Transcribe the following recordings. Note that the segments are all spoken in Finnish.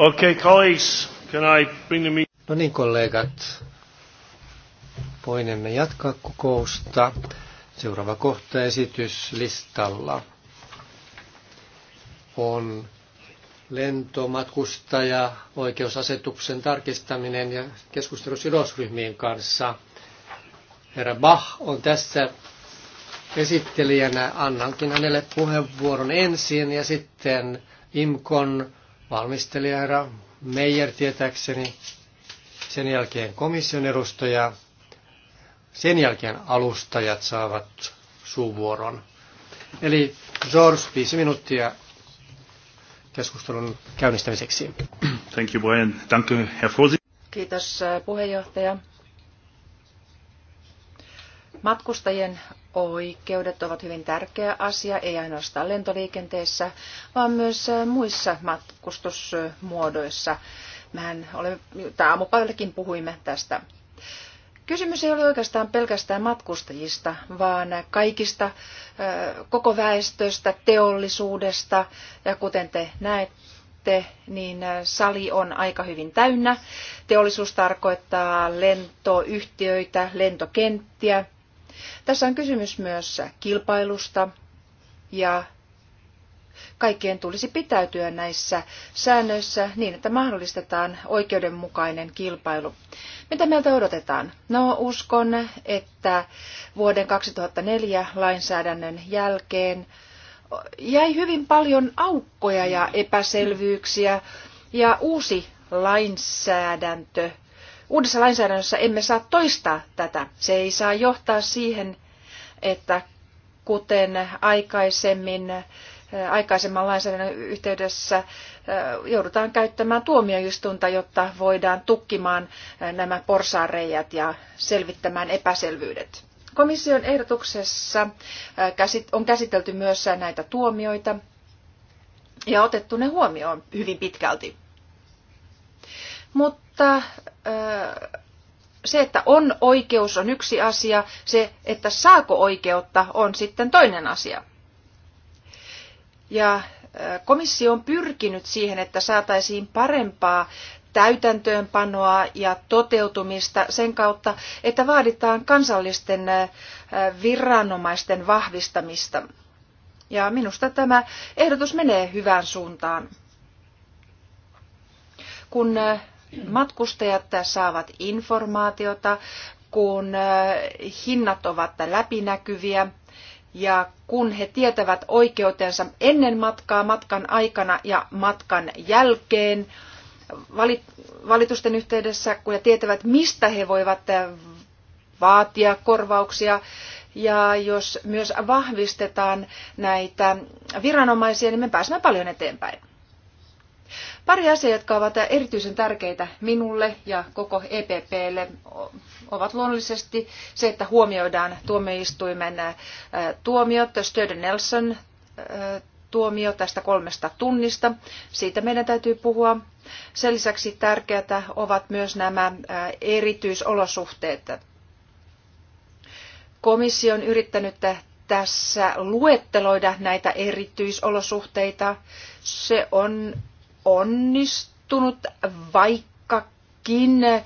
Okay, colleagues, can I bring the meeting? No niin, kollegat. Voinemme jatkaa kokousta. Seuraava kohta esityslistalla on lentomatkustaja oikeusasetuksen tarkistaminen ja keskustelu sidosryhmien kanssa. Herra Bach on tässä esittelijänä. Annankin hänelle puheenvuoron ensin ja sitten IMKON valmistelija herra Meijer tietääkseni, sen jälkeen komission edustaja, sen jälkeen alustajat saavat suuvuoron. Eli George, viisi minuuttia keskustelun käynnistämiseksi. Thank you, Brian. Thank you, Herr Kiitos äh, puheenjohtaja. Matkustajien oikeudet ovat hyvin tärkeä asia, ei ainoastaan lentoliikenteessä, vaan myös äh, muissa matkustusmuodoissa. Mehän olemme, aamupäivälläkin puhuimme tästä. Kysymys ei ole oikeastaan pelkästään matkustajista, vaan kaikista äh, koko väestöstä, teollisuudesta. Ja kuten te näette, niin äh, sali on aika hyvin täynnä. Teollisuus tarkoittaa lentoyhtiöitä, lentokenttiä, tässä on kysymys myös kilpailusta ja kaikkien tulisi pitäytyä näissä säännöissä niin, että mahdollistetaan oikeudenmukainen kilpailu. Mitä meiltä odotetaan? No uskon, että vuoden 2004 lainsäädännön jälkeen jäi hyvin paljon aukkoja ja epäselvyyksiä ja uusi lainsäädäntö uudessa lainsäädännössä emme saa toistaa tätä. Se ei saa johtaa siihen, että kuten aikaisemmin aikaisemman lainsäädännön yhteydessä joudutaan käyttämään tuomioistunta, jotta voidaan tukkimaan nämä porsaareijat ja selvittämään epäselvyydet. Komission ehdotuksessa on käsitelty myös näitä tuomioita ja otettu ne huomioon hyvin pitkälti. Mutta mutta se, että on oikeus, on yksi asia. Se, että saako oikeutta, on sitten toinen asia. Ja komissio on pyrkinyt siihen, että saataisiin parempaa täytäntöönpanoa ja toteutumista sen kautta, että vaaditaan kansallisten viranomaisten vahvistamista. Ja minusta tämä ehdotus menee hyvään suuntaan. Kun matkustajat saavat informaatiota, kun äh, hinnat ovat läpinäkyviä ja kun he tietävät oikeutensa ennen matkaa, matkan aikana ja matkan jälkeen valitusten yhteydessä, kun he tietävät, mistä he voivat äh, vaatia korvauksia. Ja jos myös vahvistetaan näitä viranomaisia, niin me pääsemme paljon eteenpäin. Pari asiaa, jotka ovat erityisen tärkeitä minulle ja koko EPPlle, ovat luonnollisesti se, että huomioidaan tuomioistuimen äh, tuomiot, Stöden Nelson äh, tuomio tästä kolmesta tunnista. Siitä meidän täytyy puhua. Sen lisäksi tärkeätä ovat myös nämä äh, erityisolosuhteet. Komissio on yrittänyt tässä luetteloida näitä erityisolosuhteita. Se on onnistunut, vaikkakin eh,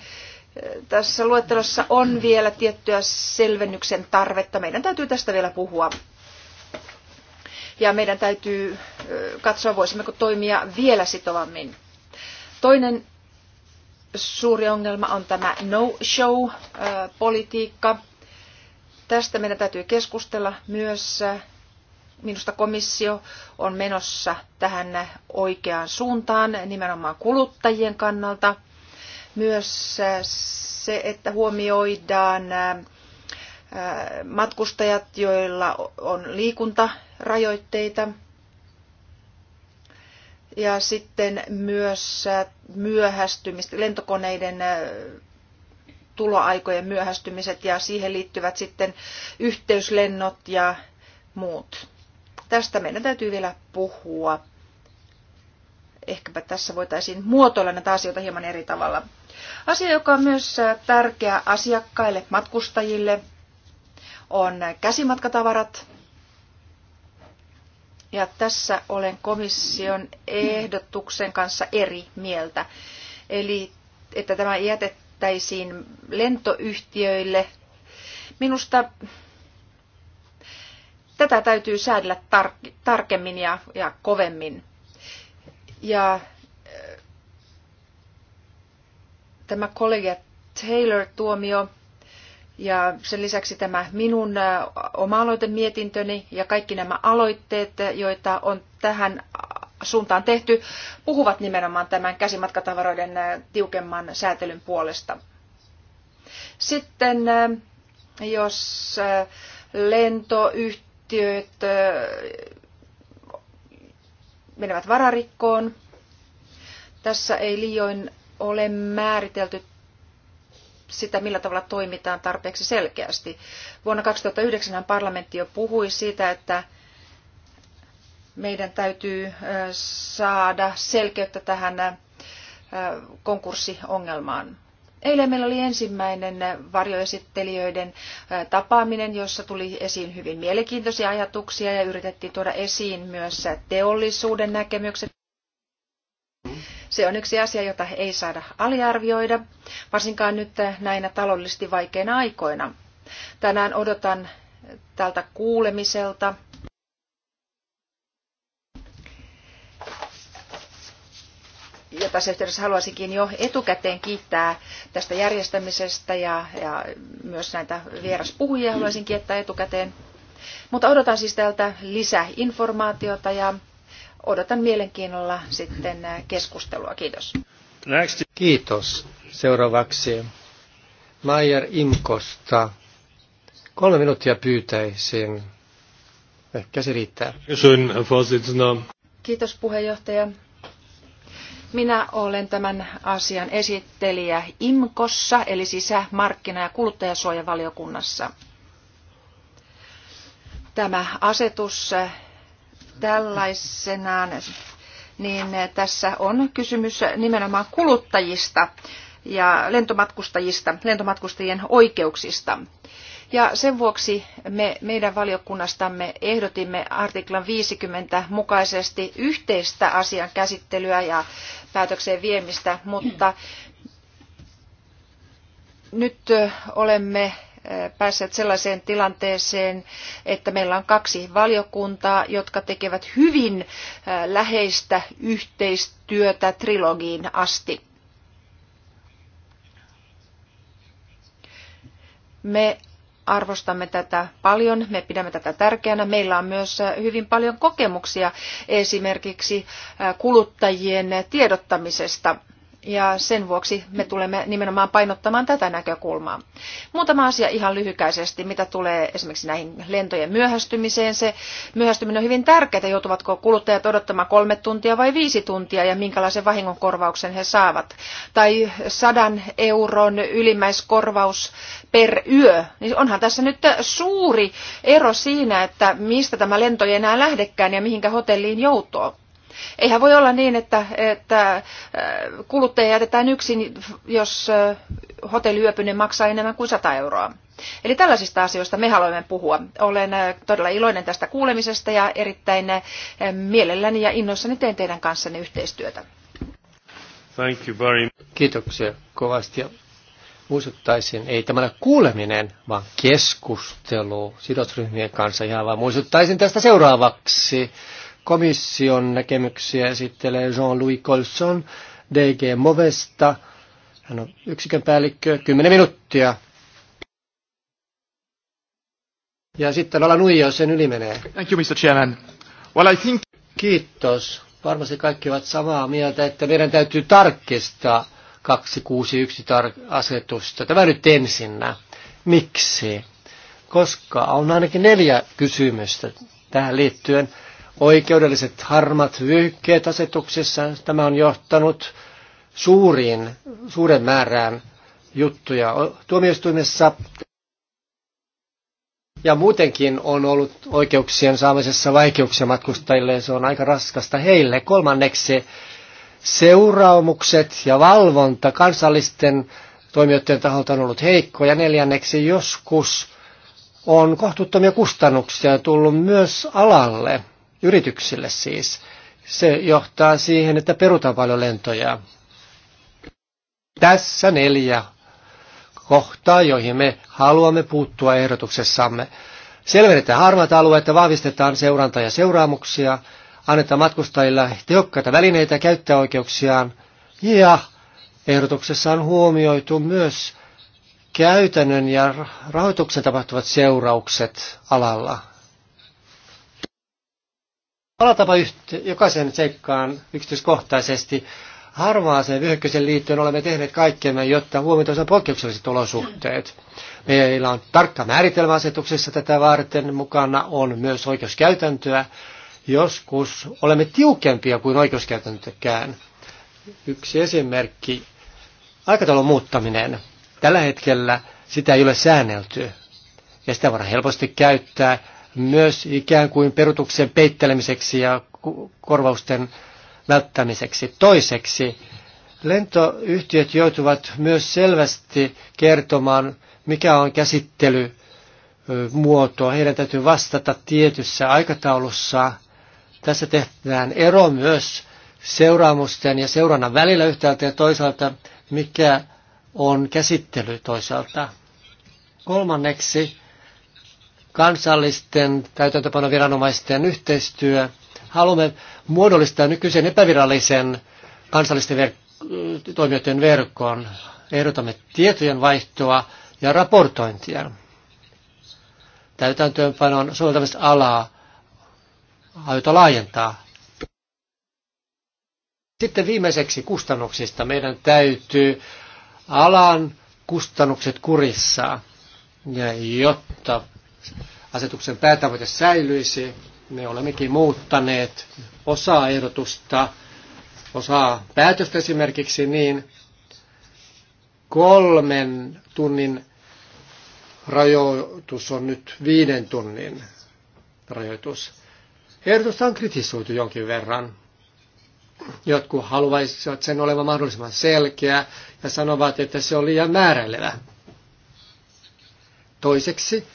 tässä luettelossa on vielä tiettyä selvennyksen tarvetta. Meidän täytyy tästä vielä puhua. Ja meidän täytyy eh, katsoa, voisimmeko toimia vielä sitovammin. Toinen suuri ongelma on tämä no-show-politiikka. Eh, tästä meidän täytyy keskustella myös minusta komissio on menossa tähän oikeaan suuntaan nimenomaan kuluttajien kannalta. Myös se, että huomioidaan matkustajat, joilla on liikuntarajoitteita. Ja sitten myös myöhästymistä, lentokoneiden tuloaikojen myöhästymiset ja siihen liittyvät sitten yhteyslennot ja muut. Tästä meidän täytyy vielä puhua. Ehkäpä tässä voitaisiin muotoilla näitä asioita hieman eri tavalla. Asia, joka on myös tärkeä asiakkaille, matkustajille, on käsimatkatavarat. Ja tässä olen komission ehdotuksen kanssa eri mieltä. Eli että tämä jätettäisiin lentoyhtiöille. Minusta Tätä täytyy säädellä tar- tarkemmin ja, ja kovemmin. Ja äh, tämä kollegia Taylor-tuomio ja sen lisäksi tämä minun äh, oma mietintöni ja kaikki nämä aloitteet, joita on tähän suuntaan tehty, puhuvat nimenomaan tämän käsimatkatavaroiden äh, tiukemman säätelyn puolesta. Sitten jos lentoyhtiö yhtiöt menevät vararikkoon. Tässä ei liioin ole määritelty sitä, millä tavalla toimitaan tarpeeksi selkeästi. Vuonna 2009 parlamentti jo puhui siitä, että meidän täytyy saada selkeyttä tähän konkurssiongelmaan. Eilen meillä oli ensimmäinen varjoesittelijöiden tapaaminen, jossa tuli esiin hyvin mielenkiintoisia ajatuksia ja yritettiin tuoda esiin myös teollisuuden näkemykset. Se on yksi asia, jota ei saada aliarvioida, varsinkaan nyt näinä taloudellisesti vaikeina aikoina. Tänään odotan tältä kuulemiselta ja tässä yhteydessä haluaisinkin jo etukäteen kiittää tästä järjestämisestä ja, ja myös näitä vieraspuhujia haluaisin kiittää etukäteen. Mutta odotan siis täältä lisäinformaatiota ja odotan mielenkiinnolla sitten äh, keskustelua. Kiitos. Next. Kiitos. Seuraavaksi Maier Imkosta. Kolme minuuttia pyytäisin. Ehkä se riittää. Äh, Kiitos puheenjohtaja. Minä olen tämän asian esittelijä IMKOssa, eli sisämarkkina- ja kuluttajasuojavaliokunnassa. Tämä asetus tällaisenaan, niin tässä on kysymys nimenomaan kuluttajista ja lentomatkustajista, lentomatkustajien oikeuksista. Ja sen vuoksi me meidän valiokunnastamme ehdotimme artiklan 50 mukaisesti yhteistä asian käsittelyä ja päätökseen viemistä, mutta nyt olemme päässeet sellaiseen tilanteeseen, että meillä on kaksi valiokuntaa, jotka tekevät hyvin läheistä yhteistyötä trilogiin asti. Me arvostamme tätä paljon, me pidämme tätä tärkeänä. Meillä on myös äh, hyvin paljon kokemuksia esimerkiksi äh, kuluttajien tiedottamisesta – ja sen vuoksi me tulemme nimenomaan painottamaan tätä näkökulmaa. Muutama asia ihan lyhykäisesti, mitä tulee esimerkiksi näihin lentojen myöhästymiseen. Se myöhästyminen on hyvin tärkeää, joutuvatko kuluttajat odottamaan kolme tuntia vai viisi tuntia ja minkälaisen vahingonkorvauksen he saavat. Tai sadan euron ylimmäiskorvaus per yö, niin onhan tässä nyt suuri ero siinä, että mistä tämä lento ei enää lähdekään ja mihinkä hotelliin joutuu Eihän voi olla niin, että, että äh, kuluttaja jätetään yksin, jos äh, hotelliyöpyinen maksaa enemmän kuin 100 euroa. Eli tällaisista asioista me haluamme puhua. Olen äh, todella iloinen tästä kuulemisesta ja erittäin mielelläni ja innoissani teen teidän kanssanne yhteistyötä. Thank you very much. Kiitoksia kovasti. Ja muistuttaisin, ei tämä kuuleminen, vaan keskustelu sidosryhmien kanssa ihan vaan muistuttaisin tästä seuraavaksi komission näkemyksiä esittelee Jean-Louis Colson DG Movesta. Hän on yksikön päällikkö, 10 minuuttia. Ja sitten ollaan nuija, jos sen yli menee. Thank you, Mr. Chairman. Well, I think... Kiitos. Varmasti kaikki ovat samaa mieltä, että meidän täytyy tarkistaa 261 asetusta. Tämä nyt ensinnä. Miksi? Koska on ainakin neljä kysymystä tähän liittyen oikeudelliset harmat vyöhykkeet asetuksessa. Tämä on johtanut suuriin, suuren määrään juttuja tuomioistuimessa. Ja muutenkin on ollut oikeuksien saamisessa vaikeuksia matkustajille, se on aika raskasta heille. Kolmanneksi seuraamukset ja valvonta kansallisten toimijoiden taholta on ollut heikko. Ja neljänneksi joskus on kohtuuttomia kustannuksia tullut myös alalle yrityksille siis. Se johtaa siihen, että perutaan paljon lentoja. Tässä neljä kohtaa, joihin me haluamme puuttua ehdotuksessamme. Selvennetään alueet ja vahvistetaan seuranta ja seuraamuksia, annetaan matkustajilla tehokkaita välineitä käyttää oikeuksiaan ja ehdotuksessa on huomioitu myös käytännön ja rahoituksen tapahtuvat seuraukset alalla. Palataanpa jokaisen seikkaan yksityiskohtaisesti. Harmaaseen vyöhykkeeseen liittyen olemme tehneet kaikkemme, jotta huomioitaisiin poikkeukselliset olosuhteet. Meillä on tarkka määritelmä asetuksessa tätä varten. Mukana on myös oikeuskäytäntöä. Joskus olemme tiukempia kuin oikeuskäytäntökään. Yksi esimerkki. Aikataulun muuttaminen. Tällä hetkellä sitä ei ole säännelty. Ja sitä voidaan helposti käyttää myös ikään kuin perutuksen peittelemiseksi ja korvausten välttämiseksi. Toiseksi, lentoyhtiöt joutuvat myös selvästi kertomaan, mikä on käsittelymuoto. Heidän täytyy vastata tietyssä aikataulussa. Tässä tehdään ero myös seuraamusten ja seurannan välillä yhtäältä ja toisaalta, mikä on käsittely toisaalta. Kolmanneksi, kansallisten täytäntöpanoviranomaisten yhteistyö. Haluamme muodollistaa nykyisen epävirallisen kansallisten verk- toimijoiden verkon Ehdotamme tietojen vaihtoa ja raportointia. Täytäntöönpanon soveltamisalaa aiotaan laajentaa. Sitten viimeiseksi kustannuksista. Meidän täytyy alan kustannukset kurissa. Ja jotta asetuksen päätavoite säilyisi. Me olemmekin muuttaneet osaa ehdotusta, osaa päätöstä esimerkiksi niin kolmen tunnin rajoitus on nyt viiden tunnin rajoitus. Ehdotusta on kritisoitu jonkin verran. Jotkut haluaisivat sen olevan mahdollisimman selkeä ja sanovat, että se on liian määräilevä. Toiseksi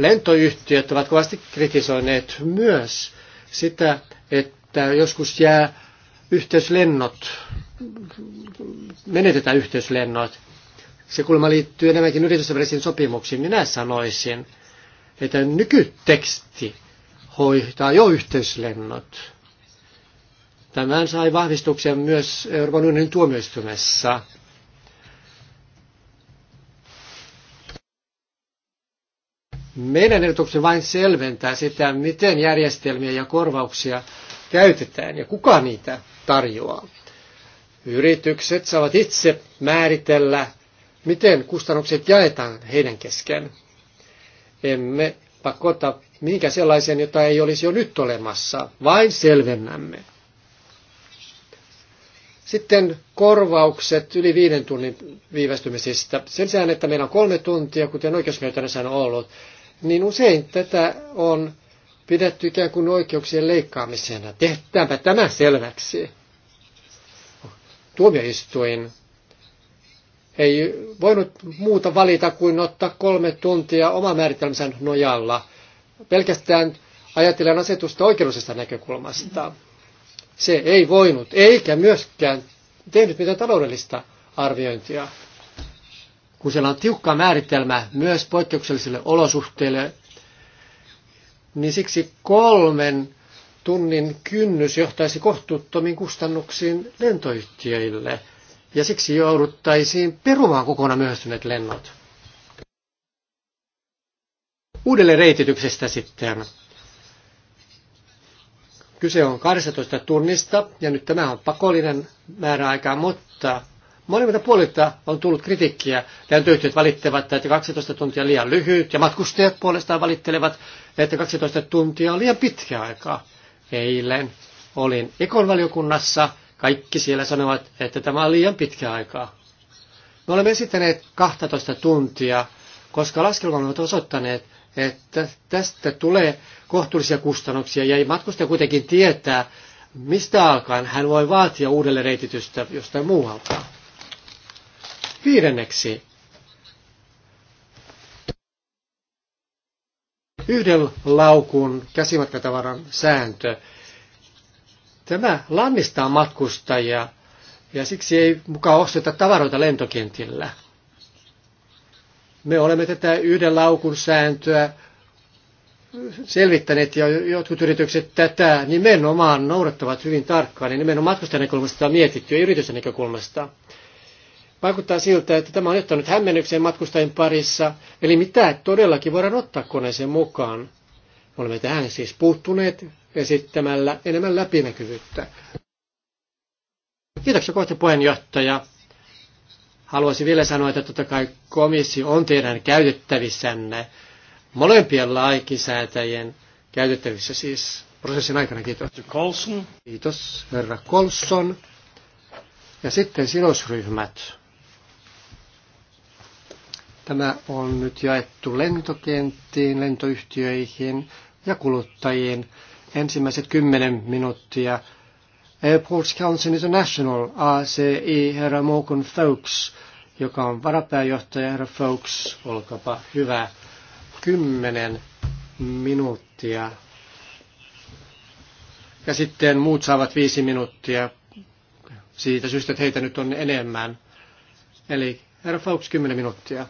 Lentoyhtiöt ovat kovasti kritisoineet myös sitä, että joskus jää yhteyslennot, menetetään yhteyslennot. Se kulma liittyy enemmänkin yritysten välisiin sopimuksiin. Minä sanoisin, että nykyteksti hoitaa jo yhteyslennot. Tämän sai vahvistuksen myös Euroopan unionin tuomioistuimessa. Meidän ehdotuksemme vain selventää sitä, miten järjestelmiä ja korvauksia käytetään ja kuka niitä tarjoaa. Yritykset saavat itse määritellä, miten kustannukset jaetaan heidän kesken. Emme pakota minkä sellaisen, jota ei olisi jo nyt olemassa, vain selvennämme. Sitten korvaukset yli viiden tunnin viivästymisestä. Sen sijaan, että meillä on kolme tuntia, kuten oikeuskäytännössä on ollut, niin usein tätä on pidetty ikään kuin oikeuksien leikkaamisena. Tehtäänpä tämä selväksi. Tuomioistuin ei voinut muuta valita kuin ottaa kolme tuntia oma määritelmänsä nojalla. Pelkästään ajatellen asetusta oikeudellisesta näkökulmasta. Se ei voinut, eikä myöskään tehnyt mitään taloudellista arviointia kun siellä on tiukka määritelmä myös poikkeuksellisille olosuhteille, niin siksi kolmen tunnin kynnys johtaisi kohtuuttomiin kustannuksiin lentoyhtiöille, ja siksi jouduttaisiin perumaan kokonaan myöhästyneet lennot. Uudelle reitityksestä sitten. Kyse on 12 tunnista, ja nyt tämä on pakollinen määräaika, mutta Molemmilta puolilta on tullut kritiikkiä. Lentoyhtiöt valittavat, että 12 tuntia on liian lyhyt, ja matkustajat puolestaan valittelevat, että 12 tuntia on liian pitkä aika. Eilen olin ekonvaliokunnassa, kaikki siellä sanovat, että tämä on liian pitkä aikaa. Me olemme esittäneet 12 tuntia, koska laskelmat ovat osoittaneet, että tästä tulee kohtuullisia kustannuksia ja matkustaja kuitenkin tietää, mistä alkaen hän voi vaatia uudelleen reititystä jostain muualta. Viidenneksi, yhden laukun käsimatkatavaran sääntö. Tämä lannistaa matkustajia ja siksi ei mukaan osteta tavaroita lentokentillä. Me olemme tätä yhden laukun sääntöä selvittäneet ja jotkut yritykset tätä nimenomaan noudattavat hyvin tarkkaan, niin nimenomaan matkustajan näkökulmasta on mietitty ja yritysten näkökulmasta. Vaikuttaa siltä, että tämä on johtanut hämmennykseen matkustajien parissa, eli mitä todellakin voidaan ottaa koneeseen mukaan. Olemme tähän siis puuttuneet esittämällä enemmän läpinäkyvyyttä. Kiitoksia kohta puheenjohtaja. Haluaisin vielä sanoa, että totta kai komissio on teidän käytettävissänne, molempien laikisäätäjien käytettävissä siis prosessin aikana. Kiitos. Kiitos, herra Colson. Ja sitten sidosryhmät. Tämä on nyt jaettu lentokenttiin, lentoyhtiöihin ja kuluttajiin. Ensimmäiset kymmenen minuuttia Airports Council International, ACI, herra Morgan Folks, joka on varapääjohtaja, herra Folks, olkapa hyvä. Kymmenen minuuttia. Ja sitten muut saavat viisi minuuttia siitä syystä, että heitä nyt on enemmän. Eli herra Folks, kymmenen minuuttia.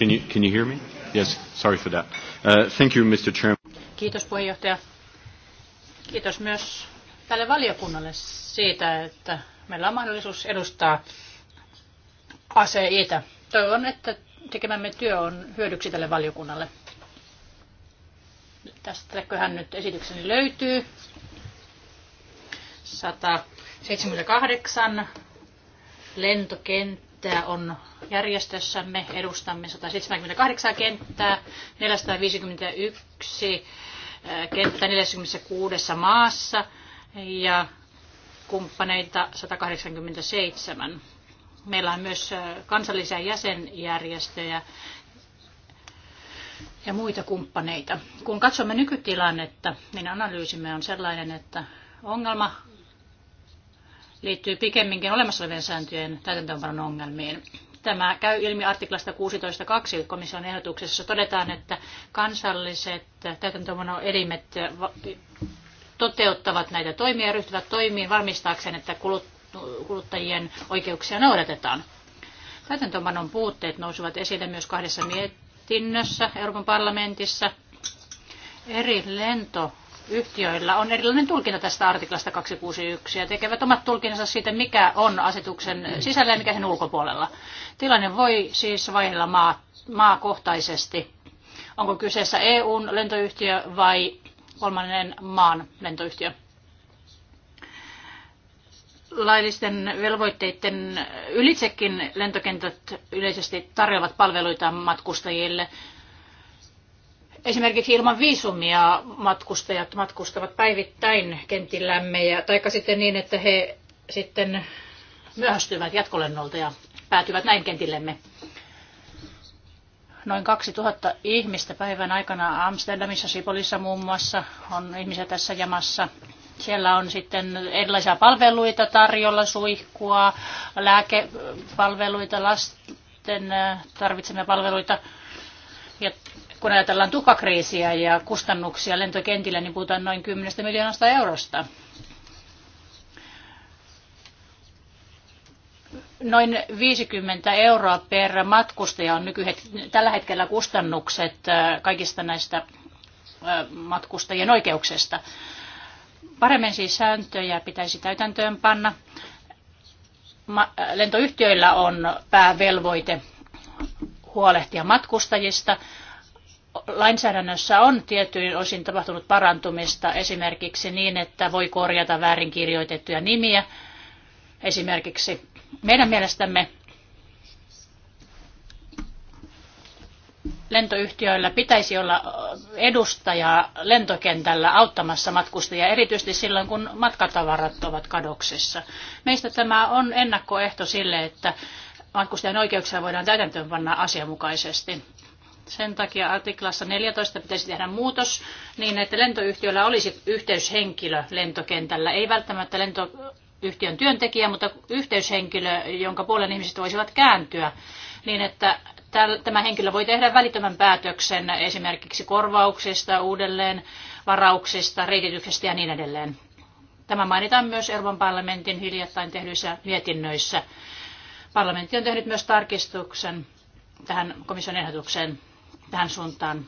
Can you, can you hear me? Yes, sorry for that. Uh, thank you, Mr. Chairman. Kiitos puheenjohtaja. Kiitos myös tälle valiokunnalle siitä, että meillä on mahdollisuus edustaa aseita. Toivon, että tekemämme työ on hyödyksi tälle valiokunnalle. Tästäköhän nyt esitykseni löytyy. 178 lentokenttä kenttää on järjestössämme. Edustamme 178 kenttää, 451 äh, kenttää 46 maassa ja kumppaneita 187. Meillä on myös äh, kansallisia jäsenjärjestöjä ja muita kumppaneita. Kun katsomme nykytilannetta, niin analyysimme on sellainen, että ongelma liittyy pikemminkin olemassa olevien sääntöjen täytäntöönpanon ongelmiin. Tämä käy ilmi artiklasta 16.2 komission ehdotuksessa. Todetaan, että kansalliset täytäntöönpanoelimet toteuttavat näitä toimia ja ryhtyvät toimiin varmistaakseen, että kuluttajien oikeuksia noudatetaan. Täytäntöönpanon puutteet nousivat esille myös kahdessa mietinnössä Euroopan parlamentissa. Eri lento yhtiöillä on erilainen tulkinta tästä artiklasta 261 ja tekevät omat tulkintansa siitä, mikä on asetuksen sisällä ja mikä sen ulkopuolella. Tilanne voi siis vaihdella maa, maakohtaisesti. Onko kyseessä EUn lentoyhtiö vai kolmannen maan lentoyhtiö? laillisten velvoitteiden ylitsekin lentokentät yleisesti tarjoavat palveluita matkustajille. Esimerkiksi ilman viisumia matkustajat matkustavat päivittäin kentillämme, ja, taikka sitten niin, että he sitten myöhästyvät jatkolennolta ja päätyvät näin kentillemme. Noin 2000 ihmistä päivän aikana Amsterdamissa, Sipolissa muun muassa on ihmisiä tässä jamassa. Siellä on sitten erilaisia palveluita tarjolla, suihkua, lääkepalveluita, lasten äh, tarvitsemia palveluita. Ja kun ajatellaan tukakriisiä ja kustannuksia lentokentillä, niin puhutaan noin 10 miljoonasta eurosta. Noin 50 euroa per matkustaja on nykyhet- tällä hetkellä kustannukset äh, kaikista näistä äh, matkustajien oikeuksista. Paremmin siis sääntöjä pitäisi täytäntöön panna. Äh, lentoyhtiöillä on päävelvoite huolehtia matkustajista, lainsäädännössä on tietyin osin tapahtunut parantumista esimerkiksi niin, että voi korjata väärinkirjoitettuja nimiä. Esimerkiksi meidän mielestämme lentoyhtiöillä pitäisi olla edustaja lentokentällä auttamassa matkustajia, erityisesti silloin kun matkatavarat ovat kadoksissa. Meistä tämä on ennakkoehto sille, että matkustajan oikeuksia voidaan täytäntöönpanna asianmukaisesti. Sen takia artiklassa 14 pitäisi tehdä muutos niin, että lentoyhtiöllä olisi yhteyshenkilö lentokentällä. Ei välttämättä lentoyhtiön työntekijä, mutta yhteyshenkilö, jonka puolen ihmiset voisivat kääntyä niin, että tämä henkilö voi tehdä välittömän päätöksen esimerkiksi korvauksista, uudelleen varauksista, reitityksestä ja niin edelleen. Tämä mainitaan myös Euroopan parlamentin hiljattain tehdyissä mietinnöissä. Parlamentti on tehnyt myös tarkistuksen tähän komission ehdotukseen tähän suuntaan.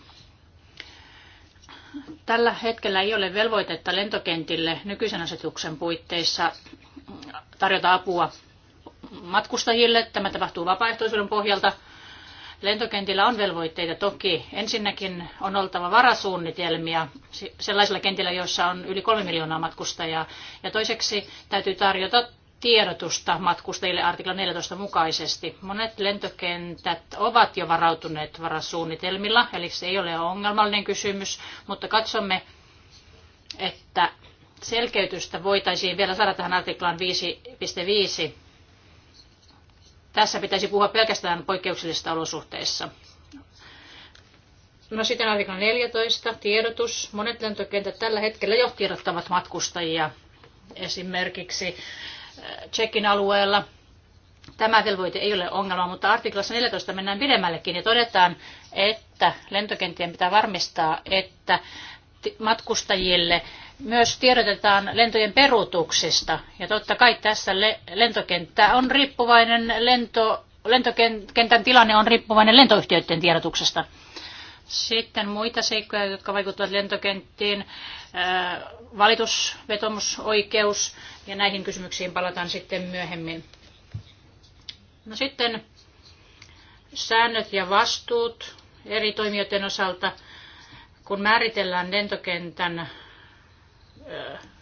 Tällä hetkellä ei ole velvoitetta lentokentille nykyisen asetuksen puitteissa tarjota apua matkustajille. Tämä tapahtuu vapaaehtoisuuden pohjalta. Lentokentillä on velvoitteita toki. Ensinnäkin on oltava varasuunnitelmia sellaisilla kentillä, joissa on yli kolme miljoonaa matkustajaa. Ja toiseksi täytyy tarjota tiedotusta matkustajille artikla 14 mukaisesti. Monet lentokentät ovat jo varautuneet varasuunnitelmilla, eli se ei ole ongelmallinen kysymys, mutta katsomme, että selkeytystä voitaisiin vielä saada tähän artiklaan 5.5. Tässä pitäisi puhua pelkästään poikkeuksellisista olosuhteissa. No sitten artikla 14, tiedotus. Monet lentokentät tällä hetkellä jo tiedottavat matkustajia esimerkiksi Tsekin alueella. Tämä velvoite ei ole ongelma, mutta artiklassa 14 mennään pidemmällekin ja todetaan, että lentokenttien pitää varmistaa, että matkustajille myös tiedotetaan lentojen peruutuksista. Ja totta kai tässä lentokenttä on riippuvainen lento, lentokentän tilanne on riippuvainen lentoyhtiöiden tiedotuksesta. Sitten muita seikkoja, jotka vaikuttavat lentokenttiin, äh, valitusvetomusoikeus ja näihin kysymyksiin palataan sitten myöhemmin. No sitten säännöt ja vastuut eri toimijoiden osalta, kun määritellään lentokentän äh,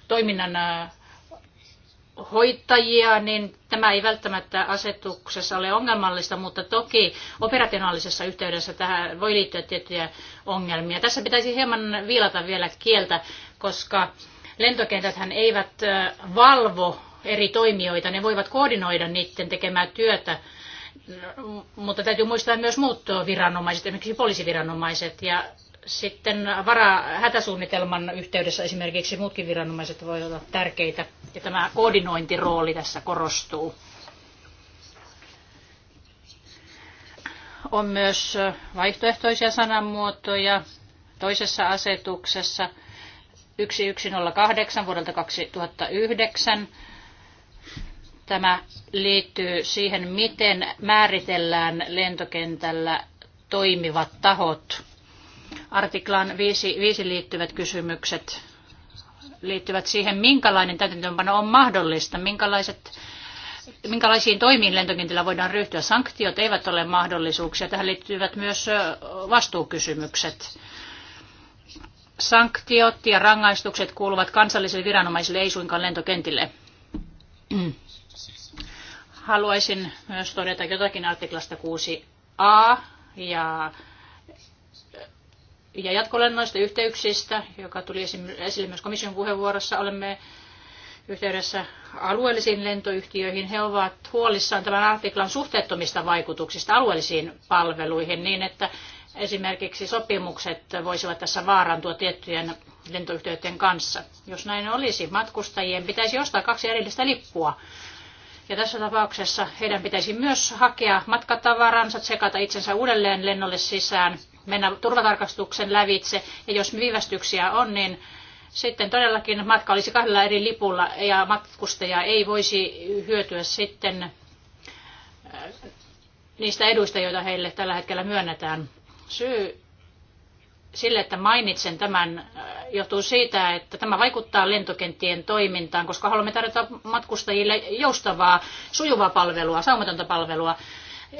toiminnan äh, hoitajia, niin tämä ei välttämättä asetuksessa ole ongelmallista, mutta toki operationaalisessa yhteydessä tähän voi liittyä tiettyjä ongelmia. Tässä pitäisi hieman viilata vielä kieltä, koska lentokentäthän eivät valvo eri toimijoita, ne voivat koordinoida niiden tekemää työtä, mutta täytyy muistaa myös muut viranomaiset, esimerkiksi poliisiviranomaiset, ja sitten vara hätäsuunnitelman yhteydessä esimerkiksi muutkin viranomaiset voivat olla tärkeitä ja tämä koordinointirooli tässä korostuu. On myös vaihtoehtoisia sanamuotoja toisessa asetuksessa 1108 vuodelta 2009. Tämä liittyy siihen, miten määritellään lentokentällä toimivat tahot Artiklaan 5, 5 liittyvät kysymykset liittyvät siihen, minkälainen täytäntöönpano on mahdollista, minkälaiset minkälaisiin toimiin lentokentillä voidaan ryhtyä. Sanktiot eivät ole mahdollisuuksia. Tähän liittyvät myös vastuukysymykset. Sanktiot ja rangaistukset kuuluvat kansallisille viranomaisille, ei suinkaan lentokentille. Haluaisin myös todeta jotakin artiklasta 6a ja ja jatkolennoista yhteyksistä, joka tuli esille myös komission puheenvuorossa, olemme yhteydessä alueellisiin lentoyhtiöihin. He ovat huolissaan tämän artiklan suhteettomista vaikutuksista alueellisiin palveluihin niin, että esimerkiksi sopimukset voisivat tässä vaarantua tiettyjen lentoyhtiöiden kanssa. Jos näin olisi, matkustajien pitäisi ostaa kaksi erillistä lippua. Ja tässä tapauksessa heidän pitäisi myös hakea matkatavaransa, tsekata itsensä uudelleen lennolle sisään – mennä turvatarkastuksen lävitse. Ja jos viivästyksiä on, niin sitten todellakin matka olisi kahdella eri lipulla ja matkustaja ei voisi hyötyä sitten äh, niistä eduista, joita heille tällä hetkellä myönnetään. Syy sille, että mainitsen tämän, äh, johtuu siitä, että tämä vaikuttaa lentokenttien toimintaan, koska haluamme tarjota matkustajille joustavaa, sujuvaa palvelua, saumatonta palvelua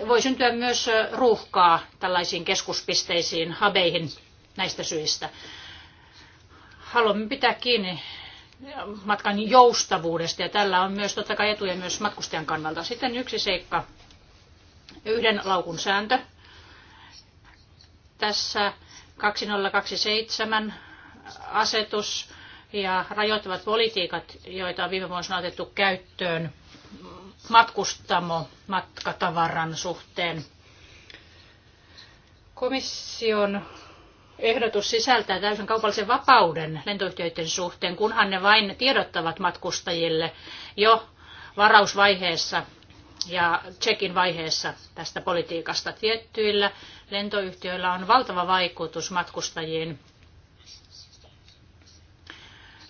voi syntyä myös ruuhkaa tällaisiin keskuspisteisiin, habeihin näistä syistä. Haluamme pitää kiinni matkan joustavuudesta ja tällä on myös totta kai etuja myös matkustajan kannalta. Sitten yksi seikka, yhden laukun sääntö. Tässä 2027 asetus ja rajoittavat politiikat, joita on viime vuosina otettu käyttöön matkustamo matkatavaran suhteen. Komission ehdotus sisältää täysin kaupallisen vapauden lentoyhtiöiden suhteen, kunhan ne vain tiedottavat matkustajille jo varausvaiheessa ja checkin vaiheessa tästä politiikasta. Tiettyillä lentoyhtiöillä on valtava vaikutus matkustajiin.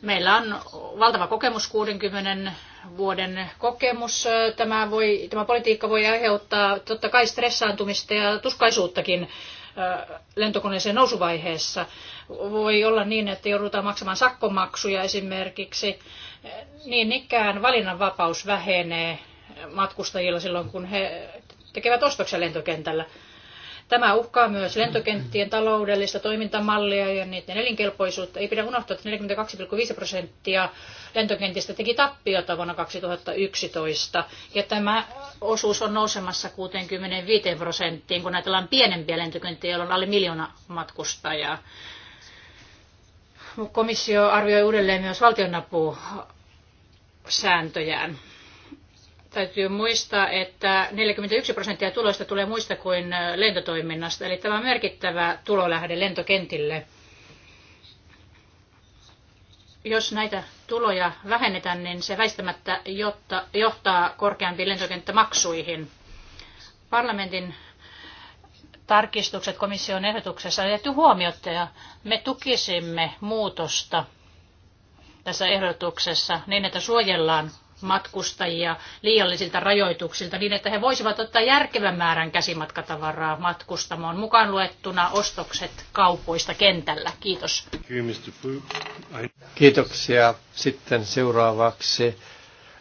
Meillä on valtava kokemus 60 vuoden kokemus. Tämä, voi, tämä politiikka voi aiheuttaa totta kai stressaantumista ja tuskaisuuttakin äh, lentokoneeseen nousuvaiheessa. Voi olla niin, että joudutaan maksamaan sakkomaksuja esimerkiksi. Niin ikään valinnanvapaus vähenee matkustajilla silloin, kun he tekevät ostoksia lentokentällä. Tämä uhkaa myös lentokenttien taloudellista toimintamallia ja niiden elinkelpoisuutta. Ei pidä unohtaa, että 42,5 prosenttia lentokentistä teki tappiota vuonna 2011. Ja tämä osuus on nousemassa 65 prosenttiin, kun ajatellaan pienempiä lentokenttiä, joilla on alle miljoona matkustajaa. Komissio arvioi uudelleen myös valtionapusääntöjään. Täytyy muistaa, että 41 prosenttia tuloista tulee muista kuin lentotoiminnasta, eli tämä on merkittävä tulolähde lentokentille. Jos näitä tuloja vähennetään, niin se väistämättä johtaa korkeampiin lentokenttämaksuihin. Parlamentin tarkistukset komission ehdotuksessa on jätetty huomiota ja me tukisimme muutosta tässä ehdotuksessa niin, että suojellaan matkustajia liiallisilta rajoituksilta niin, että he voisivat ottaa järkevän määrän käsimatkatavaraa matkustamoon mukaan luettuna ostokset kaupoista kentällä. Kiitos. Kiitoksia. Sitten seuraavaksi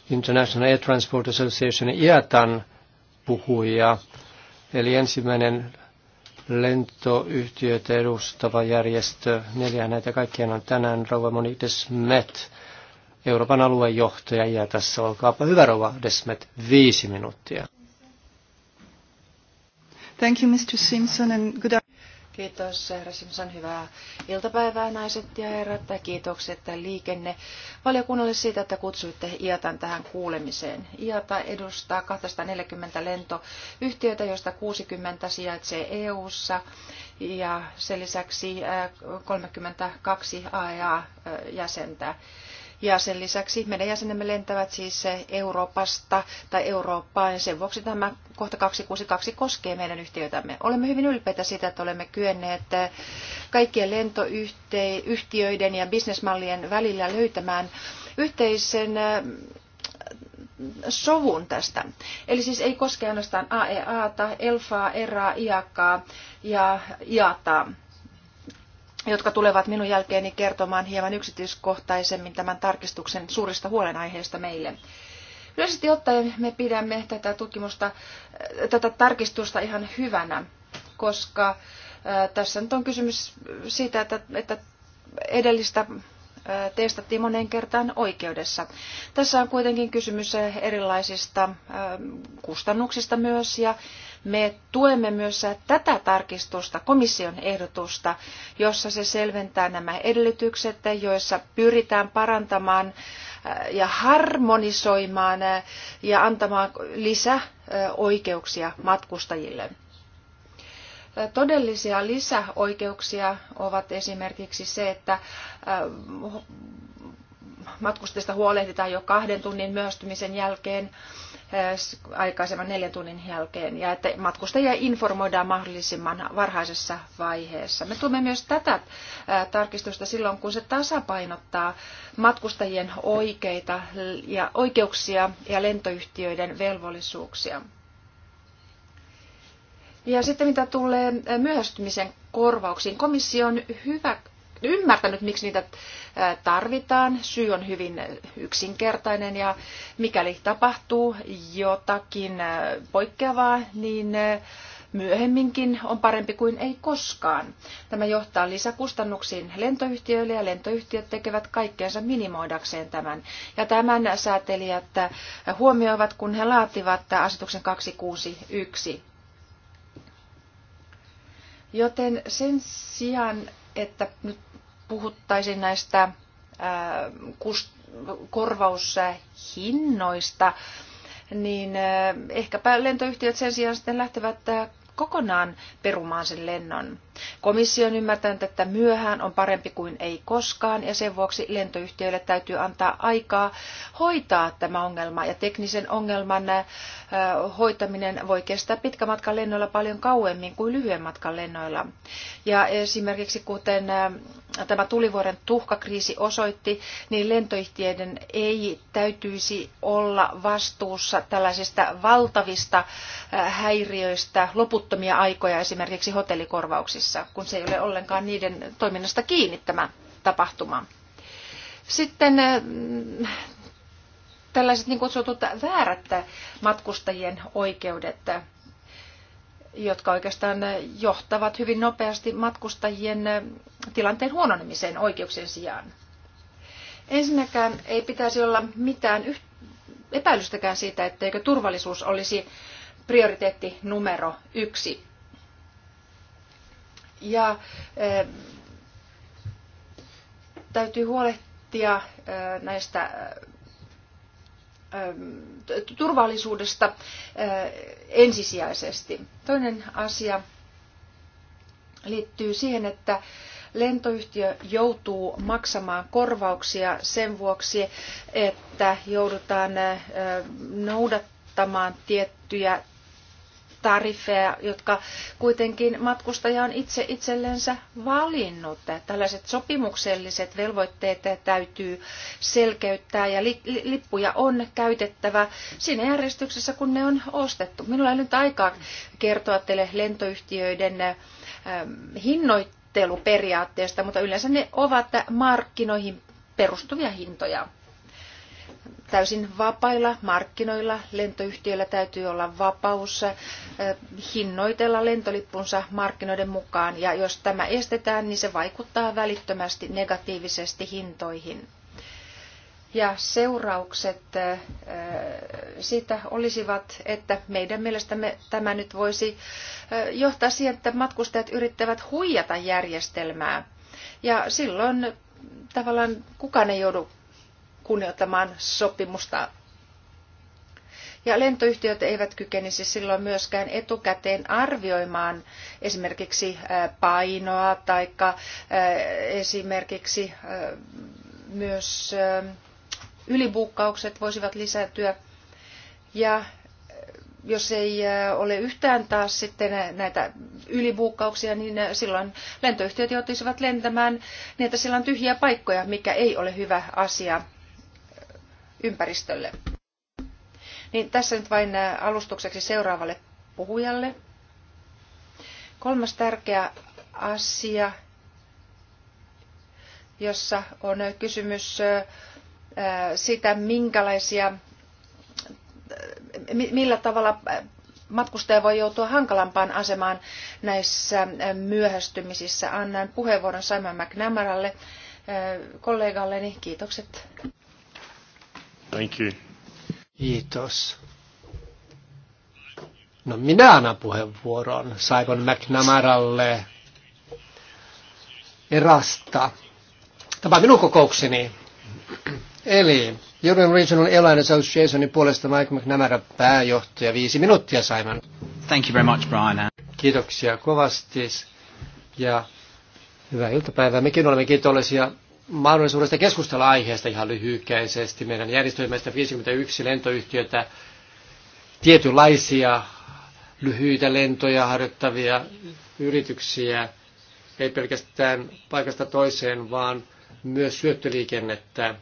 International Air Transport Association IATAN puhuja, eli ensimmäinen lentoyhtiöitä edustava järjestö. Neljä näitä kaikkien on tänään Rauva Monides Met Euroopan johtaja ja tässä olkaapa hyvä rova Desmet, viisi minuuttia. Thank you, Mr. Simpson, and good Kiitos, herra Simpson. Hyvää iltapäivää, naiset ja herrat. Ja kiitokset liikenne valiokunnalle siitä, että kutsuitte IATAn tähän kuulemiseen. IATA edustaa 240 lentoyhtiötä, joista 60 sijaitsee EU-ssa ja sen lisäksi 32 äh, AEA-jäsentä. Äh, ja sen lisäksi meidän jäsenemme lentävät siis Euroopasta tai Eurooppaan. Ja sen vuoksi tämä kohta 262 koskee meidän yhtiötämme. Olemme hyvin ylpeitä siitä, että olemme kyenneet kaikkien lentoyhtiöiden ja bisnesmallien välillä löytämään yhteisen äh, sovun tästä. Eli siis ei koske ainoastaan AEAta, ELFAa, ERAa, IAKaa ja IATaa jotka tulevat minun jälkeeni kertomaan hieman yksityiskohtaisemmin tämän tarkistuksen suurista huolenaiheista meille. Yleisesti ottaen me pidämme tätä tutkimusta, äh, tätä tarkistusta ihan hyvänä, koska äh, tässä nyt on kysymys siitä, että, että edellistä testattiin moneen kertaan oikeudessa. Tässä on kuitenkin kysymys erilaisista kustannuksista myös ja me tuemme myös tätä tarkistusta, komission ehdotusta, jossa se selventää nämä edellytykset, joissa pyritään parantamaan ja harmonisoimaan ja antamaan lisäoikeuksia matkustajille. Todellisia lisäoikeuksia ovat esimerkiksi se, että äh, matkustajista huolehditaan jo kahden tunnin myöhästymisen jälkeen, äh, aikaisemman neljän tunnin jälkeen, ja että matkustajia informoidaan mahdollisimman varhaisessa vaiheessa. Me tuemme myös tätä äh, tarkistusta silloin, kun se tasapainottaa matkustajien oikeita ja oikeuksia ja lentoyhtiöiden velvollisuuksia. Ja sitten mitä tulee myöhästymisen korvauksiin, komissio on hyvä, ymmärtänyt, miksi niitä tarvitaan. Syy on hyvin yksinkertainen ja mikäli tapahtuu jotakin poikkeavaa, niin myöhemminkin on parempi kuin ei koskaan. Tämä johtaa lisäkustannuksiin lentoyhtiöille ja lentoyhtiöt tekevät kaikkeensa minimoidakseen tämän. Ja tämän säätelijät huomioivat, kun he laativat asetuksen 261. Joten sen sijaan, että nyt puhuttaisiin näistä ää, äh, kust, korvaushinnoista, niin äh, ehkäpä lentoyhtiöt sen sijaan sitten lähtevät äh, kokonaan perumaan sen lennon. Komissio on ymmärtänyt, että myöhään on parempi kuin ei koskaan ja sen vuoksi lentoyhtiöille täytyy antaa aikaa hoitaa tämä ongelma ja teknisen ongelman äh, hoitaminen voi kestää pitkän matkan lennoilla paljon kauemmin kuin lyhyen matkan lennoilla. Ja esimerkiksi kuten äh, tämä tulivuoren tuhkakriisi osoitti, niin lentoyhtiöiden ei täytyisi olla vastuussa tällaisista valtavista äh, häiriöistä loputtomia aikoja esimerkiksi hotellikorvauksissa kanssa, kun se ei ole ollenkaan niiden toiminnasta kiinni tämä tapahtuma. Sitten mm, tällaiset niin kutsutut väärät matkustajien oikeudet, jotka oikeastaan johtavat hyvin nopeasti matkustajien mm, tilanteen huononemiseen oikeuksien sijaan. Ensinnäkään ei pitäisi olla mitään epäilystäkään siitä, etteikö turvallisuus olisi prioriteetti numero yksi. Ja täytyy huolehtia näistä turvallisuudesta ensisijaisesti. Toinen asia liittyy siihen, että lentoyhtiö joutuu maksamaan korvauksia sen vuoksi, että joudutaan noudattamaan tiettyjä tariffeja, jotka kuitenkin matkustaja on itse itsellensä valinnut. Tällaiset sopimukselliset velvoitteet täytyy selkeyttää ja li- lippuja on käytettävä siinä järjestyksessä, kun ne on ostettu. Minulla ei nyt aikaa kertoa teille lentoyhtiöiden ähm, hinnoitteluperiaatteesta, mutta yleensä ne ovat markkinoihin perustuvia hintoja täysin vapailla markkinoilla. Lentoyhtiöillä täytyy olla vapaus hinnoitella lentolippunsa markkinoiden mukaan, ja jos tämä estetään, niin se vaikuttaa välittömästi negatiivisesti hintoihin. Ja seuraukset siitä olisivat, että meidän mielestämme tämä nyt voisi johtaa siihen, että matkustajat yrittävät huijata järjestelmää. Ja silloin tavallaan kukaan ei joudu kunnioittamaan sopimusta. Ja lentoyhtiöt eivät kykenisi silloin myöskään etukäteen arvioimaan esimerkiksi äh, painoa tai äh, esimerkiksi äh, myös ylibuukkaukset voisivat lisääntyä. Ja jos ei ole yhtään taas sitten näitä ylibuukkauksia, niin silloin lentoyhtiöt joutuisivat lentämään niin, että siellä on tyhjiä paikkoja, mikä ei ole hyvä asia ympäristölle. Niin tässä nyt vain alustukseksi seuraavalle puhujalle. Kolmas tärkeä asia, jossa on kysymys sitä, minkälaisia, millä tavalla matkustaja voi joutua hankalampaan asemaan näissä myöhästymisissä. Annan puheenvuoron Simon McNamaralle, kollegalleni. Kiitokset. Thank you. Kiitos. No minä annan puheenvuoron Simon McNamaralle erasta. Tämä on minun kokoukseni. Eli European Regional Airline Associationin puolesta Mike McNamara pääjohtaja. Viisi minuuttia Simon. Thank you very much, Brian. Kiitoksia kovasti ja hyvää iltapäivää. Mekin olemme kiitollisia mahdollisuudesta keskustella aiheesta ihan lyhykäisesti. Meidän järjestelmästä 51 lentoyhtiötä tietynlaisia lyhyitä lentoja harjoittavia yrityksiä, ei pelkästään paikasta toiseen, vaan myös syöttöliikennettä.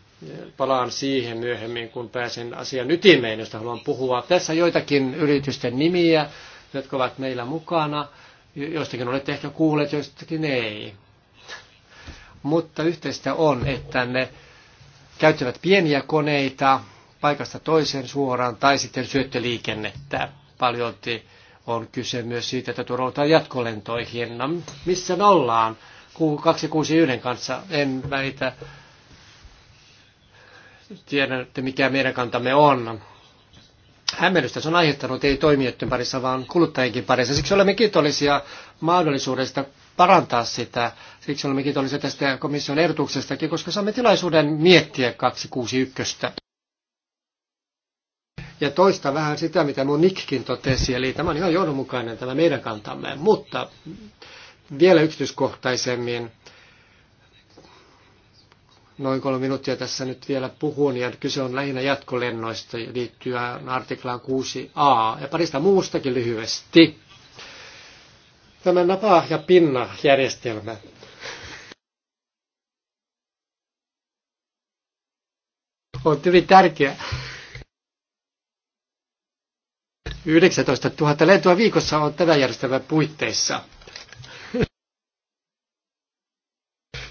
Palaan siihen myöhemmin, kun pääsen asian ytimeen, josta haluan puhua. Tässä joitakin yritysten nimiä, jotka ovat meillä mukana. Joistakin olette ehkä kuulleet, joistakin ei mutta yhteistä on, että ne käyttävät pieniä koneita paikasta toiseen suoraan tai sitten syöttöliikennettä. Paljon on kyse myös siitä, että turvataan jatkolentoihin. No, missä me ollaan? 261 kanssa en väitä. Tiedän, että mikä meidän kantamme on. Hämmennystä se on aiheuttanut ei toimijoiden parissa, vaan kuluttajienkin parissa. Siksi olemme kiitollisia mahdollisuudesta parantaa sitä. Siksi olemme kiitollisia tästä komission ehdotuksestakin, koska saamme tilaisuuden miettiä 261. Ja toista vähän sitä, mitä mun Nikkin totesi, eli tämä on ihan johdonmukainen tämä meidän kantamme, mutta vielä yksityiskohtaisemmin noin kolme minuuttia tässä nyt vielä puhun, ja kyse on lähinnä jatkolennoista liittyen artiklaan 6a ja parista muustakin lyhyesti tämä napa- ja pinna-järjestelmä. On hyvin tärkeä. 19 000 lentoa viikossa on tämän järjestelmän puitteissa.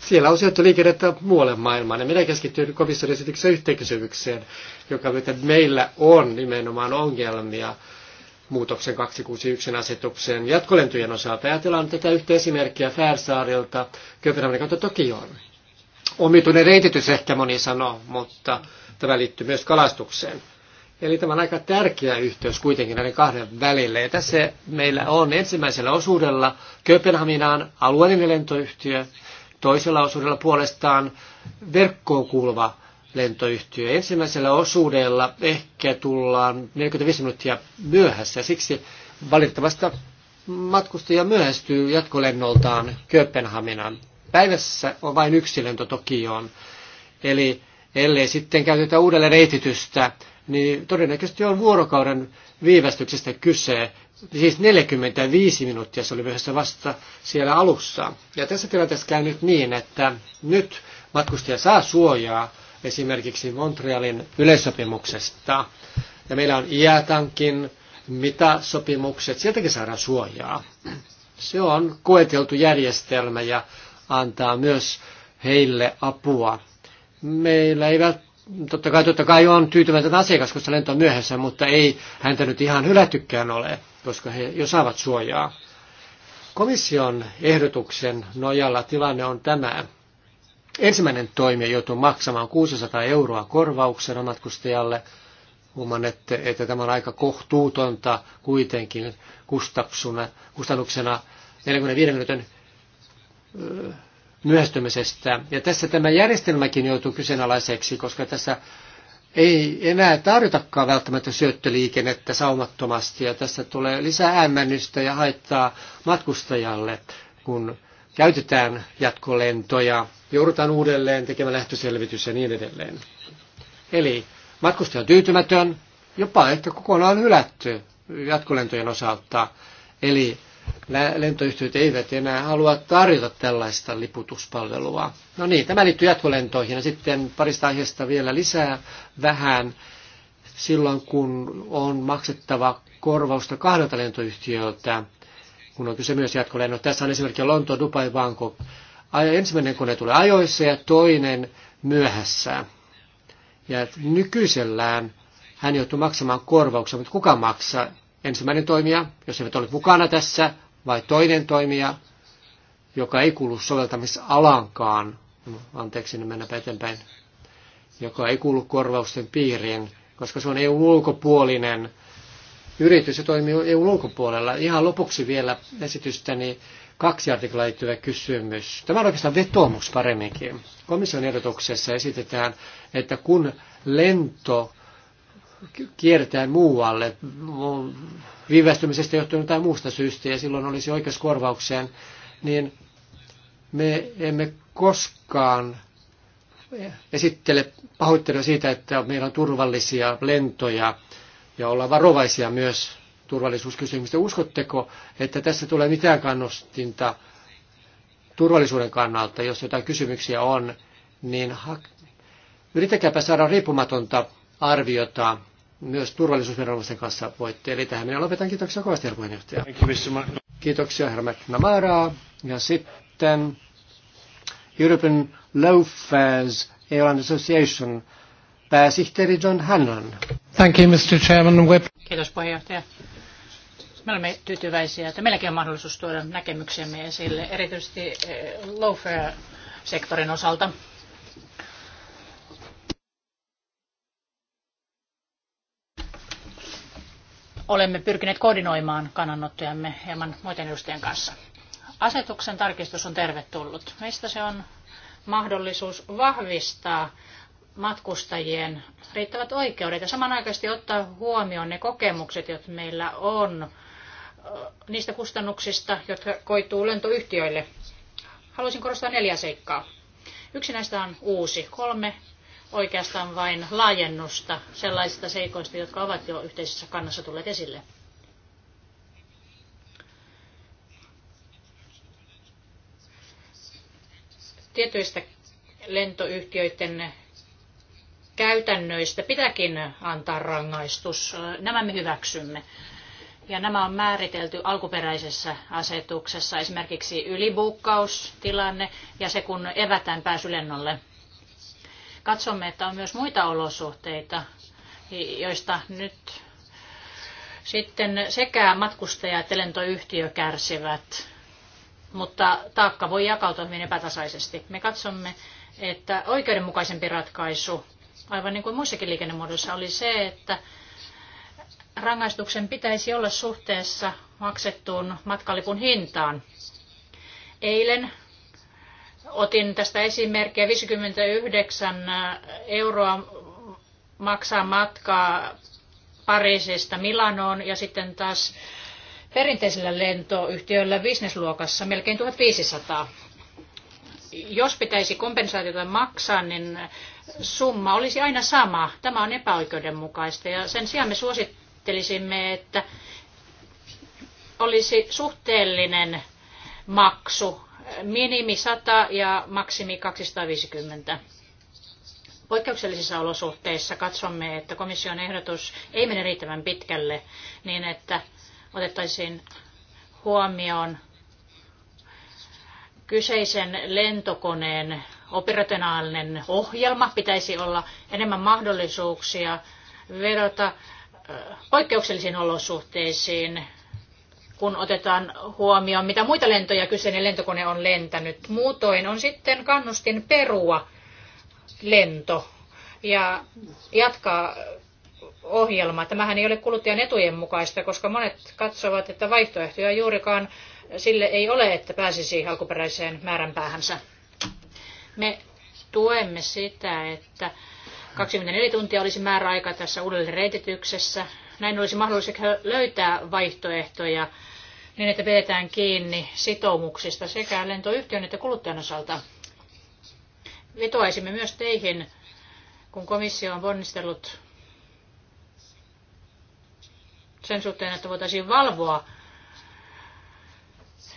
Siellä on sijoittu liikennettä muualle maailmaan. Ja minä keskityin komission esityksessä yhteen kysymykseen, joka meillä on nimenomaan ongelmia – muutoksen 261 asetuksen jatkolentojen osalta. Ajatellaan tätä yhtä esimerkkiä Färsaarilta Kööpenhaminan kautta Tokioon. Omituinen reititys ehkä moni sanoo, mutta tämä liittyy myös kalastukseen. Eli tämä on aika tärkeä yhteys kuitenkin näiden kahden välille. Ja tässä meillä on ensimmäisellä osuudella Kööpenhaminaan alueellinen lentoyhtiö, toisella osuudella puolestaan verkkoon kuuluva lentoyhtiö. Ensimmäisellä osuudella ehkä tullaan 45 minuuttia myöhässä, siksi valitettavasti matkustaja myöhästyy jatkolennoltaan Kööpenhaminaan. Päivässä on vain yksi lento Tokioon, eli ellei sitten käytetä uudelleen reititystä, niin todennäköisesti on vuorokauden viivästyksestä kyse. Siis 45 minuuttia se oli myöhässä vasta siellä alussa. Ja tässä tilanteessa käy nyt niin, että nyt matkustaja saa suojaa, esimerkiksi Montrealin yleissopimuksesta. Ja meillä on IATankin sopimukset, sieltäkin saadaan suojaa. Se on koeteltu järjestelmä ja antaa myös heille apua. Meillä ei välttämättä, totta kai, totta kai on tyytyväinen asiakas, koska lento on myöhässä, mutta ei häntä nyt ihan hylätykään ole, koska he jo saavat suojaa. Komission ehdotuksen nojalla tilanne on tämä ensimmäinen toimija joutui maksamaan 600 euroa korvauksena matkustajalle. Huomaan, että, että tämä on aika kohtuutonta kuitenkin kustannuksena 45 minuutin myöhästymisestä. Ja tässä tämä järjestelmäkin joutuu kyseenalaiseksi, koska tässä ei enää tarjotakaan välttämättä syöttöliikennettä saumattomasti ja tässä tulee lisää hämmennystä ja haittaa matkustajalle, kun käytetään jatkolentoja, joudutaan uudelleen tekemään lähtöselvitys ja niin edelleen. Eli matkustaja on tyytymätön, jopa ehkä kokonaan hylätty jatkolentojen osalta. Eli lentoyhtiöt eivät enää halua tarjota tällaista liputuspalvelua. No niin, tämä liittyy jatkolentoihin ja sitten parista aiheesta vielä lisää vähän silloin, kun on maksettava korvausta kahdelta lentoyhtiöltä kun on kyse myös jatkolennot. Tässä on esimerkki Lonto, Dubai, Bangkok. Ensimmäinen kone tulee ajoissa ja toinen myöhässä. Ja nykyisellään hän joutuu maksamaan korvauksia, mutta kuka maksaa? Ensimmäinen toimija, jos eivät ole mukana tässä, vai toinen toimija, joka ei kuulu soveltamisalankaan, anteeksi, niin mennäpä eteenpäin, joka ei kuulu korvausten piiriin, koska se on EU-ulkopuolinen yritys toimii EUn ulkopuolella. Ihan lopuksi vielä esitystäni kaksi artiklaa liittyvä kysymys. Tämä on oikeastaan vetoomus paremminkin. Komission ehdotuksessa esitetään, että kun lento kiertää muualle viivästymisestä johtuen tai muusta syystä ja silloin olisi oikeus korvaukseen, niin me emme koskaan esittele pahoittelua siitä, että meillä on turvallisia lentoja ja olla varovaisia myös turvallisuuskysymystä. Uskotteko, että tässä tulee mitään kannustinta turvallisuuden kannalta, jos jotain kysymyksiä on, niin ha- yrittäkääpä saada riippumatonta arviota myös turvallisuusviranomaisten kanssa voitte. Eli tähän minä lopetan. Kiitoksia kovasti, herra puheenjohtaja. Kiitoksia, herra McNamara. Ja sitten European Low Fares Association pääsihteeri John Hannon. Thank you, Mr. Chairman. Kiitos puheenjohtaja. Me olemme tyytyväisiä, että meilläkin on mahdollisuus tuoda näkemyksemme esille, erityisesti eh, lawfare-sektorin osalta. Olemme pyrkineet koordinoimaan kannanottojamme hieman muiden edustajien kanssa. Asetuksen tarkistus on tervetullut. Meistä se on mahdollisuus vahvistaa matkustajien riittävät oikeudet ja samanaikaisesti ottaa huomioon ne kokemukset, jotka meillä on niistä kustannuksista, jotka koituu lentoyhtiöille. Haluaisin korostaa neljä seikkaa. Yksi näistä on uusi, kolme oikeastaan vain laajennusta sellaisista seikoista, jotka ovat jo yhteisessä kannassa tulleet esille. Tietyistä lentoyhtiöiden käytännöistä pitääkin antaa rangaistus. Nämä me hyväksymme. Ja nämä on määritelty alkuperäisessä asetuksessa, esimerkiksi ylibuukkaustilanne ja se, kun evätään pääsy lennolle. Katsomme, että on myös muita olosuhteita, joista nyt sitten sekä matkustaja että lentoyhtiö kärsivät, mutta taakka voi jakautua hyvin epätasaisesti. Me katsomme, että oikeudenmukaisempi ratkaisu aivan niin kuin muissakin liikennemuodoissa, oli se, että rangaistuksen pitäisi olla suhteessa maksettuun matkalipun hintaan. Eilen otin tästä esimerkkiä 59 euroa maksaa matkaa Pariisista Milanoon ja sitten taas perinteisellä lentoyhtiöllä bisnesluokassa melkein 1500. Jos pitäisi kompensaatiota maksaa, niin summa olisi aina sama. Tämä on epäoikeudenmukaista ja sen sijaan me suosittelisimme, että olisi suhteellinen maksu, minimi 100 ja maksimi 250. Poikkeuksellisissa olosuhteissa katsomme, että komission ehdotus ei mene riittävän pitkälle niin, että otettaisiin huomioon kyseisen lentokoneen operationaalinen ohjelma, pitäisi olla enemmän mahdollisuuksia vedota poikkeuksellisiin olosuhteisiin, kun otetaan huomioon, mitä muita lentoja kyseinen lentokone on lentänyt. Muutoin on sitten kannustin perua lento ja jatkaa ohjelma. Tämähän ei ole kuluttajan etujen mukaista, koska monet katsovat, että vaihtoehtoja juurikaan sille ei ole, että pääsisi alkuperäiseen määränpäähänsä. Me tuemme sitä, että 24 tuntia olisi määräaika tässä uudelleen reitityksessä. Näin olisi mahdollista löytää vaihtoehtoja niin, että pidetään kiinni sitoumuksista sekä lentoyhtiön että kuluttajan osalta. Vetoaisimme myös teihin, kun komissio on ponnistellut sen suhteen, että voitaisiin valvoa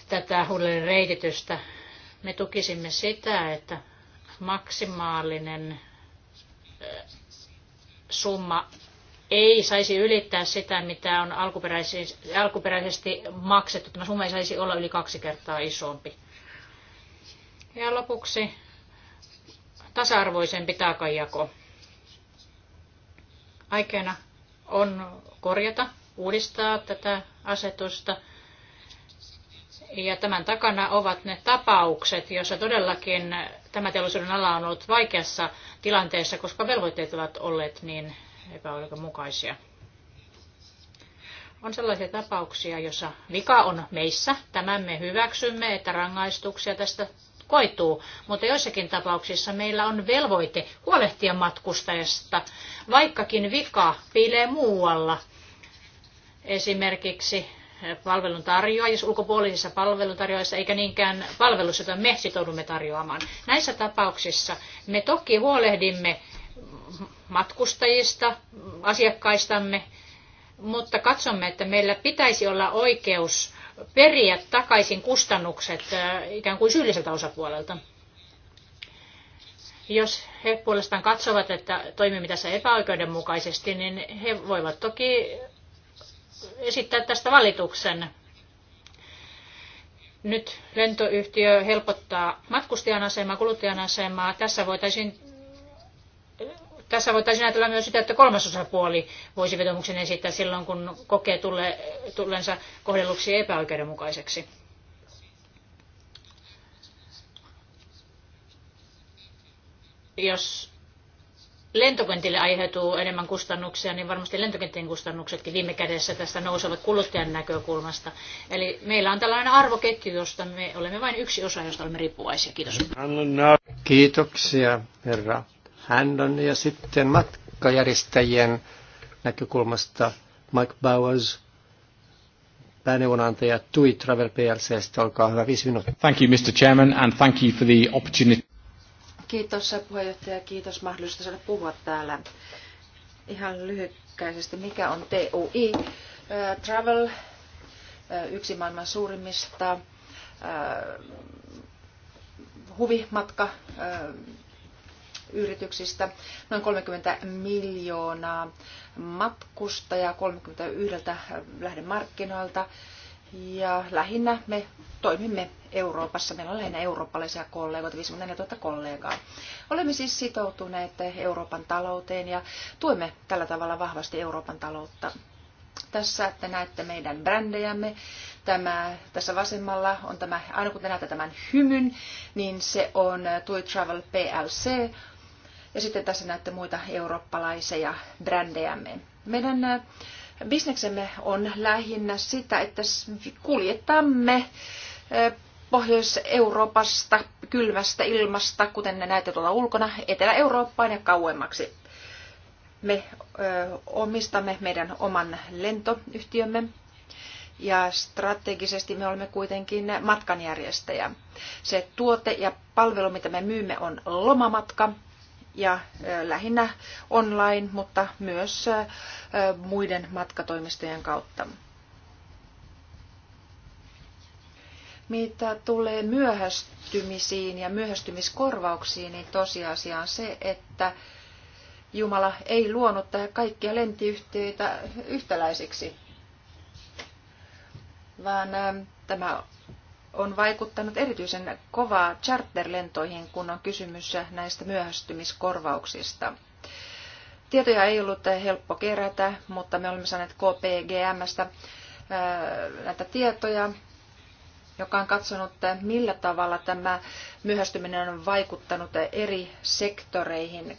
tätä uudelleen reititystä me tukisimme sitä, että maksimaalinen summa ei saisi ylittää sitä, mitä on alkuperäisesti maksettu. Tämä summa ei saisi olla yli kaksi kertaa isompi. Ja lopuksi tasa arvoisen taakanjako. Aikeena on korjata, uudistaa tätä asetusta – ja tämän takana ovat ne tapaukset, joissa todellakin tämä teollisuuden ala on ollut vaikeassa tilanteessa, koska velvoitteet ovat olleet niin epäoikeudenmukaisia. On sellaisia tapauksia, joissa vika on meissä. Tämän me hyväksymme, että rangaistuksia tästä koituu, mutta joissakin tapauksissa meillä on velvoite huolehtia matkustajasta, vaikkakin vika piilee muualla. Esimerkiksi palveluntarjoajissa, ulkopuolisissa palveluntarjoajissa, eikä niinkään palvelussa, jota me sitoudumme tarjoamaan. Näissä tapauksissa me toki huolehdimme matkustajista, asiakkaistamme, mutta katsomme, että meillä pitäisi olla oikeus periä takaisin kustannukset ikään kuin syylliseltä osapuolelta. Jos he puolestaan katsovat, että toimimme tässä epäoikeudenmukaisesti, niin he voivat toki esittää tästä valituksen. Nyt lentoyhtiö helpottaa matkustajan asemaa, kuluttajan asemaa. Tässä voitaisiin tässä voitaisiin ajatella myös sitä, että kolmas osapuoli voisi vetomuksen esittää silloin, kun kokee tulle, tullensa kohdelluksi epäoikeudenmukaiseksi. Jos lentokentille aiheutuu enemmän kustannuksia, niin varmasti lentokenttien kustannuksetkin viime kädessä tästä nousevat kuluttajan näkökulmasta. Eli meillä on tällainen arvoketju, josta me olemme vain yksi osa, josta olemme riippuvaisia. Kiitos. Kiitoksia, herra Handon. Ja sitten matkajärjestäjien näkökulmasta Mike Bowers, pääneuvonantaja TUI Travel PLCstä. Olkaa hyvä, viisi minuuttia. Thank you, Mr. Chairman, and thank you for the opportunity. Kiitos puheenjohtaja, kiitos mahdollisuudesta saada puhua täällä. Ihan lyhykkäisesti, mikä on TUI? Äh, travel, äh, yksi maailman suurimmista äh, huvimatka yrityksistä, noin 30 miljoonaa matkustajaa 31 lähdemarkkinoilta. markkinoilta ja lähinnä me toimimme Euroopassa. Meillä on lähinnä eurooppalaisia kollegoita, 54 000 kollegaa. Olemme siis sitoutuneet Euroopan talouteen ja tuemme tällä tavalla vahvasti Euroopan taloutta. Tässä te näette meidän brändejämme. Tämä, tässä vasemmalla on tämä, aina kun te näette tämän hymyn, niin se on Tui Travel PLC. Ja sitten tässä näette muita eurooppalaisia brändejämme. Meidän Bisneksemme on lähinnä sitä, että kuljetamme Pohjois-Euroopasta, kylmästä ilmasta, kuten ne näette tuolla ulkona, Etelä-Eurooppaan ja kauemmaksi. Me ö, omistamme meidän oman lentoyhtiömme ja strategisesti me olemme kuitenkin matkanjärjestäjä. Se tuote ja palvelu, mitä me myymme, on lomamatka, ja lähinnä online, mutta myös muiden matkatoimistojen kautta. Mitä tulee myöhästymisiin ja myöhästymiskorvauksiin, niin tosiasia on se, että Jumala ei luonut kaikkia lentiyhtiöitä yhtäläisiksi, vaan tämä on vaikuttanut erityisen kovaa charterlentoihin, kun on kysymys näistä myöhästymiskorvauksista. Tietoja ei ollut helppo kerätä, mutta me olemme saaneet KPGMstä näitä tietoja joka on katsonut, millä tavalla tämä myöhästyminen on vaikuttanut eri sektoreihin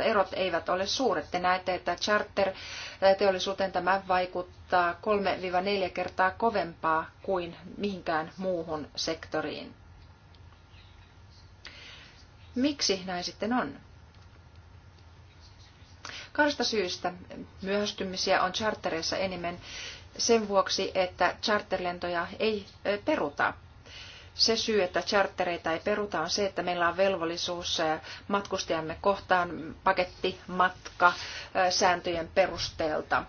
2011-2012. Erot eivät ole suuret. Te näette, että charter-teollisuuteen tämä vaikuttaa 3-4 kertaa kovempaa kuin mihinkään muuhun sektoriin. Miksi näin sitten on? Kahdesta syystä myöhästymisiä on chartereissa enemmän sen vuoksi, että charterlentoja ei peruta. Se syy, että chartereita ei peruta, on se, että meillä on velvollisuus matkustajamme kohtaan paketti, matka, sääntöjen perusteelta.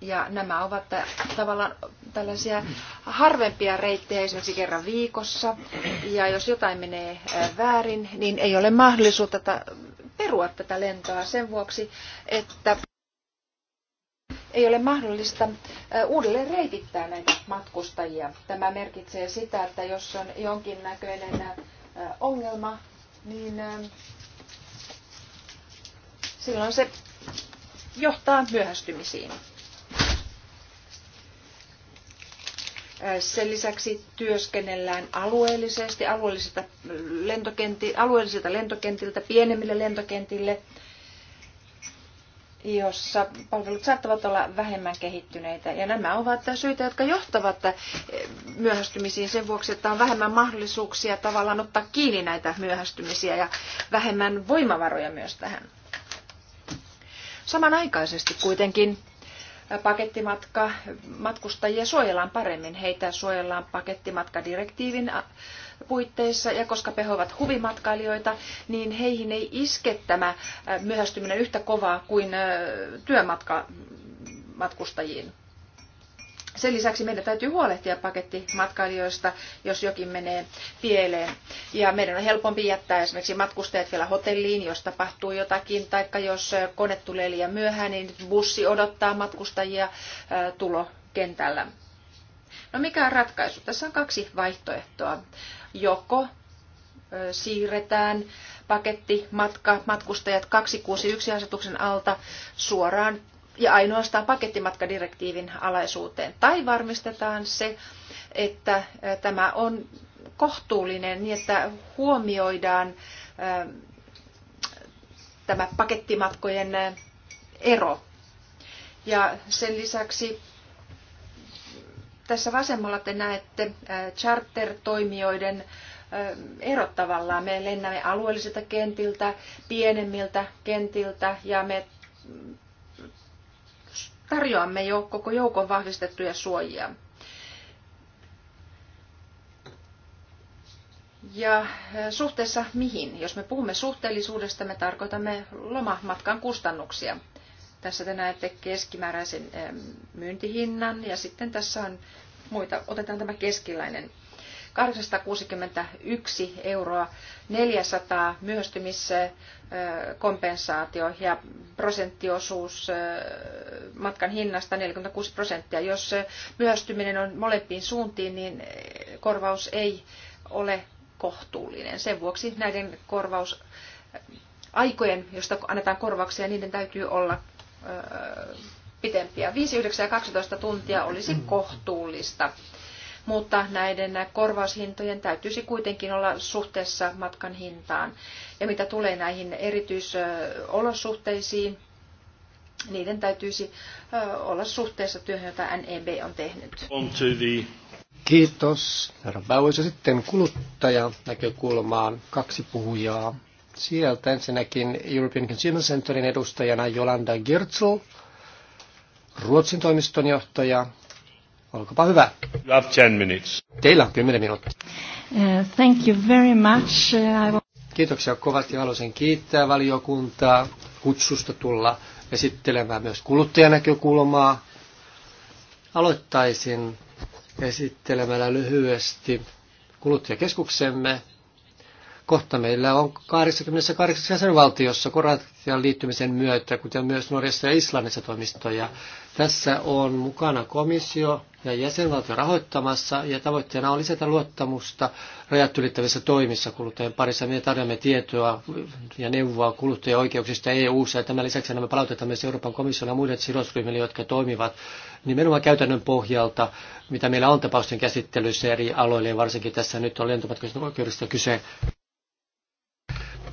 Ja nämä ovat tavallaan tällaisia harvempia reittejä esimerkiksi kerran viikossa. Ja jos jotain menee väärin, niin ei ole mahdollisuutta perua tätä lentoa sen vuoksi, että ei ole mahdollista uudelleen reitittää näitä matkustajia. Tämä merkitsee sitä, että jos on jonkinnäköinen ongelma, niin silloin se johtaa myöhästymisiin. Sen lisäksi työskennellään alueellisesti, alueellisilta, lentokentiltä, alueellisilta lentokentiltä pienemmille lentokentille – jossa palvelut saattavat olla vähemmän kehittyneitä. Ja nämä ovat syitä, jotka johtavat eh, myöhästymisiin sen vuoksi, että on vähemmän mahdollisuuksia tavallaan ottaa kiinni näitä myöhästymisiä ja vähemmän voimavaroja myös tähän. Samanaikaisesti kuitenkin eh, pakettimatka matkustajia suojellaan paremmin. Heitä suojellaan pakettimatkadirektiivin puitteissa ja koska he ovat huvimatkailijoita, niin heihin ei iske tämä myöhästyminen yhtä kovaa kuin työmatkustajiin. Sen lisäksi meidän täytyy huolehtia pakettimatkailijoista, jos jokin menee pieleen. Ja meidän on helpompi jättää esimerkiksi matkustajat vielä hotelliin, jos tapahtuu jotakin, tai jos kone tulee liian myöhään, niin bussi odottaa matkustajia tulokentällä. No mikä on ratkaisu? Tässä on kaksi vaihtoehtoa joko siirretään paketti, matka, matkustajat 261 asetuksen alta suoraan ja ainoastaan pakettimatkadirektiivin alaisuuteen. Tai varmistetaan se, että tämä on kohtuullinen niin, että huomioidaan tämä pakettimatkojen ero. Ja sen lisäksi tässä vasemmalla te näette äh, charter-toimijoiden äh, erot tavallaan. Me lennämme alueellisilta kentiltä, pienemmiltä kentiltä ja me tarjoamme jo koko joukon vahvistettuja suojia. Ja äh, suhteessa mihin? Jos me puhumme suhteellisuudesta, me tarkoitamme lomamatkan kustannuksia. Tässä te näette keskimääräisen myyntihinnan ja sitten tässä on muita. Otetaan tämä keskiläinen 861 euroa, 400 myöhästymiskompensaatio ja prosenttiosuus matkan hinnasta 46 prosenttia. Jos myöstyminen on molempiin suuntiin, niin korvaus ei ole kohtuullinen. Sen vuoksi näiden korvausaikojen, josta annetaan korvauksia, niiden täytyy olla pitempiä. 5, 9 ja 12 tuntia olisi kohtuullista. Mutta näiden korvaushintojen täytyisi kuitenkin olla suhteessa matkan hintaan. Ja mitä tulee näihin erityisolosuhteisiin, niiden täytyisi olla suhteessa työhön, jota NEB on tehnyt. On Kiitos, herra Bauer. sitten kuluttajan näkökulmaan kaksi puhujaa sieltä. Ensinnäkin European Consumer Centerin edustajana Jolanda Girtzl, Ruotsin toimiston johtaja. Olkapa hyvä. You have 10 minutes. Teillä on 10 minuuttia. Uh, thank you very much. Uh, I will... Kiitoksia kovasti. Haluaisin kiittää valiokuntaa kutsusta tulla esittelemään myös kuluttajanäkökulmaa. Aloittaisin esittelemällä lyhyesti kuluttajakeskuksemme Kohta meillä on 88 jäsenvaltiossa Kroatian liittymisen myötä, kuten myös Norjassa ja Islannissa toimistoja. Tässä on mukana komissio ja jäsenvaltio rahoittamassa ja tavoitteena on lisätä luottamusta rajat ylittävissä toimissa kuluttajien parissa. Me tarjoamme tietoa ja neuvoa kuluttajien oikeuksista EU-ssa ja tämän lisäksi nämä palautetaan myös Euroopan komission ja muiden sidosryhmille, jotka toimivat nimenomaan käytännön pohjalta, mitä meillä on tapausten käsittelyssä eri aloille ja varsinkin tässä nyt on lentomatkaisen oikeudesta kyse.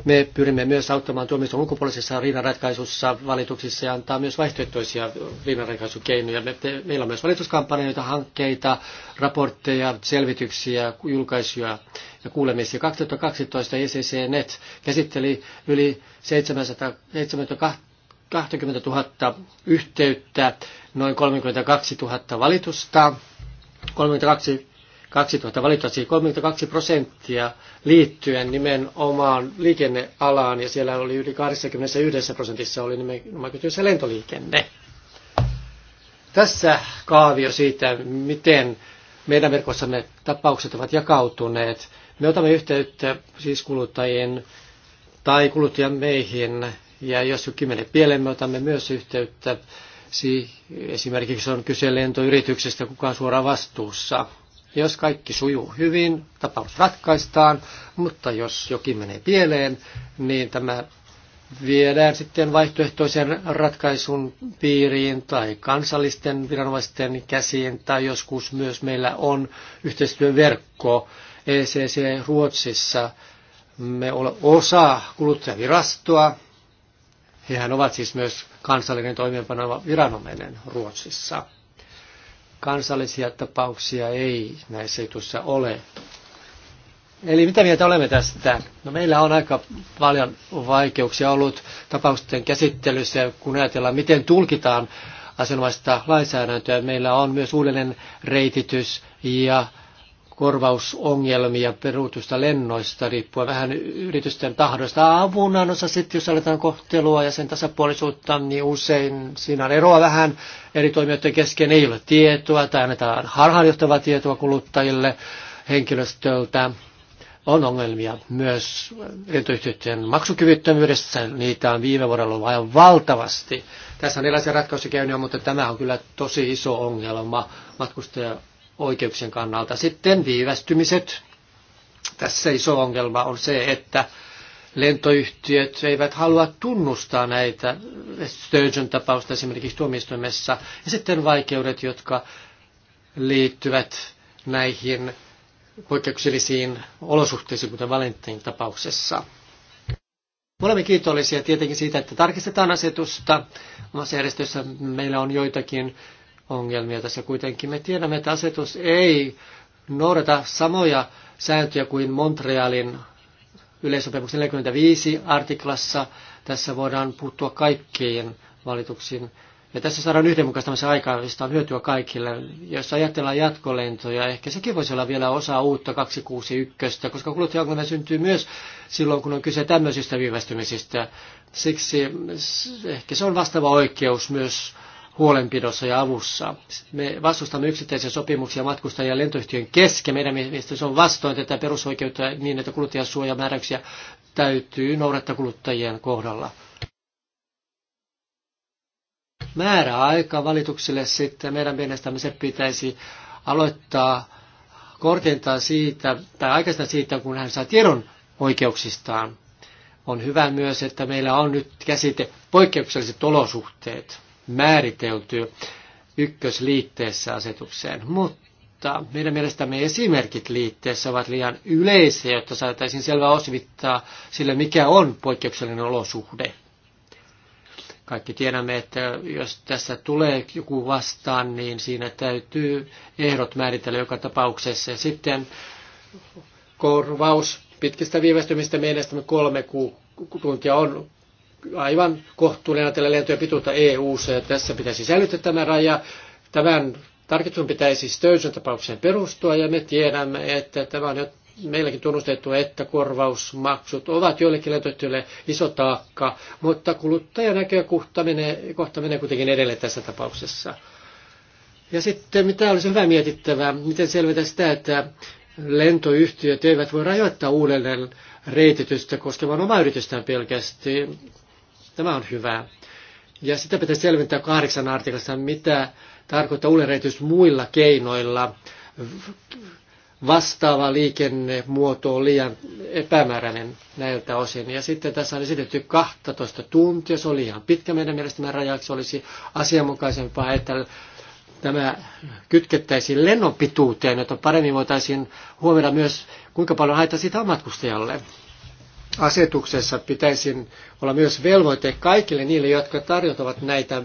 Me pyrimme myös auttamaan tuomiston ulkopuolisessa riidanratkaisussa valituksissa ja antaa myös vaihtoehtoisia riidanratkaisukeinoja. Me te, meillä on myös valituskampanjoita, hankkeita, raportteja, selvityksiä, julkaisuja ja kuulemisia. 2012 e Net käsitteli yli 720 000 yhteyttä, noin 32 000 valitusta, 32 2000 valittaisiin 32 prosenttia liittyen nimenomaan liikennealaan ja siellä oli yli 81 prosentissa oli nimenomaan kyseessä lentoliikenne. Tässä kaavio siitä, miten meidän verkossamme tapaukset ovat jakautuneet. Me otamme yhteyttä siis kuluttajien tai kuluttajan meihin ja jos jokin menee pieleen, me otamme myös yhteyttä. Esimerkiksi on kyse lentoyrityksestä, kuka on suoraan vastuussa. Jos kaikki sujuu hyvin, tapaus ratkaistaan, mutta jos jokin menee pieleen, niin tämä viedään sitten vaihtoehtoisen ratkaisun piiriin tai kansallisten viranomaisten käsiin tai joskus myös meillä on yhteistyöverkko ECC Ruotsissa. Me olemme osa kuluttajavirastoa. Hehän ovat siis myös kansallinen toimeenpanova viranomainen Ruotsissa. Kansallisia tapauksia ei näissä jutussa ole. Eli mitä mieltä olemme tästä? No meillä on aika paljon vaikeuksia ollut tapausten käsittelyssä, kun ajatellaan, miten tulkitaan asianomaista lainsäädäntöä. Meillä on myös uudelleen reititys ja korvausongelmia peruutusta lennoista, riippuen vähän yritysten tahdosta. Avunannossa sitten, jos aletaan kohtelua ja sen tasapuolisuutta, niin usein siinä on eroa vähän eri toimijoiden kesken. Ei ole tietoa tai annetaan harhaanjohtavaa tietoa kuluttajille henkilöstöltä. On ongelmia myös lentoyhtiöiden maksukyvyttömyydessä. Niitä on viime vuodella ollut aivan valtavasti. Tässä on erilaisia ratkaisuja käynyt, mutta tämä on kyllä tosi iso ongelma matkustaja oikeuksien kannalta. Sitten viivästymiset. Tässä iso ongelma on se, että lentoyhtiöt eivät halua tunnustaa näitä Sturgeon tapausta esimerkiksi tuomioistuimessa. Ja sitten vaikeudet, jotka liittyvät näihin poikkeuksellisiin olosuhteisiin, kuten Valentin tapauksessa. olemme kiitollisia tietenkin siitä, että tarkistetaan asetusta. Omassa järjestössä meillä on joitakin ongelmia tässä kuitenkin. Me tiedämme, että asetus ei noudata samoja sääntöjä kuin Montrealin yleissopimuksen 45 artiklassa. Tässä voidaan puuttua kaikkiin valituksiin. Ja tässä saadaan yhdenmukaistamisen aikaa, josta on hyötyä kaikille. Jos ajatellaan jatkolentoja, ehkä sekin voisi olla vielä osa uutta 261, koska kuluttajaongelmia syntyy myös silloin, kun on kyse tämmöisistä viivästymisistä. Siksi ehkä se on vastaava oikeus myös huolenpidossa ja avussa. Me vastustamme yksittäisiä sopimuksia matkustajien ja lentoyhtiön kesken. Meidän mielestä se on vastoin tätä perusoikeutta niin, että kuluttajasuojamääräyksiä täytyy noudattaa kuluttajien kohdalla. Määräaika valituksille sitten meidän mielestämme se pitäisi aloittaa korkeintaan siitä, tai aikaistaan siitä, kun hän saa tiedon oikeuksistaan. On hyvä myös, että meillä on nyt käsite poikkeukselliset olosuhteet määritelty ykkösliitteessä asetukseen, mutta meidän mielestämme esimerkit liitteessä ovat liian yleisiä, jotta saataisiin selvä osvittaa sille, mikä on poikkeuksellinen olosuhde. Kaikki tiedämme, että jos tässä tulee joku vastaan, niin siinä täytyy ehdot määritellä joka tapauksessa. Ja sitten korvaus pitkistä viivästymistä mielestämme kolme kuukautta tuntia on aivan kohtuullinen tällä lentojen pituutta EU-ssa ja tässä pitäisi säilyttää tämä raja. Tämän tarkistuksen pitäisi Stöysön tapaukseen perustua ja me tiedämme, että tämä on jo meilläkin tunnustettu, että korvausmaksut ovat joillekin lentoyhtiöille iso taakka, mutta kuluttajan näkökohta menee, kohta menee kuitenkin edelleen tässä tapauksessa. Ja sitten mitä olisi hyvä mietittävä, miten selvitä sitä, että lentoyhtiöt eivät voi rajoittaa uudelleen reititystä koskevan omaa yritystään pelkästään. Tämä on hyvää. Ja sitä pitää selventää kahdeksan artiklassa, mitä tarkoittaa ulenreitys muilla keinoilla. Vastaava liikennemuoto on liian epämääräinen näiltä osin. Ja sitten tässä on esitetty 12 tuntia, se oli ihan pitkä meidän mielestämme rajaksi. Olisi asianmukaisempaa, että tämä kytkettäisiin lennon pituuteen, paremmin voitaisiin huomioida myös, kuinka paljon haittaa sitä matkustajalle asetuksessa pitäisi olla myös velvoite kaikille niille, jotka tarjotavat näitä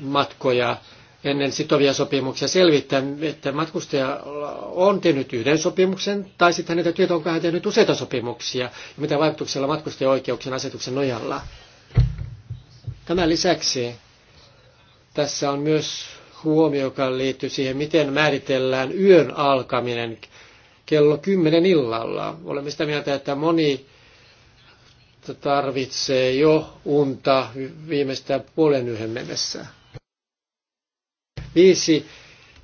matkoja ennen sitovia sopimuksia selvittää, että matkustaja on tehnyt yhden sopimuksen, tai sitten hänen työtä onko hän tehnyt useita sopimuksia, ja mitä vaikutuksella matkustajan oikeuksien asetuksen nojalla. Tämän lisäksi tässä on myös huomio, joka liittyy siihen, miten määritellään yön alkaminen kello 10 illalla. Olemme sitä mieltä, että moni tarvitsee jo unta viimeistään puolen yhden mennessä. Viisi,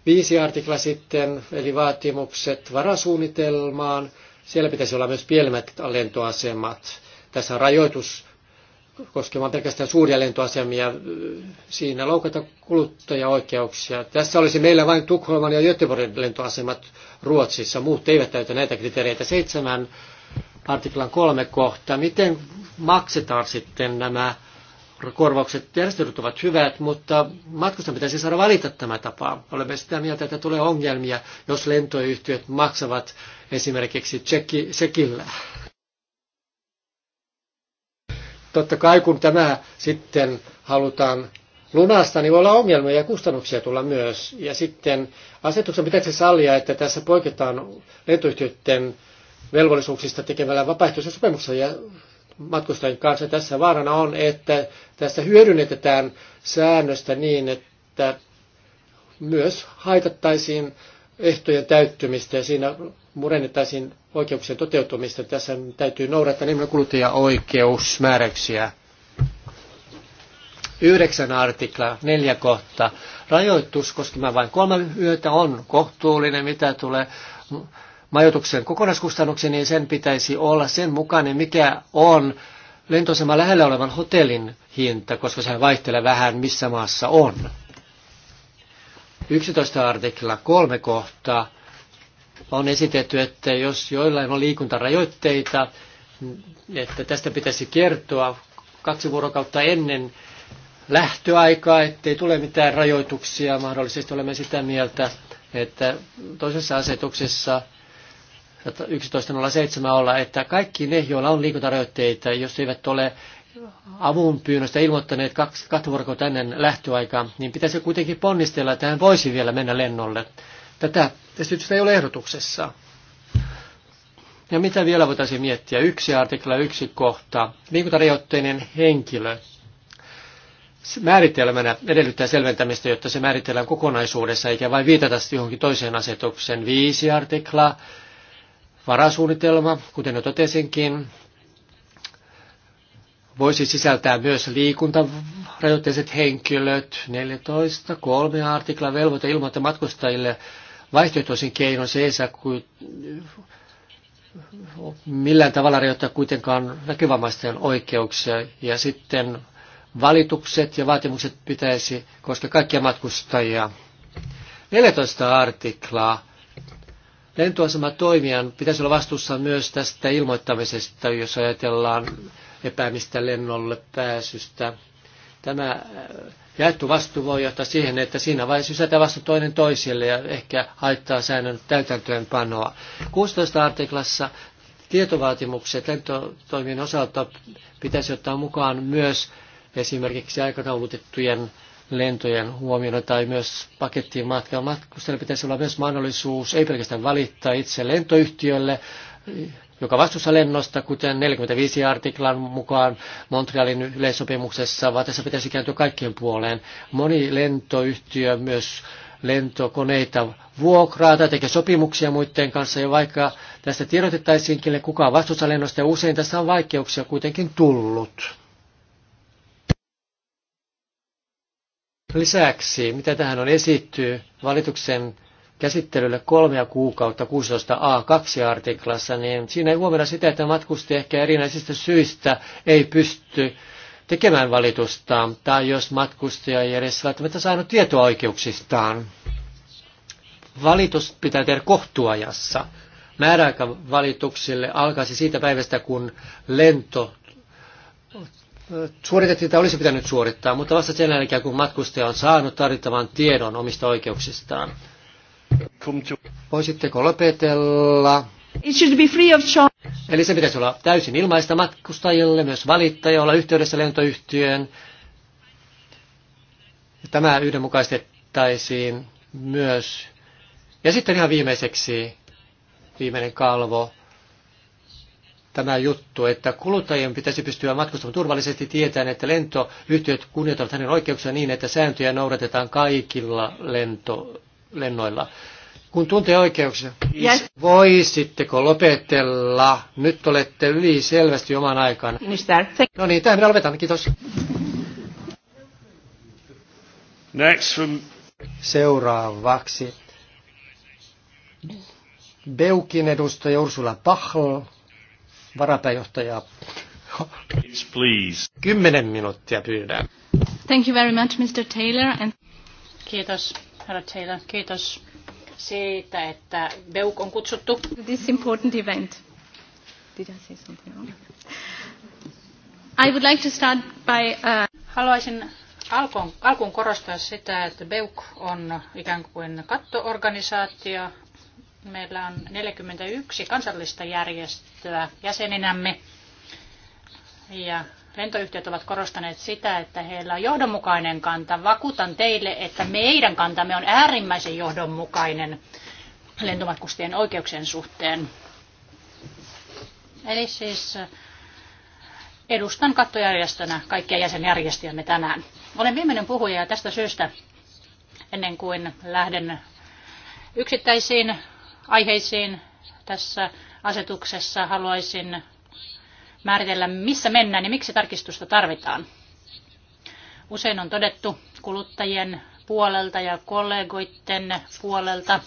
viisi artikla sitten, eli vaatimukset varasuunnitelmaan. Siellä pitäisi olla myös pienemmät lentoasemat. Tässä on rajoitus koskemaan pelkästään suuria lentoasemia. Siinä loukata kuluttajaoikeuksia. Tässä olisi meillä vain Tukholman ja Göteborgin lentoasemat Ruotsissa. Muut eivät täytä näitä kriteereitä. Seitsemän artiklan kolme kohta. Miten maksetaan sitten nämä korvaukset? Järjestelyt ovat hyvät, mutta matkusta pitäisi saada valita tämä tapa. Olemme sitä mieltä, että tulee ongelmia, jos lentoyhtiöt maksavat esimerkiksi Tsekillä. Totta kai kun tämä sitten halutaan lunasta, niin voi olla ongelmia ja kustannuksia tulla myös. Ja sitten asetuksen pitäisi sallia, että tässä poiketaan lentoyhtiöiden velvollisuuksista tekemällä vapaaehtoisen sopimuksen ja matkustajien kanssa. Tässä vaarana on, että tässä hyödynnetään säännöstä niin, että myös haitattaisiin ehtojen täyttymistä ja siinä murennettaisiin oikeuksien toteutumista. Tässä täytyy noudattaa nimenomaan kuluttajaoikeusmääräyksiä. Yhdeksän artikla, neljä kohta. Rajoitus koskemaan vain kolme yötä on kohtuullinen, mitä tulee majoituksen kokonaiskustannuksen, niin sen pitäisi olla sen mukainen, mikä on lentoaseman lähellä olevan hotellin hinta, koska sehän vaihtelee vähän, missä maassa on. 11 artikla, kolme kohtaa on esitetty, että jos joillain on liikuntarajoitteita, että tästä pitäisi kertoa kaksi vuorokautta ennen lähtöaikaa, ettei tule mitään rajoituksia. Mahdollisesti olemme sitä mieltä, että toisessa asetuksessa 11.07 olla, että kaikki ne, joilla on liikuntarajoitteita, jos eivät ole avun pyynnöstä ilmoittaneet kaksi, kaksi vuorokautta ennen lähtöaikaa, niin pitäisi kuitenkin ponnistella, että hän voisi vielä mennä lennolle. Tätä esitystä ei ole ehdotuksessa. Ja mitä vielä voitaisiin miettiä? Yksi artikla, yksi kohta. Liikuntarajoitteinen henkilö. Määritelmänä edellyttää selventämistä, jotta se määritellään kokonaisuudessa, eikä vain viitata johonkin toiseen asetuksen. Viisi artiklaa, varasuunnitelma, kuten jo totesinkin, voisi sisältää myös liikuntarajoitteiset henkilöt. 14. kolme artikla velvoite ilmoittaa matkustajille vaihtoehtoisin keinoin. Se ei saa kuin millään tavalla rajoittaa kuitenkaan väkivammaisten oikeuksia. Ja sitten valitukset ja vaatimukset pitäisi koskea kaikkia matkustajia. 14 artiklaa. Lentoasematoimijan pitäisi olla vastuussa myös tästä ilmoittamisesta, jos ajatellaan epäämistä lennolle pääsystä. Tämä äh, jaettu vastuu voi johtaa siihen, että siinä vain sysätään vastuu toinen toiselle ja ehkä haittaa säännön täytäntöönpanoa. 16 artiklassa tietovaatimukset lentotoimien osalta pitäisi ottaa mukaan myös esimerkiksi aikataulutettujen lentojen huomioon tai myös pakettiin matkaan. Matkustajalla pitäisi olla myös mahdollisuus ei pelkästään valittaa itse lentoyhtiölle joka vastuussa lennosta, kuten 45 artiklan mukaan Montrealin yleissopimuksessa, vaan tässä pitäisi kääntyä kaikkien puoleen. Moni lentoyhtiö myös lentokoneita vuokraa tai tekee sopimuksia muiden kanssa, ja vaikka tästä tiedotettaisiinkin, kukaan vastuussa lennosta, ja usein tässä on vaikeuksia kuitenkin tullut. Lisäksi, mitä tähän on esitty, valituksen käsittelylle kolmea kuukautta 16a2 artiklassa, niin siinä ei huomioida sitä, että matkustaja ehkä erinäisistä syistä ei pysty tekemään valitusta, tai jos matkustaja ei edes välttämättä saanut tietoa oikeuksistaan. Valitus pitää tehdä kohtuajassa. Määräaika valituksille alkaisi siitä päivästä, kun lento suoritettiin tai olisi pitänyt suorittaa, mutta vasta sen jälkeen, kun matkustaja on saanut tarvittavan tiedon omista oikeuksistaan. Voisitteko lopetella? It should be free of charge. Eli se pitäisi olla täysin ilmaista matkustajille, myös valittaja olla yhteydessä lentoyhtiöön. Tämä yhdenmukaistettaisiin myös. Ja sitten ihan viimeiseksi, viimeinen kalvo, tämä juttu, että kuluttajien pitäisi pystyä matkustamaan turvallisesti tietäen, että lentoyhtiöt kunnioittavat hänen oikeuksiaan niin, että sääntöjä noudatetaan kaikilla lentoyhtiöillä lennoilla. Kun tuntee oikeuksia, yes. voisitteko lopetella? Nyt olette yli selvästi oman aikana. No niin, tähän minä lopetan. Kiitos. Next from... Seuraavaksi Beukin edustaja Ursula Pachlo, varapääjohtaja. Please. Kymmenen minuuttia pyydän. Thank you very much, Mr. Taylor. And... Kiitos herra Taylor. Kiitos siitä, että Beuk on kutsuttu. This important event. Did I say something wrong? I would like to start by... Uh... Haluaisin alkuun, alkuun korostaa sitä, että Beuk on ikään kuin kattoorganisaatio. Meillä on 41 kansallista järjestöä jäseninämme ja lentoyhtiöt ovat korostaneet sitä, että heillä on johdonmukainen kanta. Vakuutan teille, että meidän kantamme on äärimmäisen johdonmukainen lentomatkustajien oikeuksien suhteen. Eli siis äh, edustan kattojärjestönä kaikkia jäsenjärjestöjämme tänään. Olen viimeinen puhuja ja tästä syystä ennen kuin lähden yksittäisiin aiheisiin tässä asetuksessa haluaisin määritellä, missä mennään ja miksi tarkistusta tarvitaan. Usein on todettu kuluttajien puolelta ja kollegoiden puolelta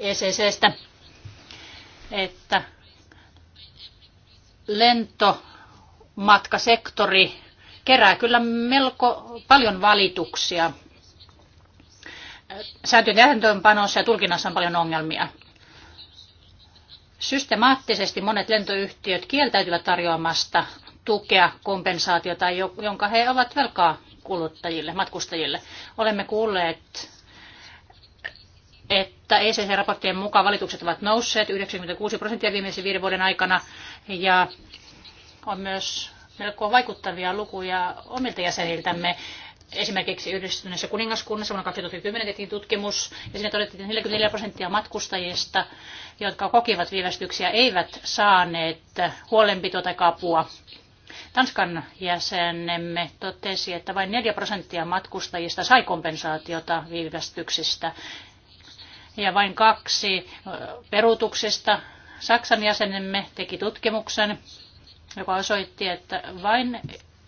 ECCstä, että lentomatkasektori kerää kyllä melko paljon valituksia. Sääntöjen täytäntöönpanossa ja tulkinnassa on paljon ongelmia systemaattisesti monet lentoyhtiöt kieltäytyvät tarjoamasta tukea, kompensaatiota, jonka he ovat velkaa kuluttajille, matkustajille. Olemme kuulleet, että ECC-raporttien mukaan valitukset ovat nousseet 96 prosenttia viimeisen viiden vuoden aikana ja on myös melko vaikuttavia lukuja omilta jäseniltämme. Esimerkiksi yhdistyneessä kuningaskunnassa vuonna 2010 tehtiin tutkimus ja siinä todettiin, että 44 prosenttia matkustajista, jotka kokivat viivästyksiä, eivät saaneet huolenpitoa tai apua. Tanskan jäsenemme totesi, että vain 4 prosenttia matkustajista sai kompensaatiota viivästyksistä ja vain kaksi peruutuksista. Saksan jäsenemme teki tutkimuksen, joka osoitti, että vain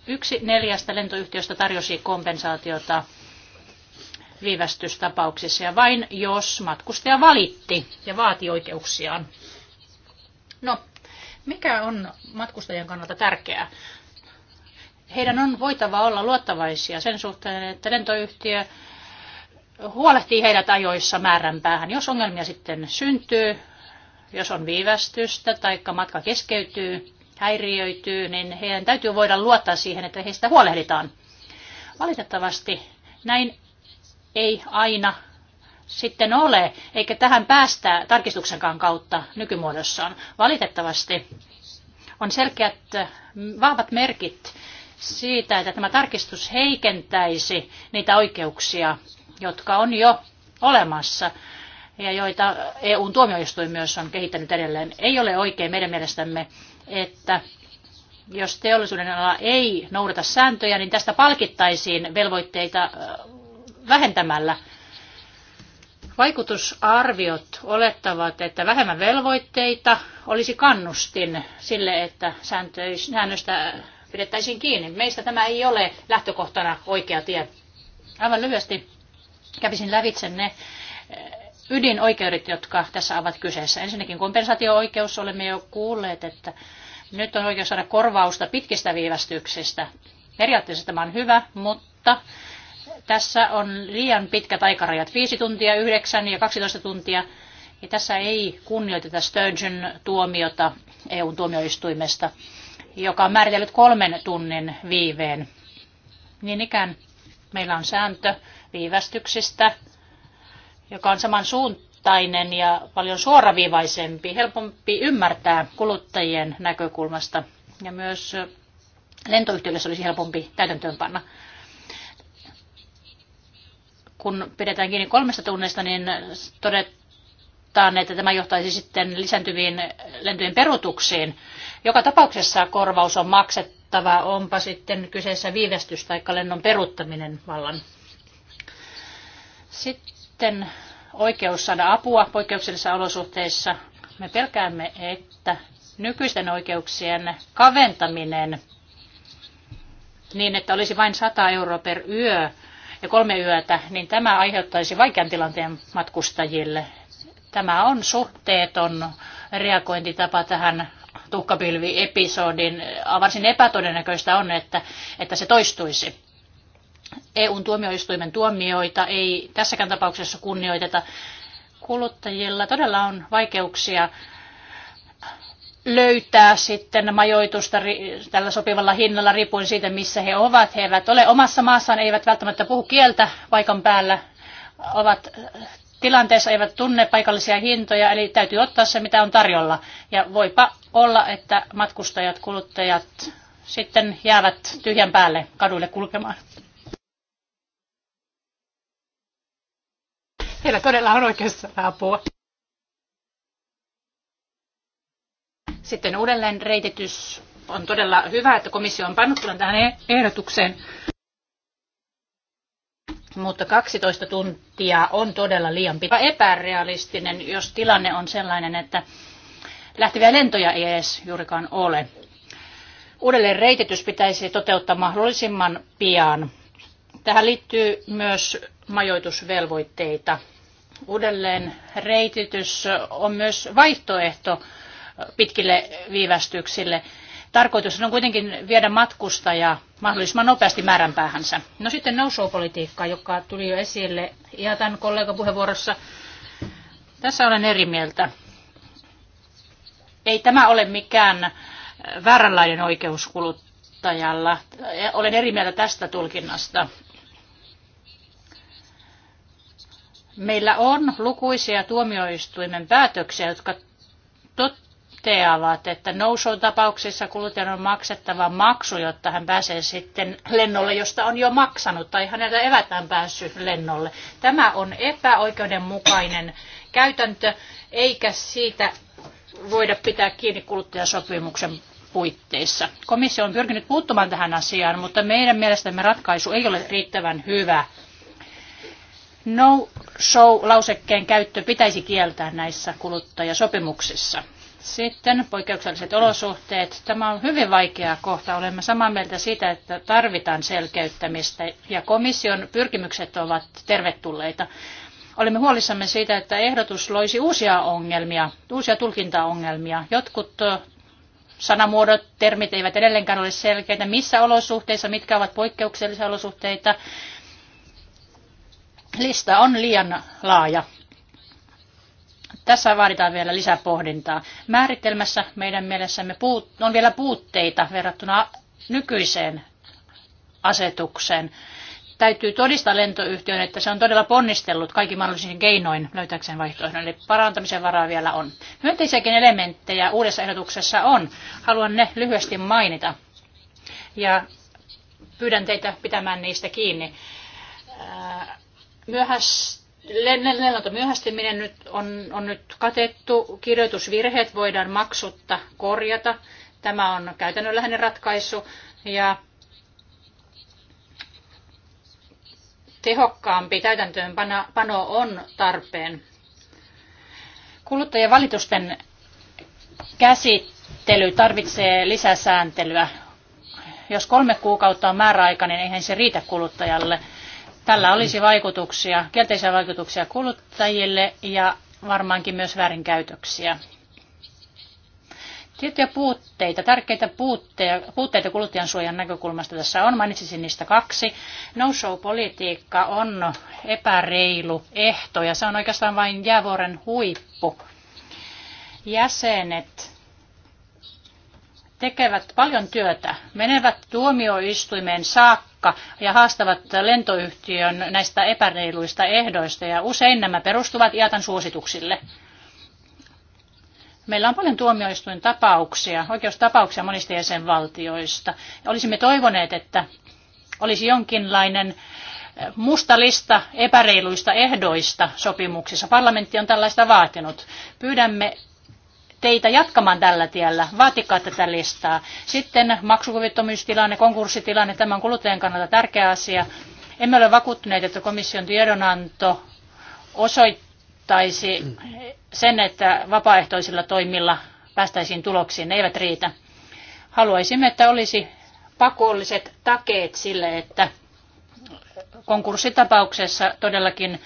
Yksi neljästä lentoyhtiöstä tarjosi kompensaatiota viivästystapauksissa ja vain jos matkustaja valitti ja vaati oikeuksiaan. No, mikä on matkustajien kannalta tärkeää? Heidän on voitava olla luottavaisia sen suhteen, että lentoyhtiö huolehtii heidät ajoissa määränpäähän. Jos ongelmia sitten syntyy, jos on viivästystä tai matka keskeytyy, häiriöityy, niin heidän täytyy voida luottaa siihen, että heistä huolehditaan. Valitettavasti näin ei aina sitten ole, eikä tähän päästä tarkistuksenkaan kautta nykymuodossaan. Valitettavasti on selkeät vahvat merkit siitä, että tämä tarkistus heikentäisi niitä oikeuksia, jotka on jo olemassa ja joita EUn tuomioistuin myös on kehittänyt edelleen. Ei ole oikein meidän mielestämme että jos teollisuuden ala ei noudata sääntöjä, niin tästä palkittaisiin velvoitteita vähentämällä. Vaikutusarviot olettavat, että vähemmän velvoitteita olisi kannustin sille, että säännöistä pidettäisiin kiinni. Meistä tämä ei ole lähtökohtana oikea tie. Aivan lyhyesti kävisin lävitse ne ydinoikeudet, jotka tässä ovat kyseessä. Ensinnäkin kompensaatio-oikeus, olemme jo kuulleet, että nyt on oikeus saada korvausta pitkistä viivästyksistä. Periaatteessa tämä on hyvä, mutta tässä on liian pitkät aikarajat, 5 tuntia, 9 ja 12 tuntia. Ja tässä ei kunnioiteta Sturgeon tuomiota EUn tuomioistuimesta, joka on määritellyt kolmen tunnin viiveen. Niin ikään meillä on sääntö viivästyksistä, joka on saman suuntaan yksinkertainen ja paljon suoraviivaisempi, helpompi ymmärtää kuluttajien näkökulmasta ja myös lentoyhtiöille se olisi helpompi täytäntöönpanna. Kun pidetään kiinni kolmesta tunnista, niin todetaan, että tämä johtaisi sitten lisääntyviin lentojen perutuksiin. Joka tapauksessa korvaus on maksettava, onpa sitten kyseessä viivästys tai lennon peruuttaminen vallan. Sitten oikeus saada apua poikkeuksellisissa olosuhteissa. Me pelkäämme, että nykyisten oikeuksien kaventaminen niin, että olisi vain 100 euroa per yö ja kolme yötä, niin tämä aiheuttaisi vaikean tilanteen matkustajille. Tämä on suhteeton reagointitapa tähän tuhkapilviepisodin varsin epätodennäköistä on, että, että se toistuisi. EUn tuomioistuimen tuomioita ei tässäkään tapauksessa kunnioiteta. Kuluttajilla todella on vaikeuksia löytää sitten majoitusta tällä sopivalla hinnalla riippuen siitä, missä he ovat. He eivät ole omassa maassaan, eivät välttämättä puhu kieltä paikan päällä, ovat tilanteessa, eivät tunne paikallisia hintoja, eli täytyy ottaa se, mitä on tarjolla. Ja voipa olla, että matkustajat, kuluttajat sitten jäävät tyhjän päälle kaduille kulkemaan. Heillä todella on oikeassa apua. Sitten uudelleen reititys. On todella hyvä, että komissio on pannut tähän e- ehdotukseen. Mutta 12 tuntia on todella liian pitkä. Epärealistinen, jos tilanne on sellainen, että lähteviä lentoja ei edes juurikaan ole. Uudelleen reititys pitäisi toteuttaa mahdollisimman pian. Tähän liittyy myös majoitusvelvoitteita. Uudelleen reititys on myös vaihtoehto pitkille viivästyksille. Tarkoitus on kuitenkin viedä matkustaja mahdollisimman nopeasti määränpäähänsä. No sitten nousupolitiikka, joka tuli jo esille ihan tämän kollegan puheenvuorossa. Tässä olen eri mieltä. Ei tämä ole mikään vääränlainen oikeus kuluttajalla. Olen eri mieltä tästä tulkinnasta. Meillä on lukuisia tuomioistuimen päätöksiä, jotka toteavat, että no-show-tapauksissa kuluttajan on maksettava maksu, jotta hän pääsee sitten lennolle, josta on jo maksanut, tai häneltä evätään päässy lennolle. Tämä on epäoikeudenmukainen käytäntö, eikä siitä voida pitää kiinni kuluttajasopimuksen puitteissa. Komissio on pyrkinyt puuttumaan tähän asiaan, mutta meidän mielestämme ratkaisu ei ole riittävän hyvä no-show-lausekkeen käyttö pitäisi kieltää näissä kuluttajasopimuksissa. Sitten poikkeukselliset olosuhteet. Tämä on hyvin vaikea kohta. Olemme samaa mieltä siitä, että tarvitaan selkeyttämistä ja komission pyrkimykset ovat tervetulleita. Olemme huolissamme siitä, että ehdotus loisi uusia ongelmia, uusia tulkintaongelmia. Jotkut sanamuodot, termit eivät edelleenkään ole selkeitä, missä olosuhteissa, mitkä ovat poikkeuksellisia olosuhteita lista on liian laaja. Tässä vaaditaan vielä lisäpohdintaa. Määritelmässä meidän mielessämme on vielä puutteita verrattuna nykyiseen asetukseen. Täytyy todistaa lentoyhtiön, että se on todella ponnistellut kaikki mahdollisin keinoin löytääkseen vaihtoehdon, eli parantamisen varaa vielä on. Myönteisiäkin elementtejä uudessa ehdotuksessa on. Haluan ne lyhyesti mainita ja pyydän teitä pitämään niistä kiinni. Ää, myöhäs, lennolta myöhästyminen nyt on, on nyt katettu. Kirjoitusvirheet voidaan maksutta korjata. Tämä on käytännönläheinen ratkaisu ja tehokkaampi täytäntöönpano on tarpeen. Kuluttajien valitusten käsittely tarvitsee lisäsääntelyä. Jos kolme kuukautta on määräaika, niin eihän se riitä kuluttajalle – Tällä olisi vaikutuksia, kielteisiä vaikutuksia kuluttajille ja varmaankin myös väärinkäytöksiä. Tiettyjä puutteita, tärkeitä puutteita, puutteita kuluttajan suojan näkökulmasta tässä on. Mainitsisin niistä kaksi. No-show-politiikka on epäreilu ehto ja se on oikeastaan vain jäävuoren huippu. Jäsenet tekevät paljon työtä, menevät tuomioistuimeen saakka ja haastavat lentoyhtiön näistä epäreiluista ehdoista ja usein nämä perustuvat IATAn suosituksille. Meillä on paljon tuomioistuin tapauksia, oikeustapauksia monista jäsenvaltioista. Olisimme toivoneet, että olisi jonkinlainen musta lista epäreiluista ehdoista sopimuksissa. Parlamentti on tällaista vaatinut. Pyydämme teitä jatkamaan tällä tiellä. Vaatikaa tätä listaa. Sitten maksukuvittomuustilanne, konkurssitilanne, tämä on kuluttajan kannalta tärkeä asia. Emme ole vakuuttuneita, että komission tiedonanto osoittaisi sen, että vapaaehtoisilla toimilla päästäisiin tuloksiin. Ne eivät riitä. Haluaisimme, että olisi pakolliset takeet sille, että konkurssitapauksessa todellakin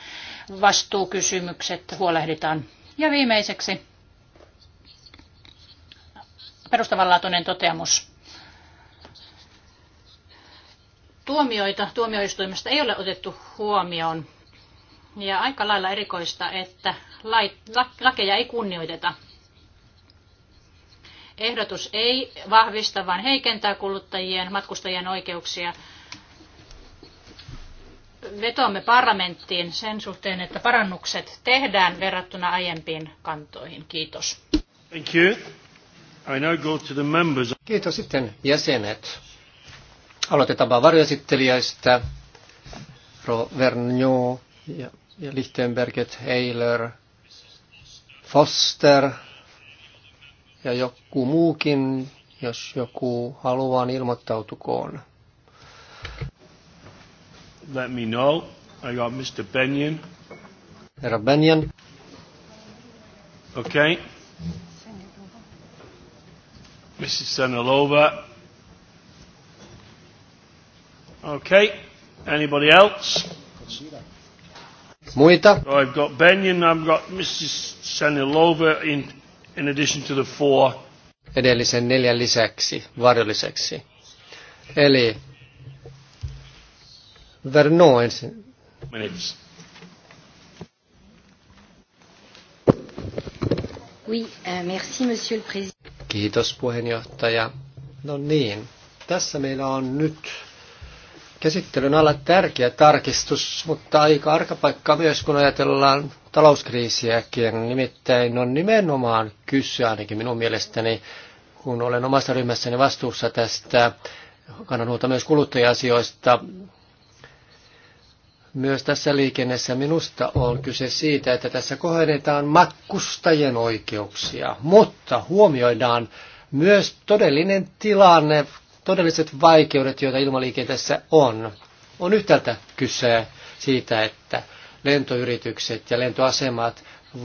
vastuukysymykset huolehditaan. Ja viimeiseksi perustavanlaatuinen toteamus. Tuomioita tuomioistuimesta ei ole otettu huomioon. Ja aika lailla erikoista, että lait, lakeja ei kunnioiteta. Ehdotus ei vahvista, vaan heikentää kuluttajien, matkustajien oikeuksia. Vetoamme parlamenttiin sen suhteen, että parannukset tehdään verrattuna aiempiin kantoihin. Kiitos. Thank you. I now go to the members. Kiitos sitten jäsenet. Aloitetaan varjoesittelijöistä. Ro Vergniaud ja, ja Lichtenberget, Heiler, Foster ja joku muukin, jos joku haluaa, niin ilmoittautukoon. Let me know. I got Mr. Benyon. Herra Benyon. Okay. Mrs. Senilova. Okay. Anybody else? Muita? So I've got Benyon, I've got Mrs. Senilova in, in addition to the four. Edellisen neljän lisäksi, varjoliseksi. Eli Verno ensin. Minutes. Oui, euh, merci Monsieur le Président. Kiitos puheenjohtaja. No niin, tässä meillä on nyt käsittelyn alla tärkeä tarkistus, mutta aika arkapaikka myös, kun ajatellaan talouskriisiäkin. Nimittäin on nimenomaan kyse ainakin minun mielestäni, kun olen omassa ryhmässäni vastuussa tästä, kannan huolta myös kuluttaja-asioista, myös tässä liikennessä minusta on kyse siitä, että tässä kohdennetaan matkustajien oikeuksia, mutta huomioidaan myös todellinen tilanne, todelliset vaikeudet, joita ilmaliikenteessä on. On yhtäältä kyse siitä, että lentoyritykset ja lentoasemat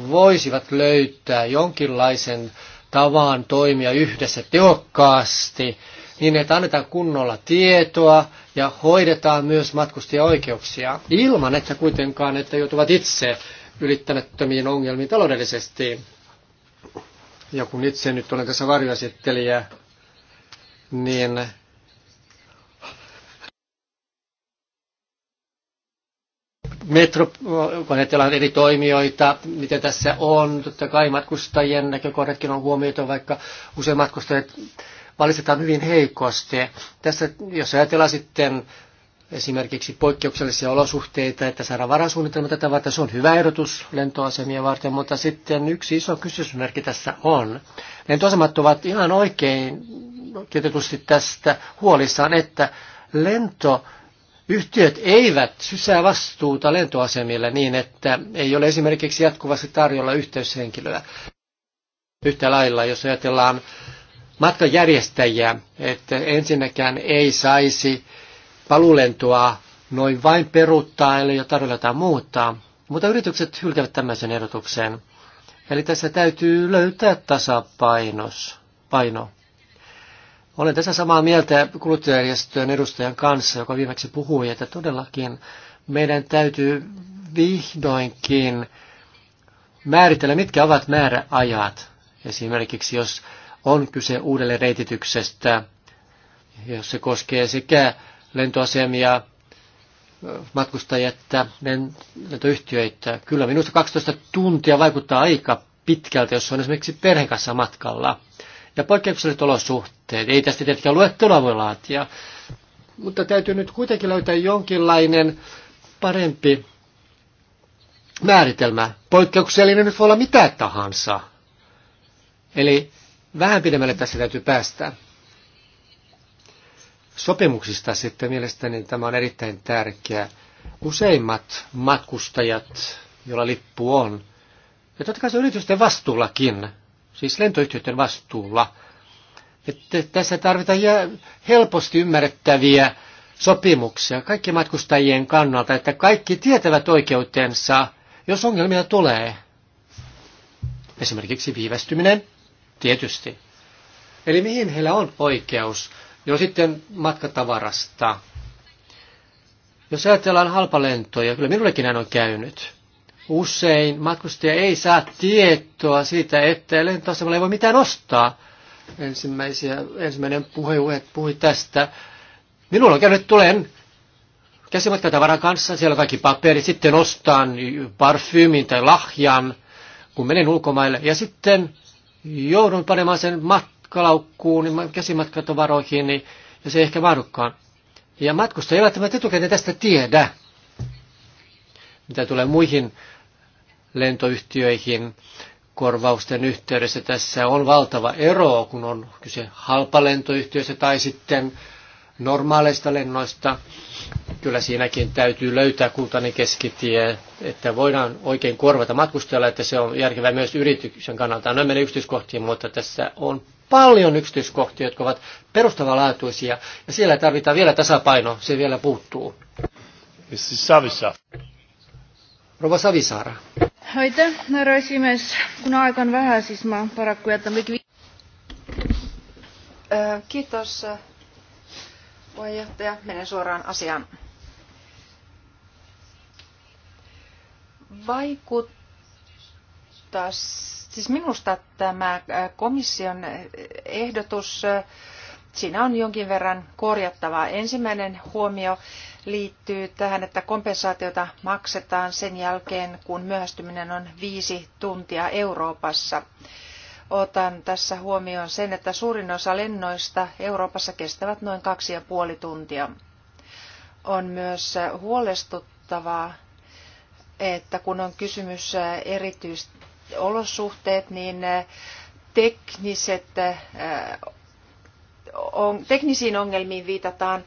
voisivat löytää jonkinlaisen tavan toimia yhdessä tehokkaasti niin että annetaan kunnolla tietoa ja hoidetaan myös matkustajaoikeuksia ilman, että kuitenkaan, että joutuvat itse ylittämättömiin ongelmiin taloudellisesti. Ja kun itse nyt olen tässä varjoesittelijä, niin metro, kun ajatellaan eri toimijoita, mitä tässä on. Totta kai matkustajien näkökohdatkin on huomioitu, vaikka usein matkustajat valistetaan hyvin heikosti. Tässä, jos ajatellaan sitten esimerkiksi poikkeuksellisia olosuhteita, että saadaan varasuunnitelma tätä varten, se on hyvä ehdotus lentoasemia varten, mutta sitten yksi iso kysymysmerkki tässä on. Lentoasemat ovat ihan oikein tietysti tästä huolissaan, että lento Yhtiöt eivät sysää vastuuta lentoasemille niin, että ei ole esimerkiksi jatkuvasti tarjolla yhteyshenkilöä. Yhtä lailla, jos ajatellaan matkajärjestäjiä, että ensinnäkään ei saisi palulentoa noin vain peruuttaa, eli jo tarjolla jotain muuttaa. Mutta yritykset hylkävät tämmöisen ehdotuksen. Eli tässä täytyy löytää tasapainos. Paino. Olen tässä samaa mieltä kuluttajajärjestöjen edustajan kanssa, joka viimeksi puhui, että todellakin meidän täytyy vihdoinkin määritellä, mitkä ovat määräajat. Esimerkiksi jos on kyse uudelle reitityksestä, jos se koskee sekä lentoasemia, matkustajia että lentoyhtiöitä. Kyllä minusta 12 tuntia vaikuttaa aika pitkältä, jos on esimerkiksi perheen kanssa matkalla. Ja poikkeukselliset olosuhteet. Ei tästä tietenkään luettelua voi laatia. Mutta täytyy nyt kuitenkin löytää jonkinlainen parempi määritelmä. Poikkeuksellinen nyt voi olla mitä tahansa. Eli Vähän pidemmälle tässä täytyy päästä. Sopimuksista sitten mielestäni tämä on erittäin tärkeä. Useimmat matkustajat, joilla lippu on, ja totta kai se yritysten vastuullakin, siis lentoyhtiöiden vastuulla, että tässä tarvitaan helposti ymmärrettäviä sopimuksia kaikkien matkustajien kannalta, että kaikki tietävät oikeutensa, jos ongelmia tulee. Esimerkiksi viivästyminen Tietysti. Eli mihin heillä on oikeus? Jo sitten matkatavarasta. Jos ajatellaan halpalentoja, kyllä minullekin näin on käynyt. Usein matkustaja ei saa tietoa siitä, että lentoasemalla ei voi mitään ostaa. Ensimmäisiä, ensimmäinen puhe puhui tästä. Minulla on käynyt, tulen käsimatkatavaran kanssa, siellä on kaikki paperi, sitten ostan parfyymin tai lahjan, kun menen ulkomaille. Ja sitten joudun panemaan sen matkalaukkuun, niin käsimatkatavaroihin, niin, ja se ei ehkä mahdukaan. Ja matkusta ei välttämättä etukäteen tästä tiedä, mitä tulee muihin lentoyhtiöihin korvausten yhteydessä. Tässä on valtava ero, kun on kyse halpalentoyhtiöistä tai sitten normaaleista lennoista. Kyllä siinäkin täytyy löytää kultainen keskitie, että voidaan oikein korvata matkustajalla, että se on järkevää myös yrityksen kannalta. Noin menee yksityiskohtiin, mutta tässä on paljon yksityiskohtia, jotka ovat perustavanlaatuisia, ja siellä tarvitaan vielä tasapaino, se vielä puuttuu. Savisaar. Rova Savisaara. Aitäh, härra esimies. Kun aika on vähän, siis mä parakku jätän Kiitos puheenjohtaja. Menen suoraan asiaan. Vaikuttaa, siis minusta tämä komission ehdotus, siinä on jonkin verran korjattavaa. Ensimmäinen huomio liittyy tähän, että kompensaatiota maksetaan sen jälkeen, kun myöhästyminen on viisi tuntia Euroopassa otan tässä huomioon sen, että suurin osa lennoista Euroopassa kestävät noin kaksi ja puoli tuntia. On myös huolestuttavaa, että kun on kysymys erityisolosuhteet, niin tekniset, teknisiin ongelmiin viitataan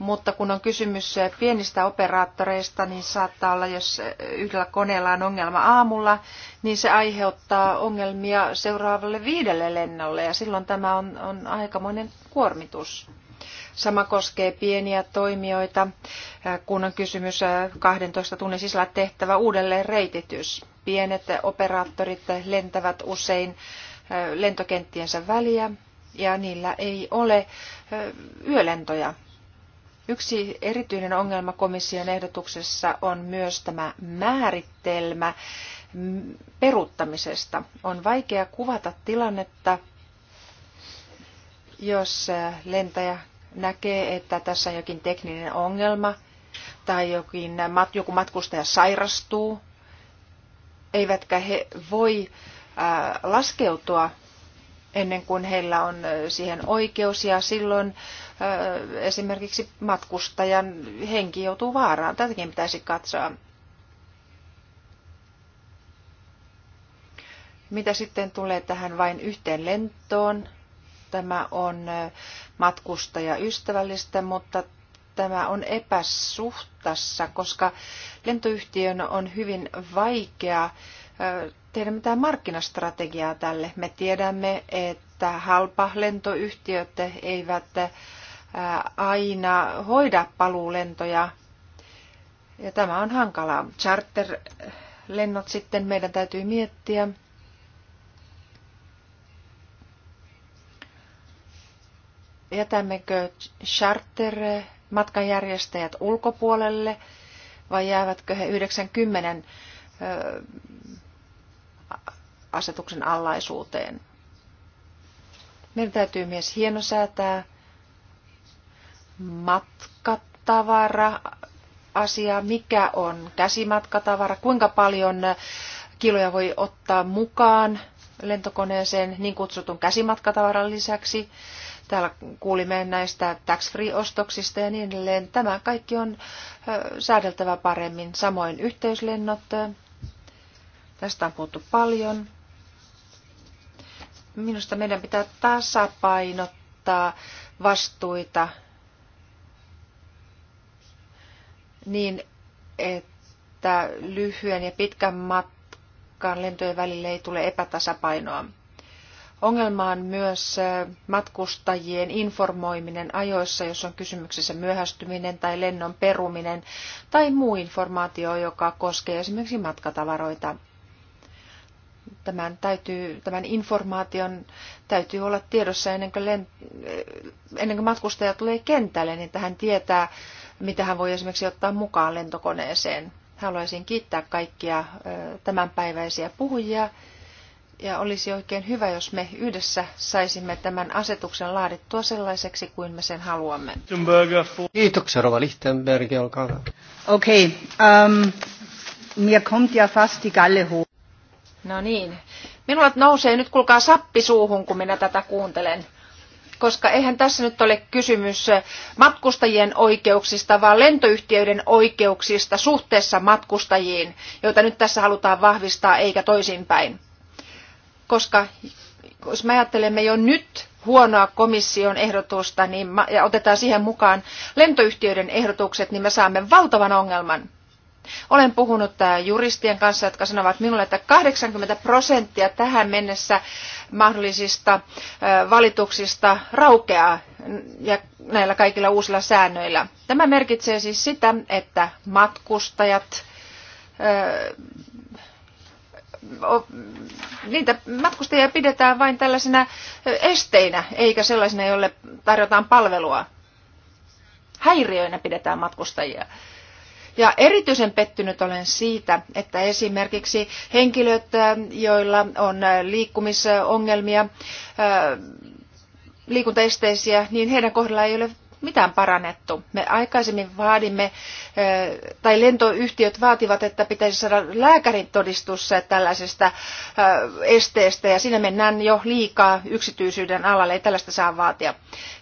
mutta kun on kysymys eh, pienistä operaattoreista, niin saattaa olla, jos eh, yhdellä koneella on ongelma aamulla, niin se aiheuttaa ongelmia seuraavalle viidelle lennolle ja silloin tämä on, on aikamoinen kuormitus. Sama koskee pieniä toimijoita, eh, kun on kysymys 12 tunnin sisällä tehtävä uudelleen reititys. Pienet operaattorit lentävät usein lentokenttiensä väliä ja niillä ei ole yölentoja Yksi erityinen ongelma komission ehdotuksessa on myös tämä määritelmä peruuttamisesta. On vaikea kuvata tilannetta, jos lentäjä näkee, että tässä on jokin tekninen ongelma tai jokin, joku matkustaja sairastuu, eivätkä he voi laskeutua ennen kuin heillä on siihen oikeus ja silloin esimerkiksi matkustajan henki joutuu vaaraan. Tätäkin pitäisi katsoa. Mitä sitten tulee tähän vain yhteen lentoon? Tämä on matkustajaystävällistä, mutta tämä on epäsuhtassa, koska lentoyhtiön on hyvin vaikea äh, tehdä mitään markkinastrategiaa tälle. Me tiedämme, että halpa lentoyhtiöt eivät aina hoida paluulentoja. Ja tämä on hankalaa. Charterlennot sitten meidän täytyy miettiä. Jätämmekö charter-matkanjärjestäjät ulkopuolelle vai jäävätkö he 90 asetuksen allaisuuteen. Meidän täytyy myös hienosäätää matkatavara asia, mikä on käsimatkatavara, kuinka paljon kiloja voi ottaa mukaan lentokoneeseen niin kutsutun käsimatkatavaran lisäksi. Täällä kuulimme näistä tax-free-ostoksista ja niin edelleen. Tämä kaikki on säädeltävä paremmin. Samoin yhteislennot. Tästä on puhuttu paljon. Minusta meidän pitää tasapainottaa vastuita niin, että lyhyen ja pitkän matkan lentojen välille ei tule epätasapainoa. Ongelma on myös äh, matkustajien informoiminen ajoissa, jos on kysymyksessä myöhästyminen tai lennon peruminen tai muu informaatio, joka koskee esimerkiksi matkatavaroita tämän, täytyy, tämän informaation täytyy olla tiedossa ennen kuin, len, ennen kuin matkustaja tulee kentälle, niin tähän hän tietää, mitä hän voi esimerkiksi ottaa mukaan lentokoneeseen. Haluaisin kiittää kaikkia tämänpäiväisiä puhujia ja olisi oikein hyvä, jos me yhdessä saisimme tämän asetuksen laadittua sellaiseksi kuin me sen haluamme. Kiitoksia, Rova Lichtenberg, olkaa hyvä. Okei, okay, um, ähm, mir kommt ja fast die Galle hoch. No niin. Minulla nousee nyt kulkaa sappi suuhun, kun minä tätä kuuntelen. Koska eihän tässä nyt ole kysymys matkustajien oikeuksista, vaan lentoyhtiöiden oikeuksista suhteessa matkustajiin, joita nyt tässä halutaan vahvistaa eikä toisinpäin. Koska jos me ajattelemme jo nyt huonoa komission ehdotusta niin, ja otetaan siihen mukaan lentoyhtiöiden ehdotukset, niin me saamme valtavan ongelman. Olen puhunut äh, juristien kanssa, jotka sanovat minulle, että 80 prosenttia tähän mennessä mahdollisista äh, valituksista raukeaa ja näillä kaikilla uusilla säännöillä. Tämä merkitsee siis sitä, että matkustajat äh, niitä matkustajia pidetään vain tällaisena esteinä, eikä sellaisena, jolle tarjotaan palvelua. Häiriöinä pidetään matkustajia. Ja erityisen pettynyt olen siitä, että esimerkiksi henkilöt, äh, joilla on äh, liikkumisongelmia, äh, liikuntaesteisiä, niin heidän kohdalla ei ole mitään parannettu. Me aikaisemmin vaadimme, tai lentoyhtiöt vaativat, että pitäisi saada lääkärin todistus tällaisesta esteestä, ja siinä mennään jo liikaa yksityisyyden alalle, ei tällaista saa vaatia.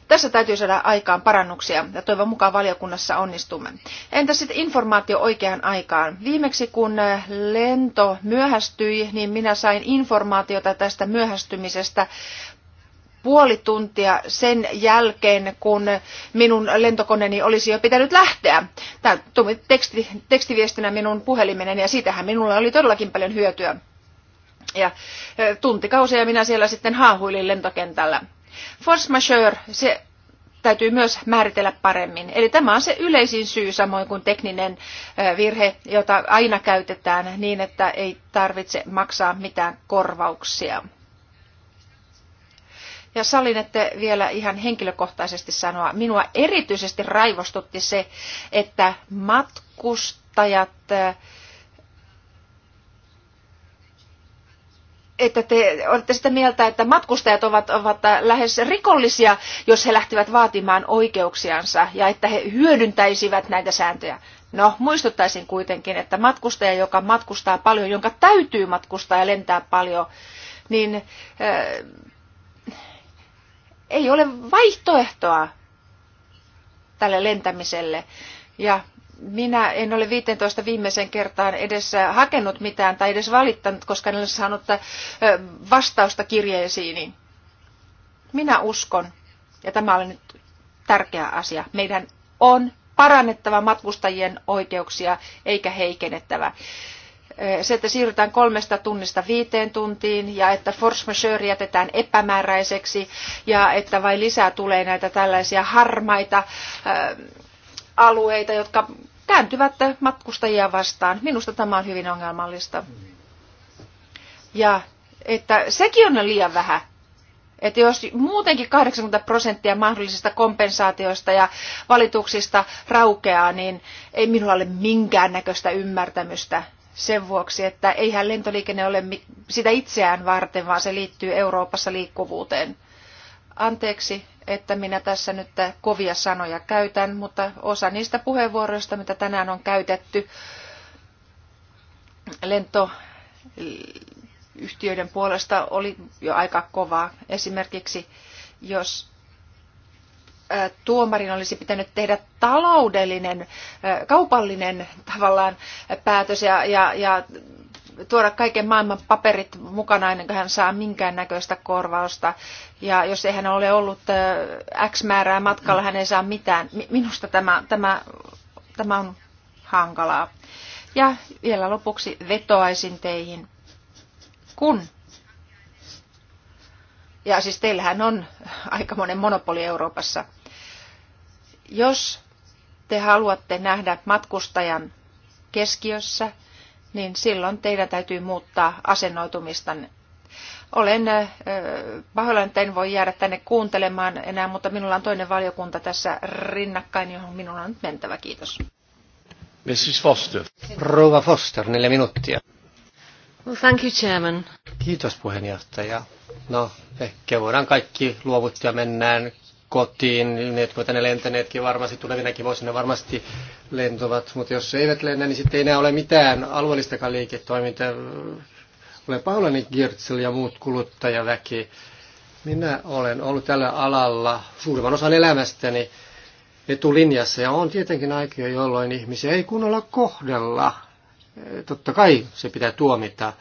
Tässä täytyy saada aikaan parannuksia ja toivon mukaan valiokunnassa onnistumme. Entä sitten informaatio oikeaan aikaan? Viimeksi kun lento myöhästyi, niin minä sain informaatiota tästä myöhästymisestä puoli tuntia sen jälkeen, kun minun lentokoneeni olisi jo pitänyt lähteä. Tämä tuli teksti, tekstiviestinä minun puhelimenen ja siitähän minulla oli todellakin paljon hyötyä. Ja tuntikausia minä siellä sitten haahuilin lentokentällä. Force majeure, se täytyy myös määritellä paremmin. Eli tämä on se yleisin syy samoin kuin tekninen virhe, jota aina käytetään niin, että ei tarvitse maksaa mitään korvauksia. Ja sallin, että vielä ihan henkilökohtaisesti sanoa, minua erityisesti raivostutti se, että matkustajat, eh, että te olette sitä mieltä, että matkustajat ovat, ovat lähes rikollisia, jos he lähtivät vaatimaan oikeuksiansa ja että he hyödyntäisivät näitä sääntöjä. No, muistuttaisin kuitenkin, että matkustaja, joka matkustaa paljon, jonka täytyy matkustaa ja lentää paljon, niin eh, ei ole vaihtoehtoa tälle lentämiselle. Ja minä en ole 15 viimeisen kertaan edes hakenut mitään tai edes valittanut, koska en ole saanut vastausta kirjeisiini. Minä uskon, ja tämä on nyt tärkeä asia, meidän on parannettava matkustajien oikeuksia eikä heikennettävä. Eh, se, että siirrytään kolmesta tunnista viiteen tuntiin ja että force majeure jätetään epämääräiseksi ja että vain lisää tulee näitä tällaisia harmaita eh, alueita, jotka kääntyvät matkustajia vastaan. Minusta tämä on hyvin ongelmallista. Ja että sekin on liian vähän. Että jos muutenkin 80 prosenttia mahdollisista kompensaatioista ja valituksista raukeaa, niin ei minulla ole minkäännäköistä ymmärtämystä sen vuoksi, että eihän lentoliikenne ole sitä itseään varten, vaan se liittyy Euroopassa liikkuvuuteen. Anteeksi, että minä tässä nyt kovia sanoja käytän, mutta osa niistä puheenvuoroista, mitä tänään on käytetty lentoyhtiöiden puolesta, oli jo aika kovaa. Esimerkiksi jos tuomarin olisi pitänyt tehdä taloudellinen, kaupallinen tavallaan päätös ja, ja, ja tuoda kaiken maailman paperit mukana ennen kuin hän saa minkäännäköistä korvausta. Ja jos ei hän ole ollut X määrää matkalla, hän ei saa mitään. Minusta tämä, tämä, tämä on hankalaa. Ja vielä lopuksi vetoaisin teihin. Kun ja siis teillähän on aika monen monopoli Euroopassa. Jos te haluatte nähdä matkustajan keskiössä, niin silloin teidän täytyy muuttaa asennoitumista. Olen pahoillani, että en voi jäädä tänne kuuntelemaan enää, mutta minulla on toinen valiokunta tässä rinnakkain, johon minulla on nyt mentävä. Kiitos. Mrs. Foster. Rouva Foster, neljä minuuttia. Well, thank you, Chairman. Kiitos puheenjohtaja. No, ehkä voidaan kaikki luovuttaa mennään kotiin, niin ne, jotka tänne lentäneetkin varmasti tulevinakin vuosina varmasti lentovat, mutta jos eivät lennä, niin sitten ei enää ole mitään alueellistakaan liiketoimintaa. Olen pahoillani Girtsel ja muut kuluttajaväki. Minä olen ollut tällä alalla suurimman osan elämästäni etulinjassa ja on tietenkin aikoja, jolloin ihmisiä ei kunnolla kohdella. Totta kai se pitää tuomita.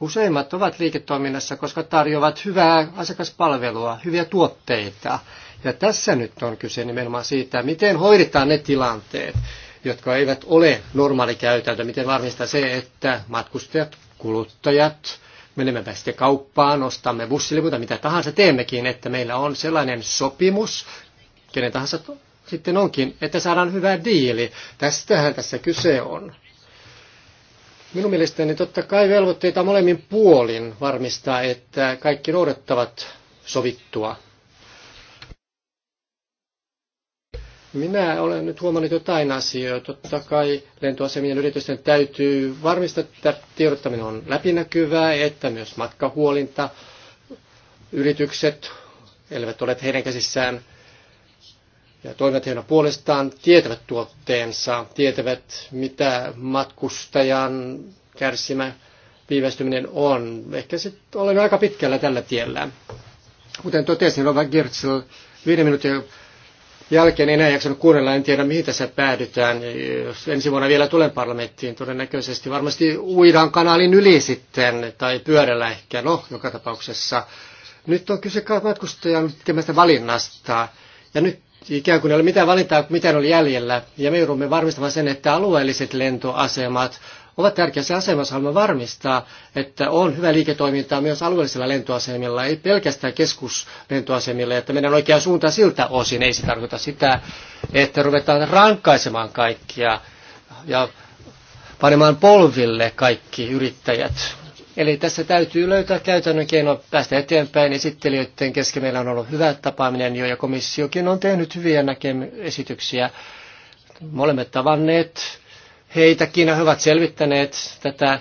Useimmat ovat liiketoiminnassa, koska tarjoavat hyvää asiakaspalvelua, hyviä tuotteita. Ja tässä nyt on kyse nimenomaan siitä, miten hoidetaan ne tilanteet, jotka eivät ole normaali käytäntö, miten varmistaa se, että matkustajat, kuluttajat, menemme sitten kauppaan, ostamme bussiliputa, mitä tahansa teemmekin, että meillä on sellainen sopimus, kenen tahansa sitten onkin, että saadaan hyvä diili. Tästähän tässä kyse on. Minun mielestäni totta kai velvoitteita molemmin puolin varmistaa, että kaikki noudattavat sovittua Minä olen nyt huomannut jotain asioita. Totta kai lentoasemien yritysten täytyy varmistaa, että tiedottaminen on läpinäkyvää, että myös matkahuolinta, yritykset, elävät ole heidän käsissään ja toimivat heidän puolestaan, tietävät tuotteensa, tietävät mitä matkustajan kärsimä viivästyminen on. Ehkä sitten olen aika pitkällä tällä tiellä. Kuten totesin, Rova Girtsel, viiden minuutin jälkeen enää jaksanut kuunnella, en tiedä mihin tässä päädytään. Jos ensi vuonna vielä tulen parlamenttiin, todennäköisesti varmasti uidaan kanaalin yli sitten, tai pyörällä ehkä, no joka tapauksessa. Nyt on kyse matkustajan tekemästä valinnasta, ja nyt ikään kuin ei ole mitään valintaa, mitä oli jäljellä, ja me joudumme varmistamaan sen, että alueelliset lentoasemat ovat tärkeässä asemassa. Haluamme varmistaa, että on hyvä liiketoimintaa myös alueellisilla lentoasemilla, ei pelkästään keskuslentoasemilla, että meidän oikea suunta siltä osin. Ei se tarkoita sitä, että ruvetaan rankaisemaan kaikkia ja panemaan polville kaikki yrittäjät. Eli tässä täytyy löytää käytännön keino päästä eteenpäin. Esittelijöiden kesken meillä on ollut hyvä tapaaminen jo ja komissiokin on tehnyt hyviä näkemyksiä. esityksiä. Me olemme tavanneet heitäkin. He ovat selvittäneet tätä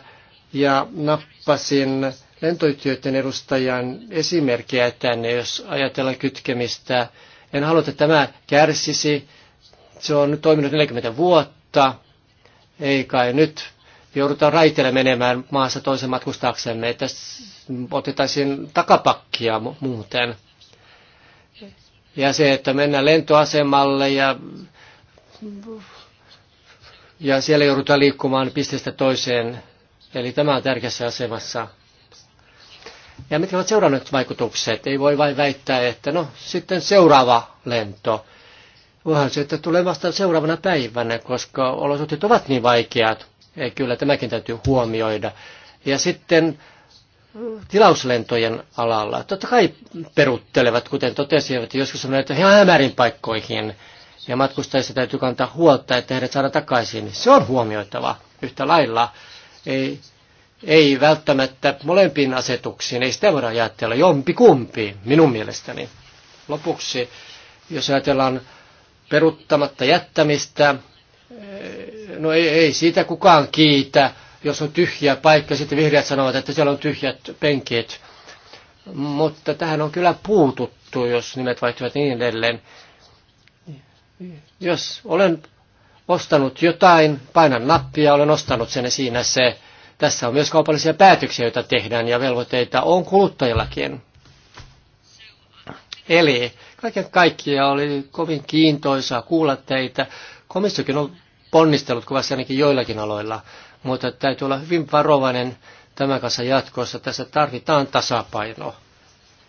ja nappasin lentoyhtiöiden edustajan esimerkkejä tänne, jos ajatellaan kytkemistä. En halua, että tämä kärsisi. Se on nyt toiminut 40 vuotta. Ei kai nyt joudutaan raiteille menemään maassa toisen matkustaaksemme, että otettaisiin takapakkia muuten. Ja se, että mennään lentoasemalle ja ja siellä joudutaan liikkumaan pisteestä toiseen. Eli tämä on tärkeässä asemassa. Ja mitkä ovat seuraavat vaikutukset? Ei voi vain väittää, että no sitten seuraava lento. Voihan se, että tulee vasta seuraavana päivänä, koska olosuhteet ovat niin vaikeat. Ja kyllä tämäkin täytyy huomioida. Ja sitten mm, tilauslentojen alalla. Totta kai peruttelevat, kuten totesivat, joskus on että hämärin paikkoihin ja matkustajista täytyy kantaa huolta, että heidät saadaan takaisin. Se on huomioitava yhtä lailla. Ei, ei välttämättä molempiin asetuksiin, ei sitä voida ajatella jompi kumpi, minun mielestäni. Lopuksi, jos ajatellaan peruttamatta jättämistä, eh, no ei, ei siitä kukaan kiitä, jos on tyhjä paikka, sitten vihreät sanovat, että siellä on tyhjät penkit. Mutta tähän on kyllä puututtu, jos nimet vaihtuvat niin edelleen. Jos olen ostanut jotain, painan nappia, olen ostanut sen siinä se. Tässä on myös kaupallisia päätöksiä, joita tehdään ja velvoitteita on kuluttajillakin. Eli kaiken kaikkiaan oli kovin kiintoisaa kuulla teitä. Komissiokin on ponnistellut kovasti ainakin joillakin aloilla, mutta täytyy olla hyvin varovainen tämän kanssa jatkossa. Tässä tarvitaan tasapainoa.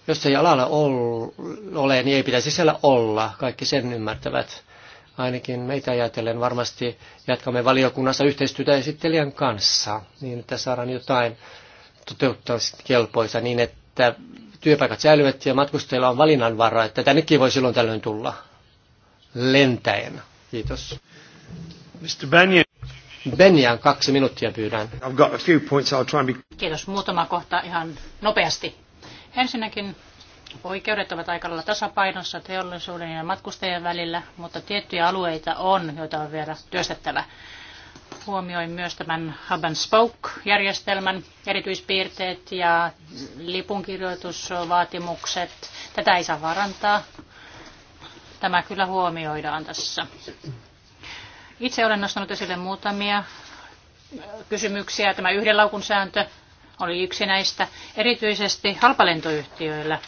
Jos ei alalla ole, niin ei pitäisi siellä olla. Kaikki sen ymmärtävät. Ainakin meitä ajatellen varmasti jatkamme valiokunnassa yhteistyötä esittelijän kanssa, niin että saadaan jotain toteuttaa kelpoisa niin, että työpaikat säilyvät ja matkustajilla on valinnanvaraa, että tännekin voi silloin tällöin tulla lentäen. Kiitos. Mr. Banyan. Benjan, kaksi minuuttia pyydän. I've got a few points, I'll try and be... Kiitos. Muutama kohta ihan nopeasti. Ensinnäkin oikeudet ovat aika lailla tasapainossa teollisuuden ja matkustajien välillä, mutta tiettyjä alueita on, joita on vielä työstettävä. Huomioin myös tämän Hub and Spoke-järjestelmän erityispiirteet ja lipunkirjoitusvaatimukset. Tätä ei saa varantaa. Tämä kyllä huomioidaan tässä. Itse olen nostanut esille muutamia kysymyksiä. Tämä yhden laukun sääntö oli yksi näistä. Erityisesti halpalentoyhtiöillä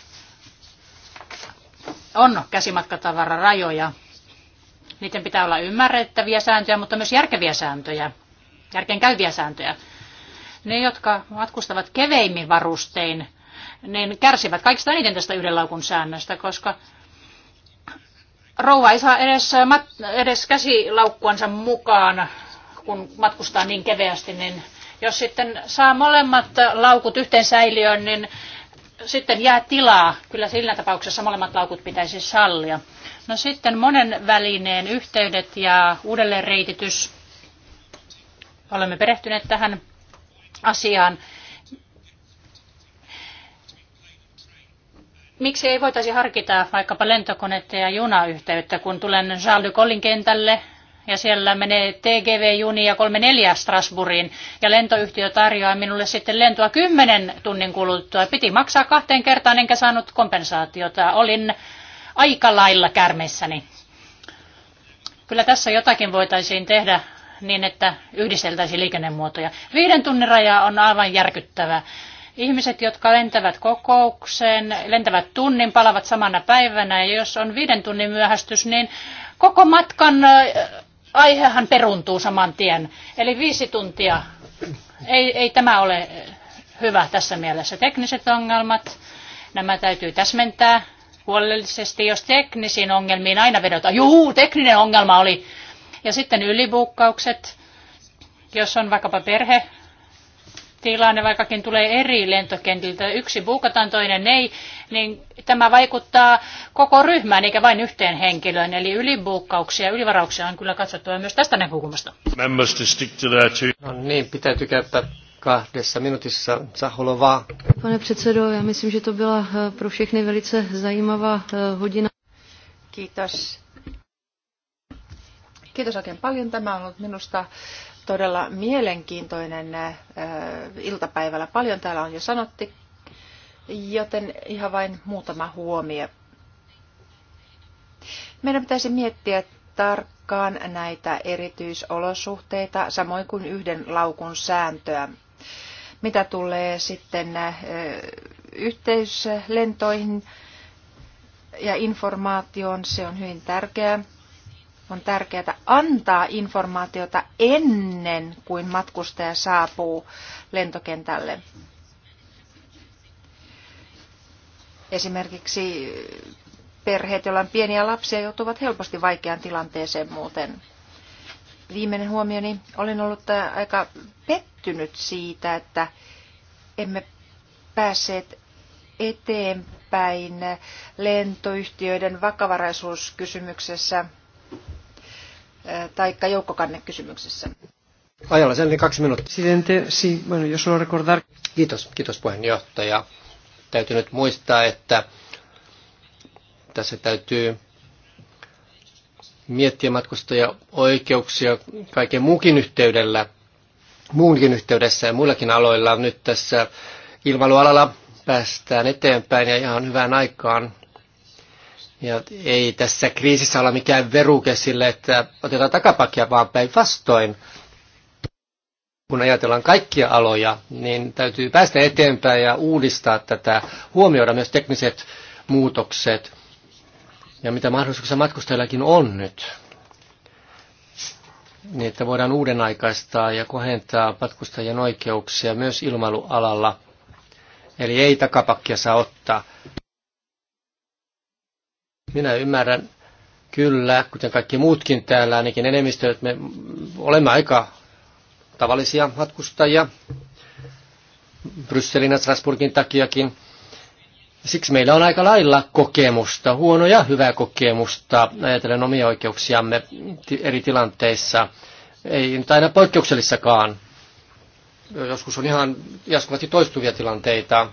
on käsimatkatavararajoja. Niiden pitää olla ymmärrettäviä sääntöjä, mutta myös järkeviä sääntöjä, järkeen käyviä sääntöjä. Ne, jotka matkustavat keveimmin varustein, niin kärsivät kaikista eniten tästä yhden laukun säännöstä, koska rouva ei saa edes, mat, edes käsilaukkuansa mukaan, kun matkustaa niin keveästi, niin jos sitten saa molemmat laukut yhteen säiliöön, niin sitten jää tilaa. Kyllä sillä tapauksessa molemmat laukut pitäisi sallia. No sitten monen välineen yhteydet ja uudelleenreititys. Olemme perehtyneet tähän asiaan. Miksi ei voitaisi harkita vaikkapa lentokone- ja junayhteyttä, kun tulen Charles de Gaulle kentälle ja siellä menee TGV-junia 3-4 Strasbourgiin ja lentoyhtiö tarjoaa minulle sitten lentoa 10 tunnin kuluttua. Piti maksaa kahteen kertaan enkä saanut kompensaatiota. Olin aika lailla kärmeissäni. Kyllä tässä jotakin voitaisiin tehdä niin, että yhdisteltäisiin liikennemuotoja. Viiden tunnin raja on aivan järkyttävä. Ihmiset, jotka lentävät kokoukseen, lentävät tunnin, palavat samana päivänä ja jos on viiden tunnin myöhästys, niin koko matkan aihehan peruntuu saman tien. Eli viisi tuntia. Ei, ei tämä ole hyvä tässä mielessä. Tekniset ongelmat, nämä täytyy täsmentää huolellisesti, jos teknisiin ongelmiin aina vedotaan. Juu, tekninen ongelma oli. Ja sitten ylibuukkaukset, jos on vaikkapa perhe, tilanne, vaikkakin tulee eri lentokentiltä, yksi buukataan, toinen ei, niin tämä vaikuttaa koko ryhmään eikä vain yhteen henkilöön. Eli ylibuukkauksia ja ylivarauksia on kyllä katsottava myös tästä näkökulmasta. No niin, pitäytyy käyttää kahdessa minuutissa Pane předsedo, ja myslím, že to byla eh, pro všechny velice zajímavá eh, hodina. Kiitos. Kiitos oikein paljon. Tämä on ollut minusta todella mielenkiintoinen äh, iltapäivällä. Paljon täällä on jo sanotti, joten ihan vain muutama huomio. Meidän pitäisi miettiä tarkkaan näitä erityisolosuhteita, samoin kuin yhden laukun sääntöä. Mitä tulee sitten äh, yhteyslentoihin ja informaatioon, se on hyvin tärkeää on tärkeää antaa informaatiota ennen kuin matkustaja saapuu lentokentälle. Esimerkiksi perheet, joilla on pieniä lapsia, joutuvat helposti vaikeaan tilanteeseen muuten. Viimeinen huomioni, olin ollut äh, aika pettynyt siitä, että emme päässeet eteenpäin lentoyhtiöiden vakavaraisuuskysymyksessä tai joukkokannekysymyksessä. Ajalla sen kaksi minuuttia. Presidente, si, bueno, yo solo recordar... Kiitos, kiitos puheenjohtaja. Täytyy nyt muistaa, että tässä täytyy miettiä matkustajia oikeuksia kaiken muukin yhteydellä, muunkin yhteydessä ja muillakin aloilla. Nyt tässä ilmailualalla päästään eteenpäin ja ihan hyvään aikaan. Ja ei tässä kriisissä ole mikään veruke sille, että otetaan takapakkia vaan päinvastoin. Kun ajatellaan kaikkia aloja, niin täytyy päästä eteenpäin ja uudistaa tätä, huomioida myös tekniset muutokset ja mitä mahdollisuuksia matkustajillakin on nyt. Niin, että voidaan uuden ja kohentaa matkustajien oikeuksia myös ilmailualalla. Eli ei takapakkia saa ottaa. Minä ymmärrän kyllä, kuten kaikki muutkin täällä, ainakin enemmistö, että me olemme aika tavallisia matkustajia Brysselin ja Strasburgin takiakin. Siksi meillä on aika lailla kokemusta, huono ja hyvää kokemusta, ajatellen omia oikeuksiamme eri tilanteissa. Ei nyt aina poikkeuksellissakaan. Joskus on ihan jatkuvasti toistuvia tilanteita.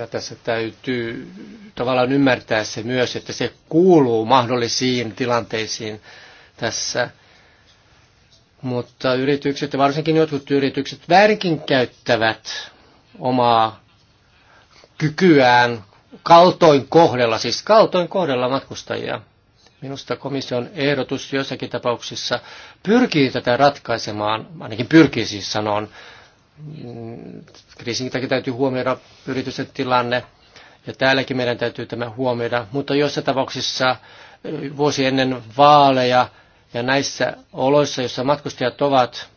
Ja tässä täytyy tavallaan ymmärtää se myös, että se kuuluu mahdollisiin tilanteisiin tässä. Mutta yritykset ja varsinkin jotkut yritykset väärinkin käyttävät omaa kykyään kaltoin kohdella, siis kaltoin kohdella matkustajia. Minusta komission ehdotus joissakin tapauksissa pyrkii tätä ratkaisemaan, ainakin pyrkii siis sanon, Mm, Kriisinkin takia täytyy huomioida yritysten tilanne, ja täälläkin meidän täytyy tämä huomioida. Mutta joissain tapauksissa vuosi ennen vaaleja ja näissä oloissa, joissa matkustajat ovat,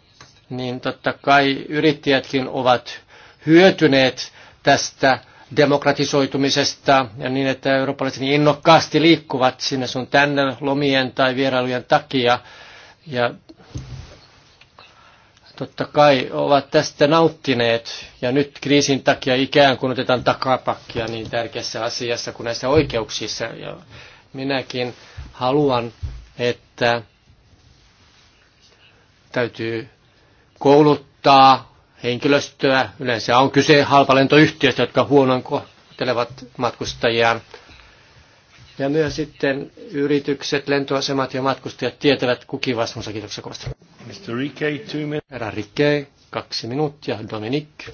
niin totta kai yrittäjätkin ovat hyötyneet tästä demokratisoitumisesta ja niin, että eurooppalaiset niin innokkaasti liikkuvat sinne sun tänne lomien tai vierailujen takia. Ja totta kai ovat tästä nauttineet ja nyt kriisin takia ikään kuin otetaan takapakkia niin tärkeässä asiassa kuin näissä oikeuksissa. Ja minäkin haluan, että täytyy kouluttaa henkilöstöä. Yleensä on kyse halpalentoyhtiöistä, jotka huonon kohtelevat matkustajiaan. Ja myös sitten yritykset, lentoasemat ja matkustajat tietävät kukin vastuunsa. Kiitoksia kovasti. Mr. minutes. Herra Riquet, kaksi minuuttia. Dominique.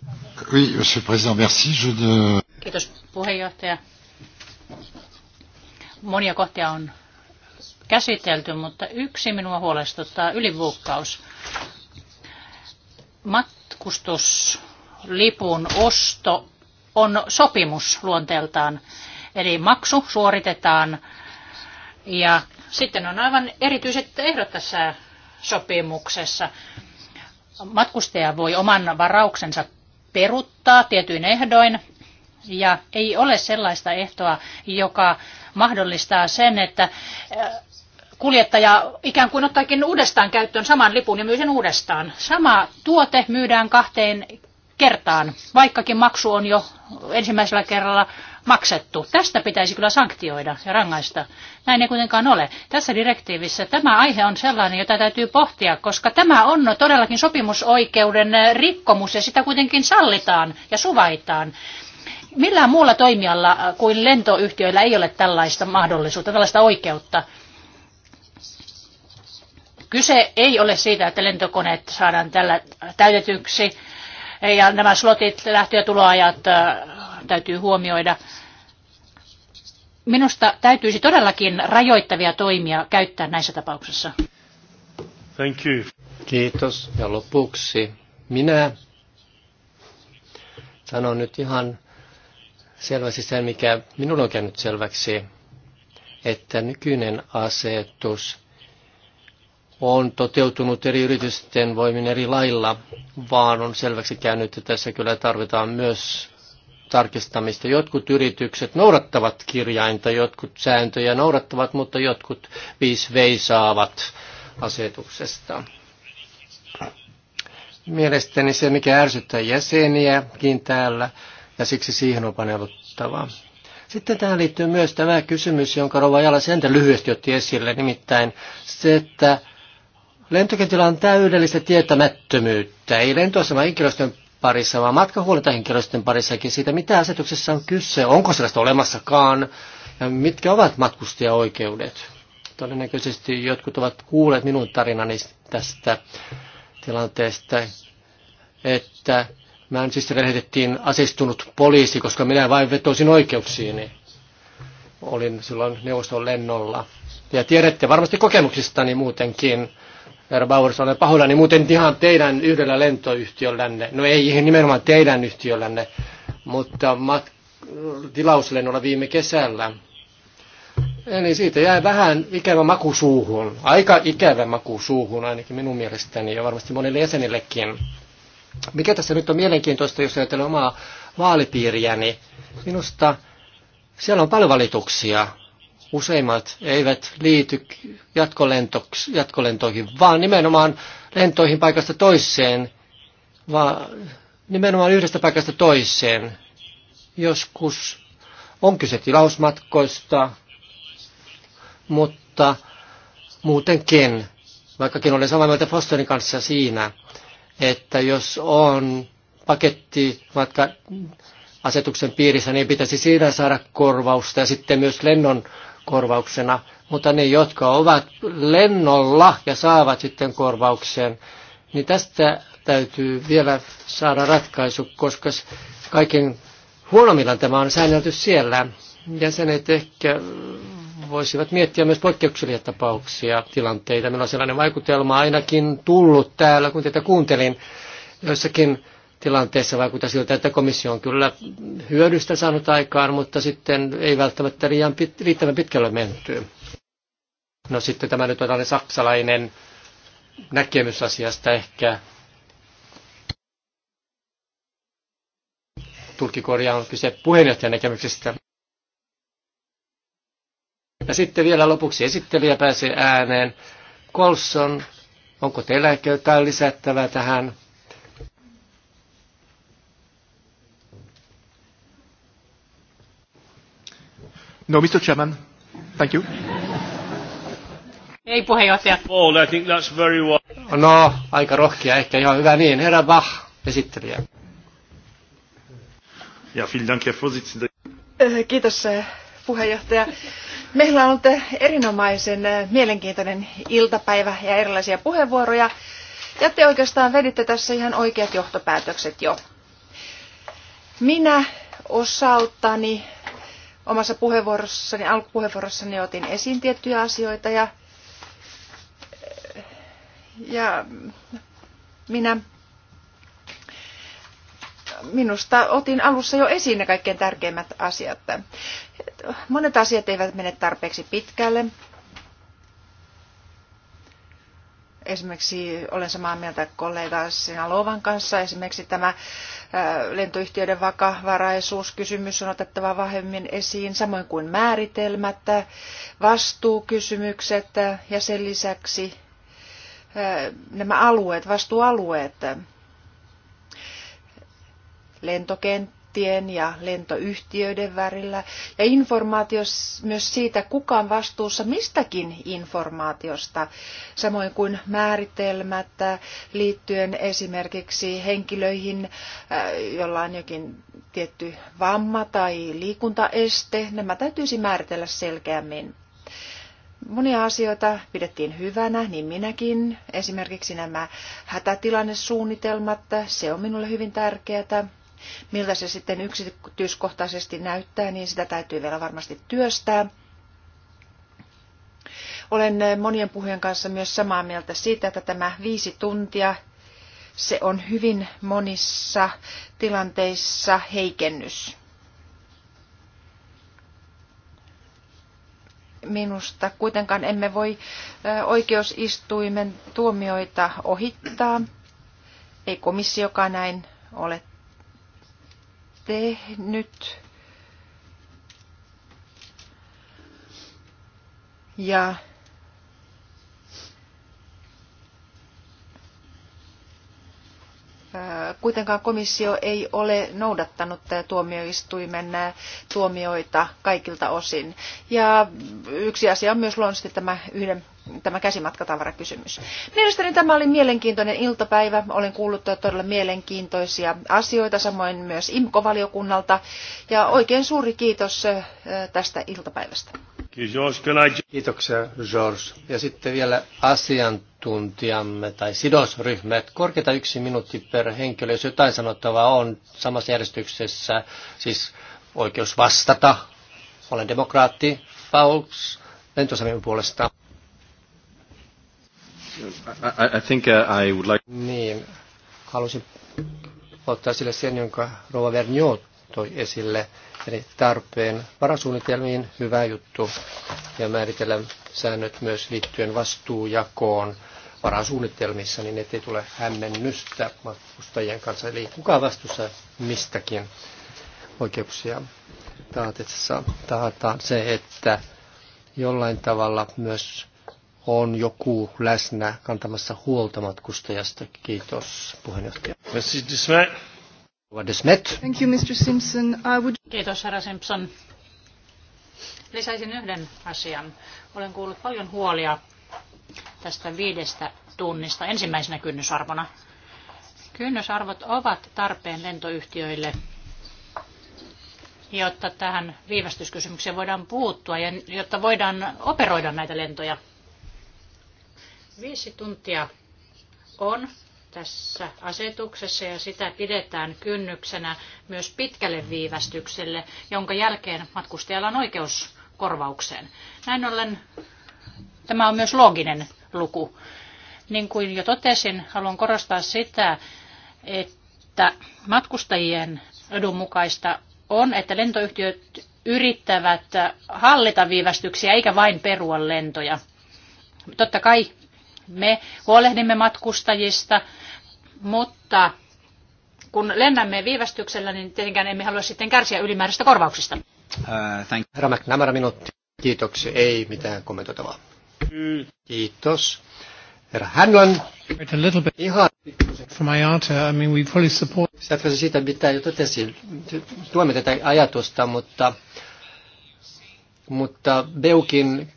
Oui, monsieur président, merci. Je de... Kiitos puheenjohtaja. Monia kohtia on käsitelty, mutta yksi minua huolestuttaa ylivuokkaus. Matkustuslipun osto on sopimus luonteeltaan Eli maksu suoritetaan ja sitten on aivan erityiset ehdot tässä sopimuksessa. Matkustaja voi oman varauksensa peruttaa tietyin ehdoin ja ei ole sellaista ehtoa, joka mahdollistaa sen, että äh, kuljettaja ikään kuin ottaakin uudestaan käyttöön saman lipun ja myy sen uudestaan. Sama tuote myydään kahteen kertaan, vaikkakin maksu on jo ensimmäisellä kerralla maksettu. Tästä pitäisi kyllä sanktioida ja rangaista. Näin ei kuitenkaan ole. Tässä direktiivissä tämä aihe on sellainen, jota täytyy pohtia, koska tämä on todellakin sopimusoikeuden eh, rikkomus ja sitä kuitenkin sallitaan ja suvaitaan. Millään muulla toimijalla eh, kuin lentoyhtiöillä ei ole tällaista mahdollisuutta, tällaista oikeutta. Kyse ei ole siitä, että lentokoneet saadaan tällä täytetyksi ja nämä slotit, lähtö- ja tuloajat eh, täytyy huomioida minusta täytyisi todellakin rajoittavia toimia käyttää näissä tapauksissa. Thank you. Kiitos. Ja lopuksi minä sanon nyt ihan selvästi sen, mikä minun on käynyt selväksi, että nykyinen asetus on toteutunut eri yritysten voimin eri lailla, vaan on selväksi käynyt, että tässä kyllä tarvitaan myös tarkistamista. Jotkut yritykset noudattavat kirjainta, jotkut sääntöjä noudattavat, mutta jotkut viis veisaavat asetuksesta. Mielestäni se, mikä ärsyttää jäseniäkin niin täällä, ja siksi siihen on paneuduttava. Sitten tähän liittyy myös tämä kysymys, jonka Rova Jala Sentä lyhyesti otti esille, nimittäin se, että lentokentillä on täydellistä tietämättömyyttä. Ei lentoasema henkilöstön parissa, vaan matkahuolintahenkilöstön parissakin siitä, mitä asetuksessa on kyse, onko sellaista olemassakaan ja mitkä ovat matkustajaoikeudet. Todennäköisesti jotkut ovat kuulleet minun tarinani tästä tilanteesta, että mä siis lähetettiin asistunut poliisi, koska minä vain vetosin oikeuksiini. Olin silloin neuvoston lennolla. Ja tiedätte varmasti kokemuksistani muutenkin, herra Bauers, olen niin muuten ihan teidän yhdellä lentoyhtiöllänne, no ei ihan nimenomaan teidän yhtiöllänne, mutta mat- tilauslennolla viime kesällä. Eli siitä jäi vähän ikävä maku suuhun, aika ikävä maku suuhun ainakin minun mielestäni ja varmasti monille jäsenillekin. Mikä tässä nyt on mielenkiintoista, jos ajatellaan omaa vaalipiiriäni? Niin minusta siellä on paljon valituksia useimmat eivät liity jatkolentoihin, vaan nimenomaan lentoihin paikasta toiseen, vaan nimenomaan yhdestä paikasta toiseen. Joskus on kyse tilausmatkoista, mutta muutenkin, vaikkakin olen samaa mieltä Fostonin kanssa siinä, että jos on paketti matka asetuksen piirissä, niin pitäisi siinä saada korvausta ja sitten myös lennon korvauksena, mutta ne, jotka ovat lennolla ja saavat sitten korvauksen, niin tästä täytyy vielä saada ratkaisu, koska kaiken huonommillaan tämä on säännelty siellä. Jäsenet ehkä voisivat miettiä myös poikkeuksellisia tapauksia, tilanteita. Meillä on sellainen vaikutelma ainakin tullut täällä, kun tätä kuuntelin joissakin tilanteessa vaikuttaa siltä, että komissio on kyllä hyödystä saanut aikaan, mutta sitten ei välttämättä liian pit, riittävän pitkälle menty. No sitten tämä nyt on tällainen saksalainen näkemys asiasta ehkä. Tulkikorja on kyse puheenjohtajan näkemyksestä. Ja sitten vielä lopuksi esittelijä pääsee ääneen. Kolson, onko teillä ehkä jotain lisättävää tähän? No, Mr. Chairman. Thank you. Ei puheenjohtaja. Paul, I think that's very well. No, aika rohkea ehkä. Ihan hyvä niin. Herra Bach, esittelijä. Ja, vielen Dank, Herr äh, Kiitos äh, puheenjohtaja. Meillä on ollut äh, erinomaisen mielenkiintoinen iltapäivä ja erilaisia puheenvuoroja. Ja te oikeastaan veditte tässä ihan oikeat johtopäätökset jo. Minä osaltani omassa puheenvuorossani, alkupuheenvuorossani otin esiin tiettyjä asioita ja, ja minä minusta otin alussa jo esiin ne kaikkein tärkeimmät asiat. Monet asiat eivät mene tarpeeksi pitkälle. esimerkiksi olen samaa mieltä kollega Sinalovan kanssa. Esimerkiksi tämä äh, lentoyhtiöiden vakavaraisuuskysymys on otettava vahvemmin esiin, samoin kuin määritelmät, vastuukysymykset ja sen lisäksi äh, nämä alueet, vastuualueet, lentokenttä pilottien ja lentoyhtiöiden välillä ja informaatio myös siitä, kuka on vastuussa mistäkin informaatiosta, samoin kuin määritelmät liittyen esimerkiksi henkilöihin, äh, jolla on jokin tietty vamma tai liikuntaeste. Nämä täytyisi määritellä selkeämmin. Monia asioita pidettiin hyvänä, niin minäkin. Esimerkiksi nämä hätätilannesuunnitelmat, se on minulle hyvin tärkeää. Miltä se sitten yksityiskohtaisesti näyttää, niin sitä täytyy vielä varmasti työstää. Olen monien puhujen kanssa myös samaa mieltä siitä, että tämä viisi tuntia, se on hyvin monissa tilanteissa heikennys. Minusta kuitenkaan emme voi oikeusistuimen tuomioita ohittaa. Ei komissiokaan näin ole tehnyt. Ja Kuitenkaan komissio ei ole noudattanut tuomioistuimen tuomioita kaikilta osin. Ja yksi asia on myös luonnollisesti tämä yhden tämä käsimatkatavarakysymys. Mielestäni tämä oli mielenkiintoinen iltapäivä. Olen kuullut todella mielenkiintoisia asioita, samoin myös IMKO-valiokunnalta. Ja oikein suuri kiitos tästä iltapäivästä. Kiitoksia, George. Ja sitten vielä asiantuntijamme tai sidosryhmät. Korkeita yksi minuutti per henkilö, jos jotain sanottavaa on samassa järjestyksessä, siis oikeus vastata. Olen demokraatti, Fauks, lentosamien puolesta. I, I think uh, I would like... Niin, halusin ottaa esille sen, jonka Rova Verniot toi esille, eli tarpeen varasuunnitelmiin hyvä juttu ja määritellä säännöt myös liittyen vastuujakoon varasuunnitelmissa, niin ettei tule hämmennystä matkustajien kanssa, eli kuka vastuussa mistäkin oikeuksia taatessa taataan se, että jollain tavalla myös on joku läsnä kantamassa huolta matkustajasta. Kiitos puheenjohtaja. Thank you, Mr. Simpson. I would... Kiitos, herra Simpson. Lisäisin yhden asian. Olen kuullut paljon huolia tästä viidestä tunnista ensimmäisenä kynnysarvona. Kynnysarvot ovat tarpeen lentoyhtiöille, jotta tähän viivästyskysymykseen voidaan puuttua ja jotta voidaan operoida näitä lentoja Viisi tuntia on tässä asetuksessa ja sitä pidetään kynnyksenä myös pitkälle viivästykselle, jonka jälkeen matkustajalla on oikeus korvaukseen. Näin ollen tämä on myös looginen luku. Niin kuin jo totesin, haluan korostaa sitä, että matkustajien edun mukaista on, että lentoyhtiöt yrittävät hallita viivästyksiä eikä vain perua lentoja. Totta kai me huolehdimme matkustajista, mutta kun lennämme viivästyksellä, niin tietenkään emme halua sitten kärsiä ylimääräistä korvauksista. Uh, Herra McNamara, minuutti. Kiitoksia. Ei mitään kommentoitavaa. Kiitos. Herra Hanlon. A little bit. Ihan. For my answer, uh, I mean, we fully support. Jatkaisi siitä, mitä jo totesin. Tuomme tätä ajatusta, mutta, mutta Beukin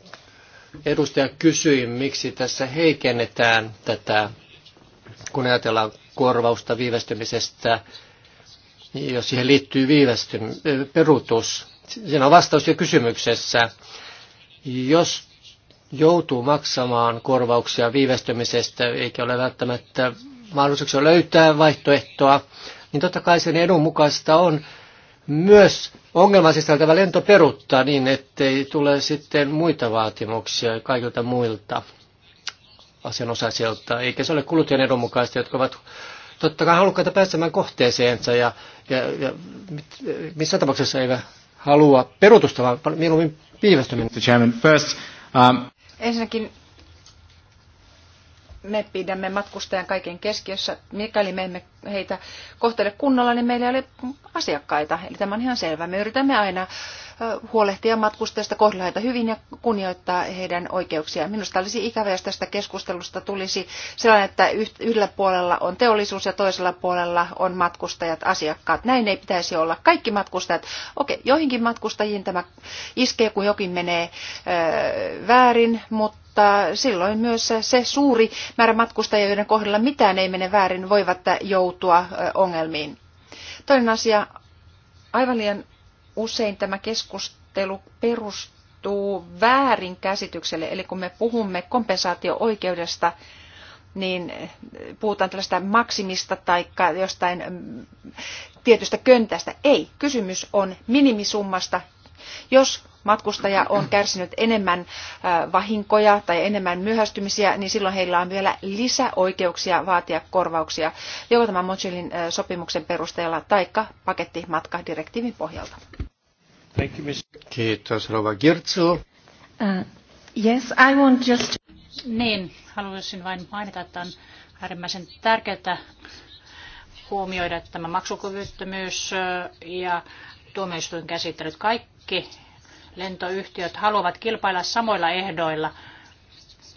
edustaja kysyi, miksi tässä heikennetään tätä, kun ajatellaan korvausta viivästymisestä, jos siihen liittyy viivästym- peruutus. Siinä on vastaus jo kysymyksessä. Jos joutuu maksamaan korvauksia viivästymisestä, eikä ole välttämättä mahdollisuuksia löytää vaihtoehtoa, niin totta kai sen edun mukaista on myös ongelman sisältävä lento peruttaa niin, ettei tule sitten muita vaatimuksia kaikilta muilta asianosaisilta. Eikä se ole kuluttajien edun mukaista, jotka ovat totta kai halukkaita pääsemään kohteeseensa ja, ja, ja missä tapauksessa eivät halua perutusta, vaan mieluummin viivästyminen. um... Ensinnäkin me pidämme matkustajan kaiken keskiössä. Mikäli me emme heitä kohtele kunnolla, niin meillä ei ole asiakkaita. Eli tämä on ihan selvä. Me yritämme aina huolehtia matkustajista, kohdella heitä hyvin ja kunnioittaa heidän oikeuksiaan. Minusta olisi ikävä, jos tästä keskustelusta tulisi sellainen, että yhdellä puolella on teollisuus ja toisella puolella on matkustajat, asiakkaat. Näin ei pitäisi olla. Kaikki matkustajat, okei, joihinkin matkustajiin tämä iskee, kun jokin menee väärin, mutta mutta silloin myös se suuri määrä matkustajia, joiden kohdalla mitään ei mene väärin, voivat joutua ongelmiin. Toinen asia, aivan liian usein tämä keskustelu perustuu väärinkäsitykselle, eli kun me puhumme kompensaatio-oikeudesta, niin puhutaan tällaista maksimista tai jostain tietystä köntästä. Ei, kysymys on minimisummasta, jos matkustaja on kärsinyt enemmän äh, vahinkoja tai enemmän myöhästymisiä, niin silloin heillä on vielä lisäoikeuksia vaatia korvauksia joko tämän Montrealin äh, sopimuksen perusteella tai pakettimatkadirektiivin pohjalta. Kiitos, Rova Girtsu. Uh, yes, I want just... Niin, haluaisin vain mainita, että on äärimmäisen tärkeää huomioida tämä maksukyvyttömyys äh, ja tuomioistuin käsittelyt. Kaikki kaikki lentoyhtiöt haluavat kilpailla samoilla ehdoilla.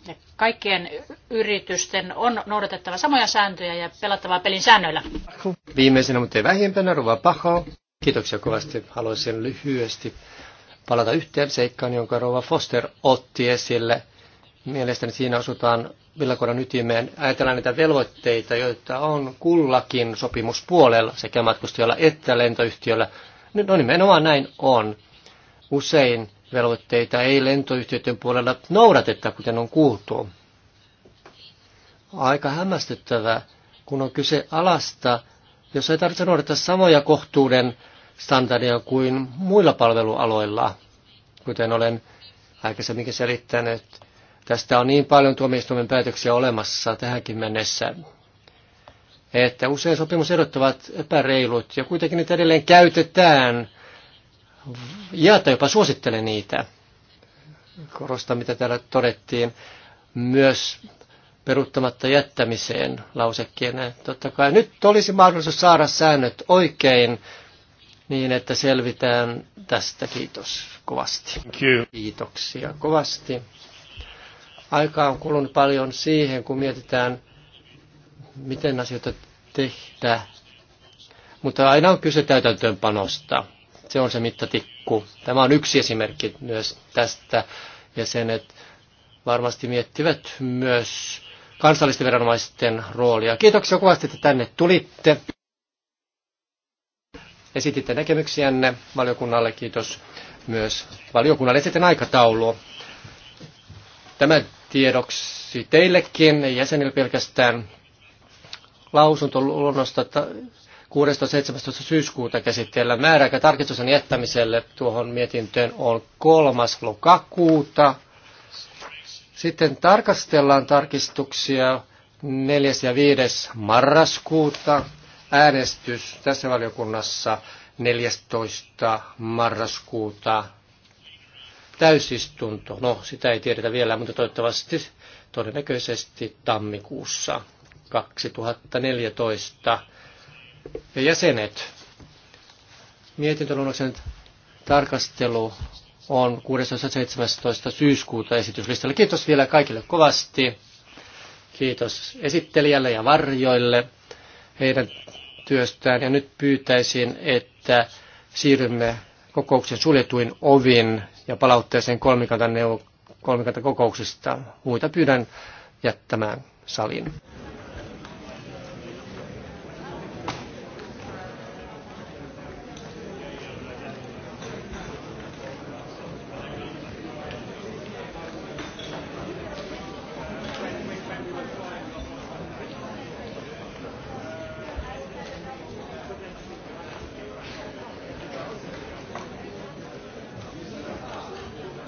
Ja kaikkien yritysten on noudatettava samoja sääntöjä ja pelattava pelin säännöillä. Viimeisenä, mutta ei vähimpänä, Ruva Paho. Kiitoksia kovasti. Haluaisin lyhyesti palata yhteen seikkaan, jonka Rova Foster otti esille. Mielestäni siinä osutaan villakoiran ytimeen. Ajatellaan niitä velvoitteita, joita on kullakin sopimuspuolella sekä matkustajalla että lentoyhtiöllä. No nimenomaan näin on. Usein velvoitteita ei lentoyhtiöiden puolella noudateta, kuten on kuultu. Aika hämmästyttävää, kun on kyse alasta, jossa ei tarvitse noudattaa samoja kohtuuden standardia kuin muilla palvelualoilla, kuten olen aikaisemminkin selittänyt. Tästä on niin paljon tuomioistuimen päätöksiä olemassa tähänkin mennessä, että usein sopimusedot ovat epäreilut ja kuitenkin niitä edelleen käytetään ja jopa suosittelen niitä. korosta mitä täällä todettiin, myös peruuttamatta jättämiseen lausekkeena. Totta kai nyt olisi mahdollisuus saada säännöt oikein niin, että selvitään tästä. Kiitos kovasti. Kiitoksia kovasti. Aika on kulunut paljon siihen, kun mietitään, miten asioita tehdä. Mutta aina on kyse täytäntöönpanosta. Se on se mittatikku. Tämä on yksi esimerkki myös tästä. ja sen, että varmasti miettivät myös kansallisten viranomaisten roolia. Kiitoksia kovasti, että tänne tulitte. Esititte näkemyksiänne valiokunnalle. Kiitos myös valiokunnalle. Sitten aikataulu. Tämä tiedoksi teillekin, jäsenille pelkästään lausuntoluonnosta 16.17. syyskuuta käsitteellä. Määräaika tarkistuksen jättämiselle tuohon mietintöön on 3. lokakuuta. Sitten tarkastellaan tarkistuksia 4. ja 5. marraskuuta. Äänestys tässä valiokunnassa 14. marraskuuta täysistunto. No, sitä ei tiedetä vielä, mutta toivottavasti todennäköisesti tammikuussa 2014 ja jäsenet. Mietintöluonnoksen tarkastelu on 16.17. syyskuuta esityslistalla. Kiitos vielä kaikille kovasti. Kiitos esittelijälle ja varjoille heidän työstään. Ja nyt pyytäisin, että siirrymme kokouksen suljetuin ovin ja palautteeseen kolmikantakokouksista. Muita pyydän jättämään salin.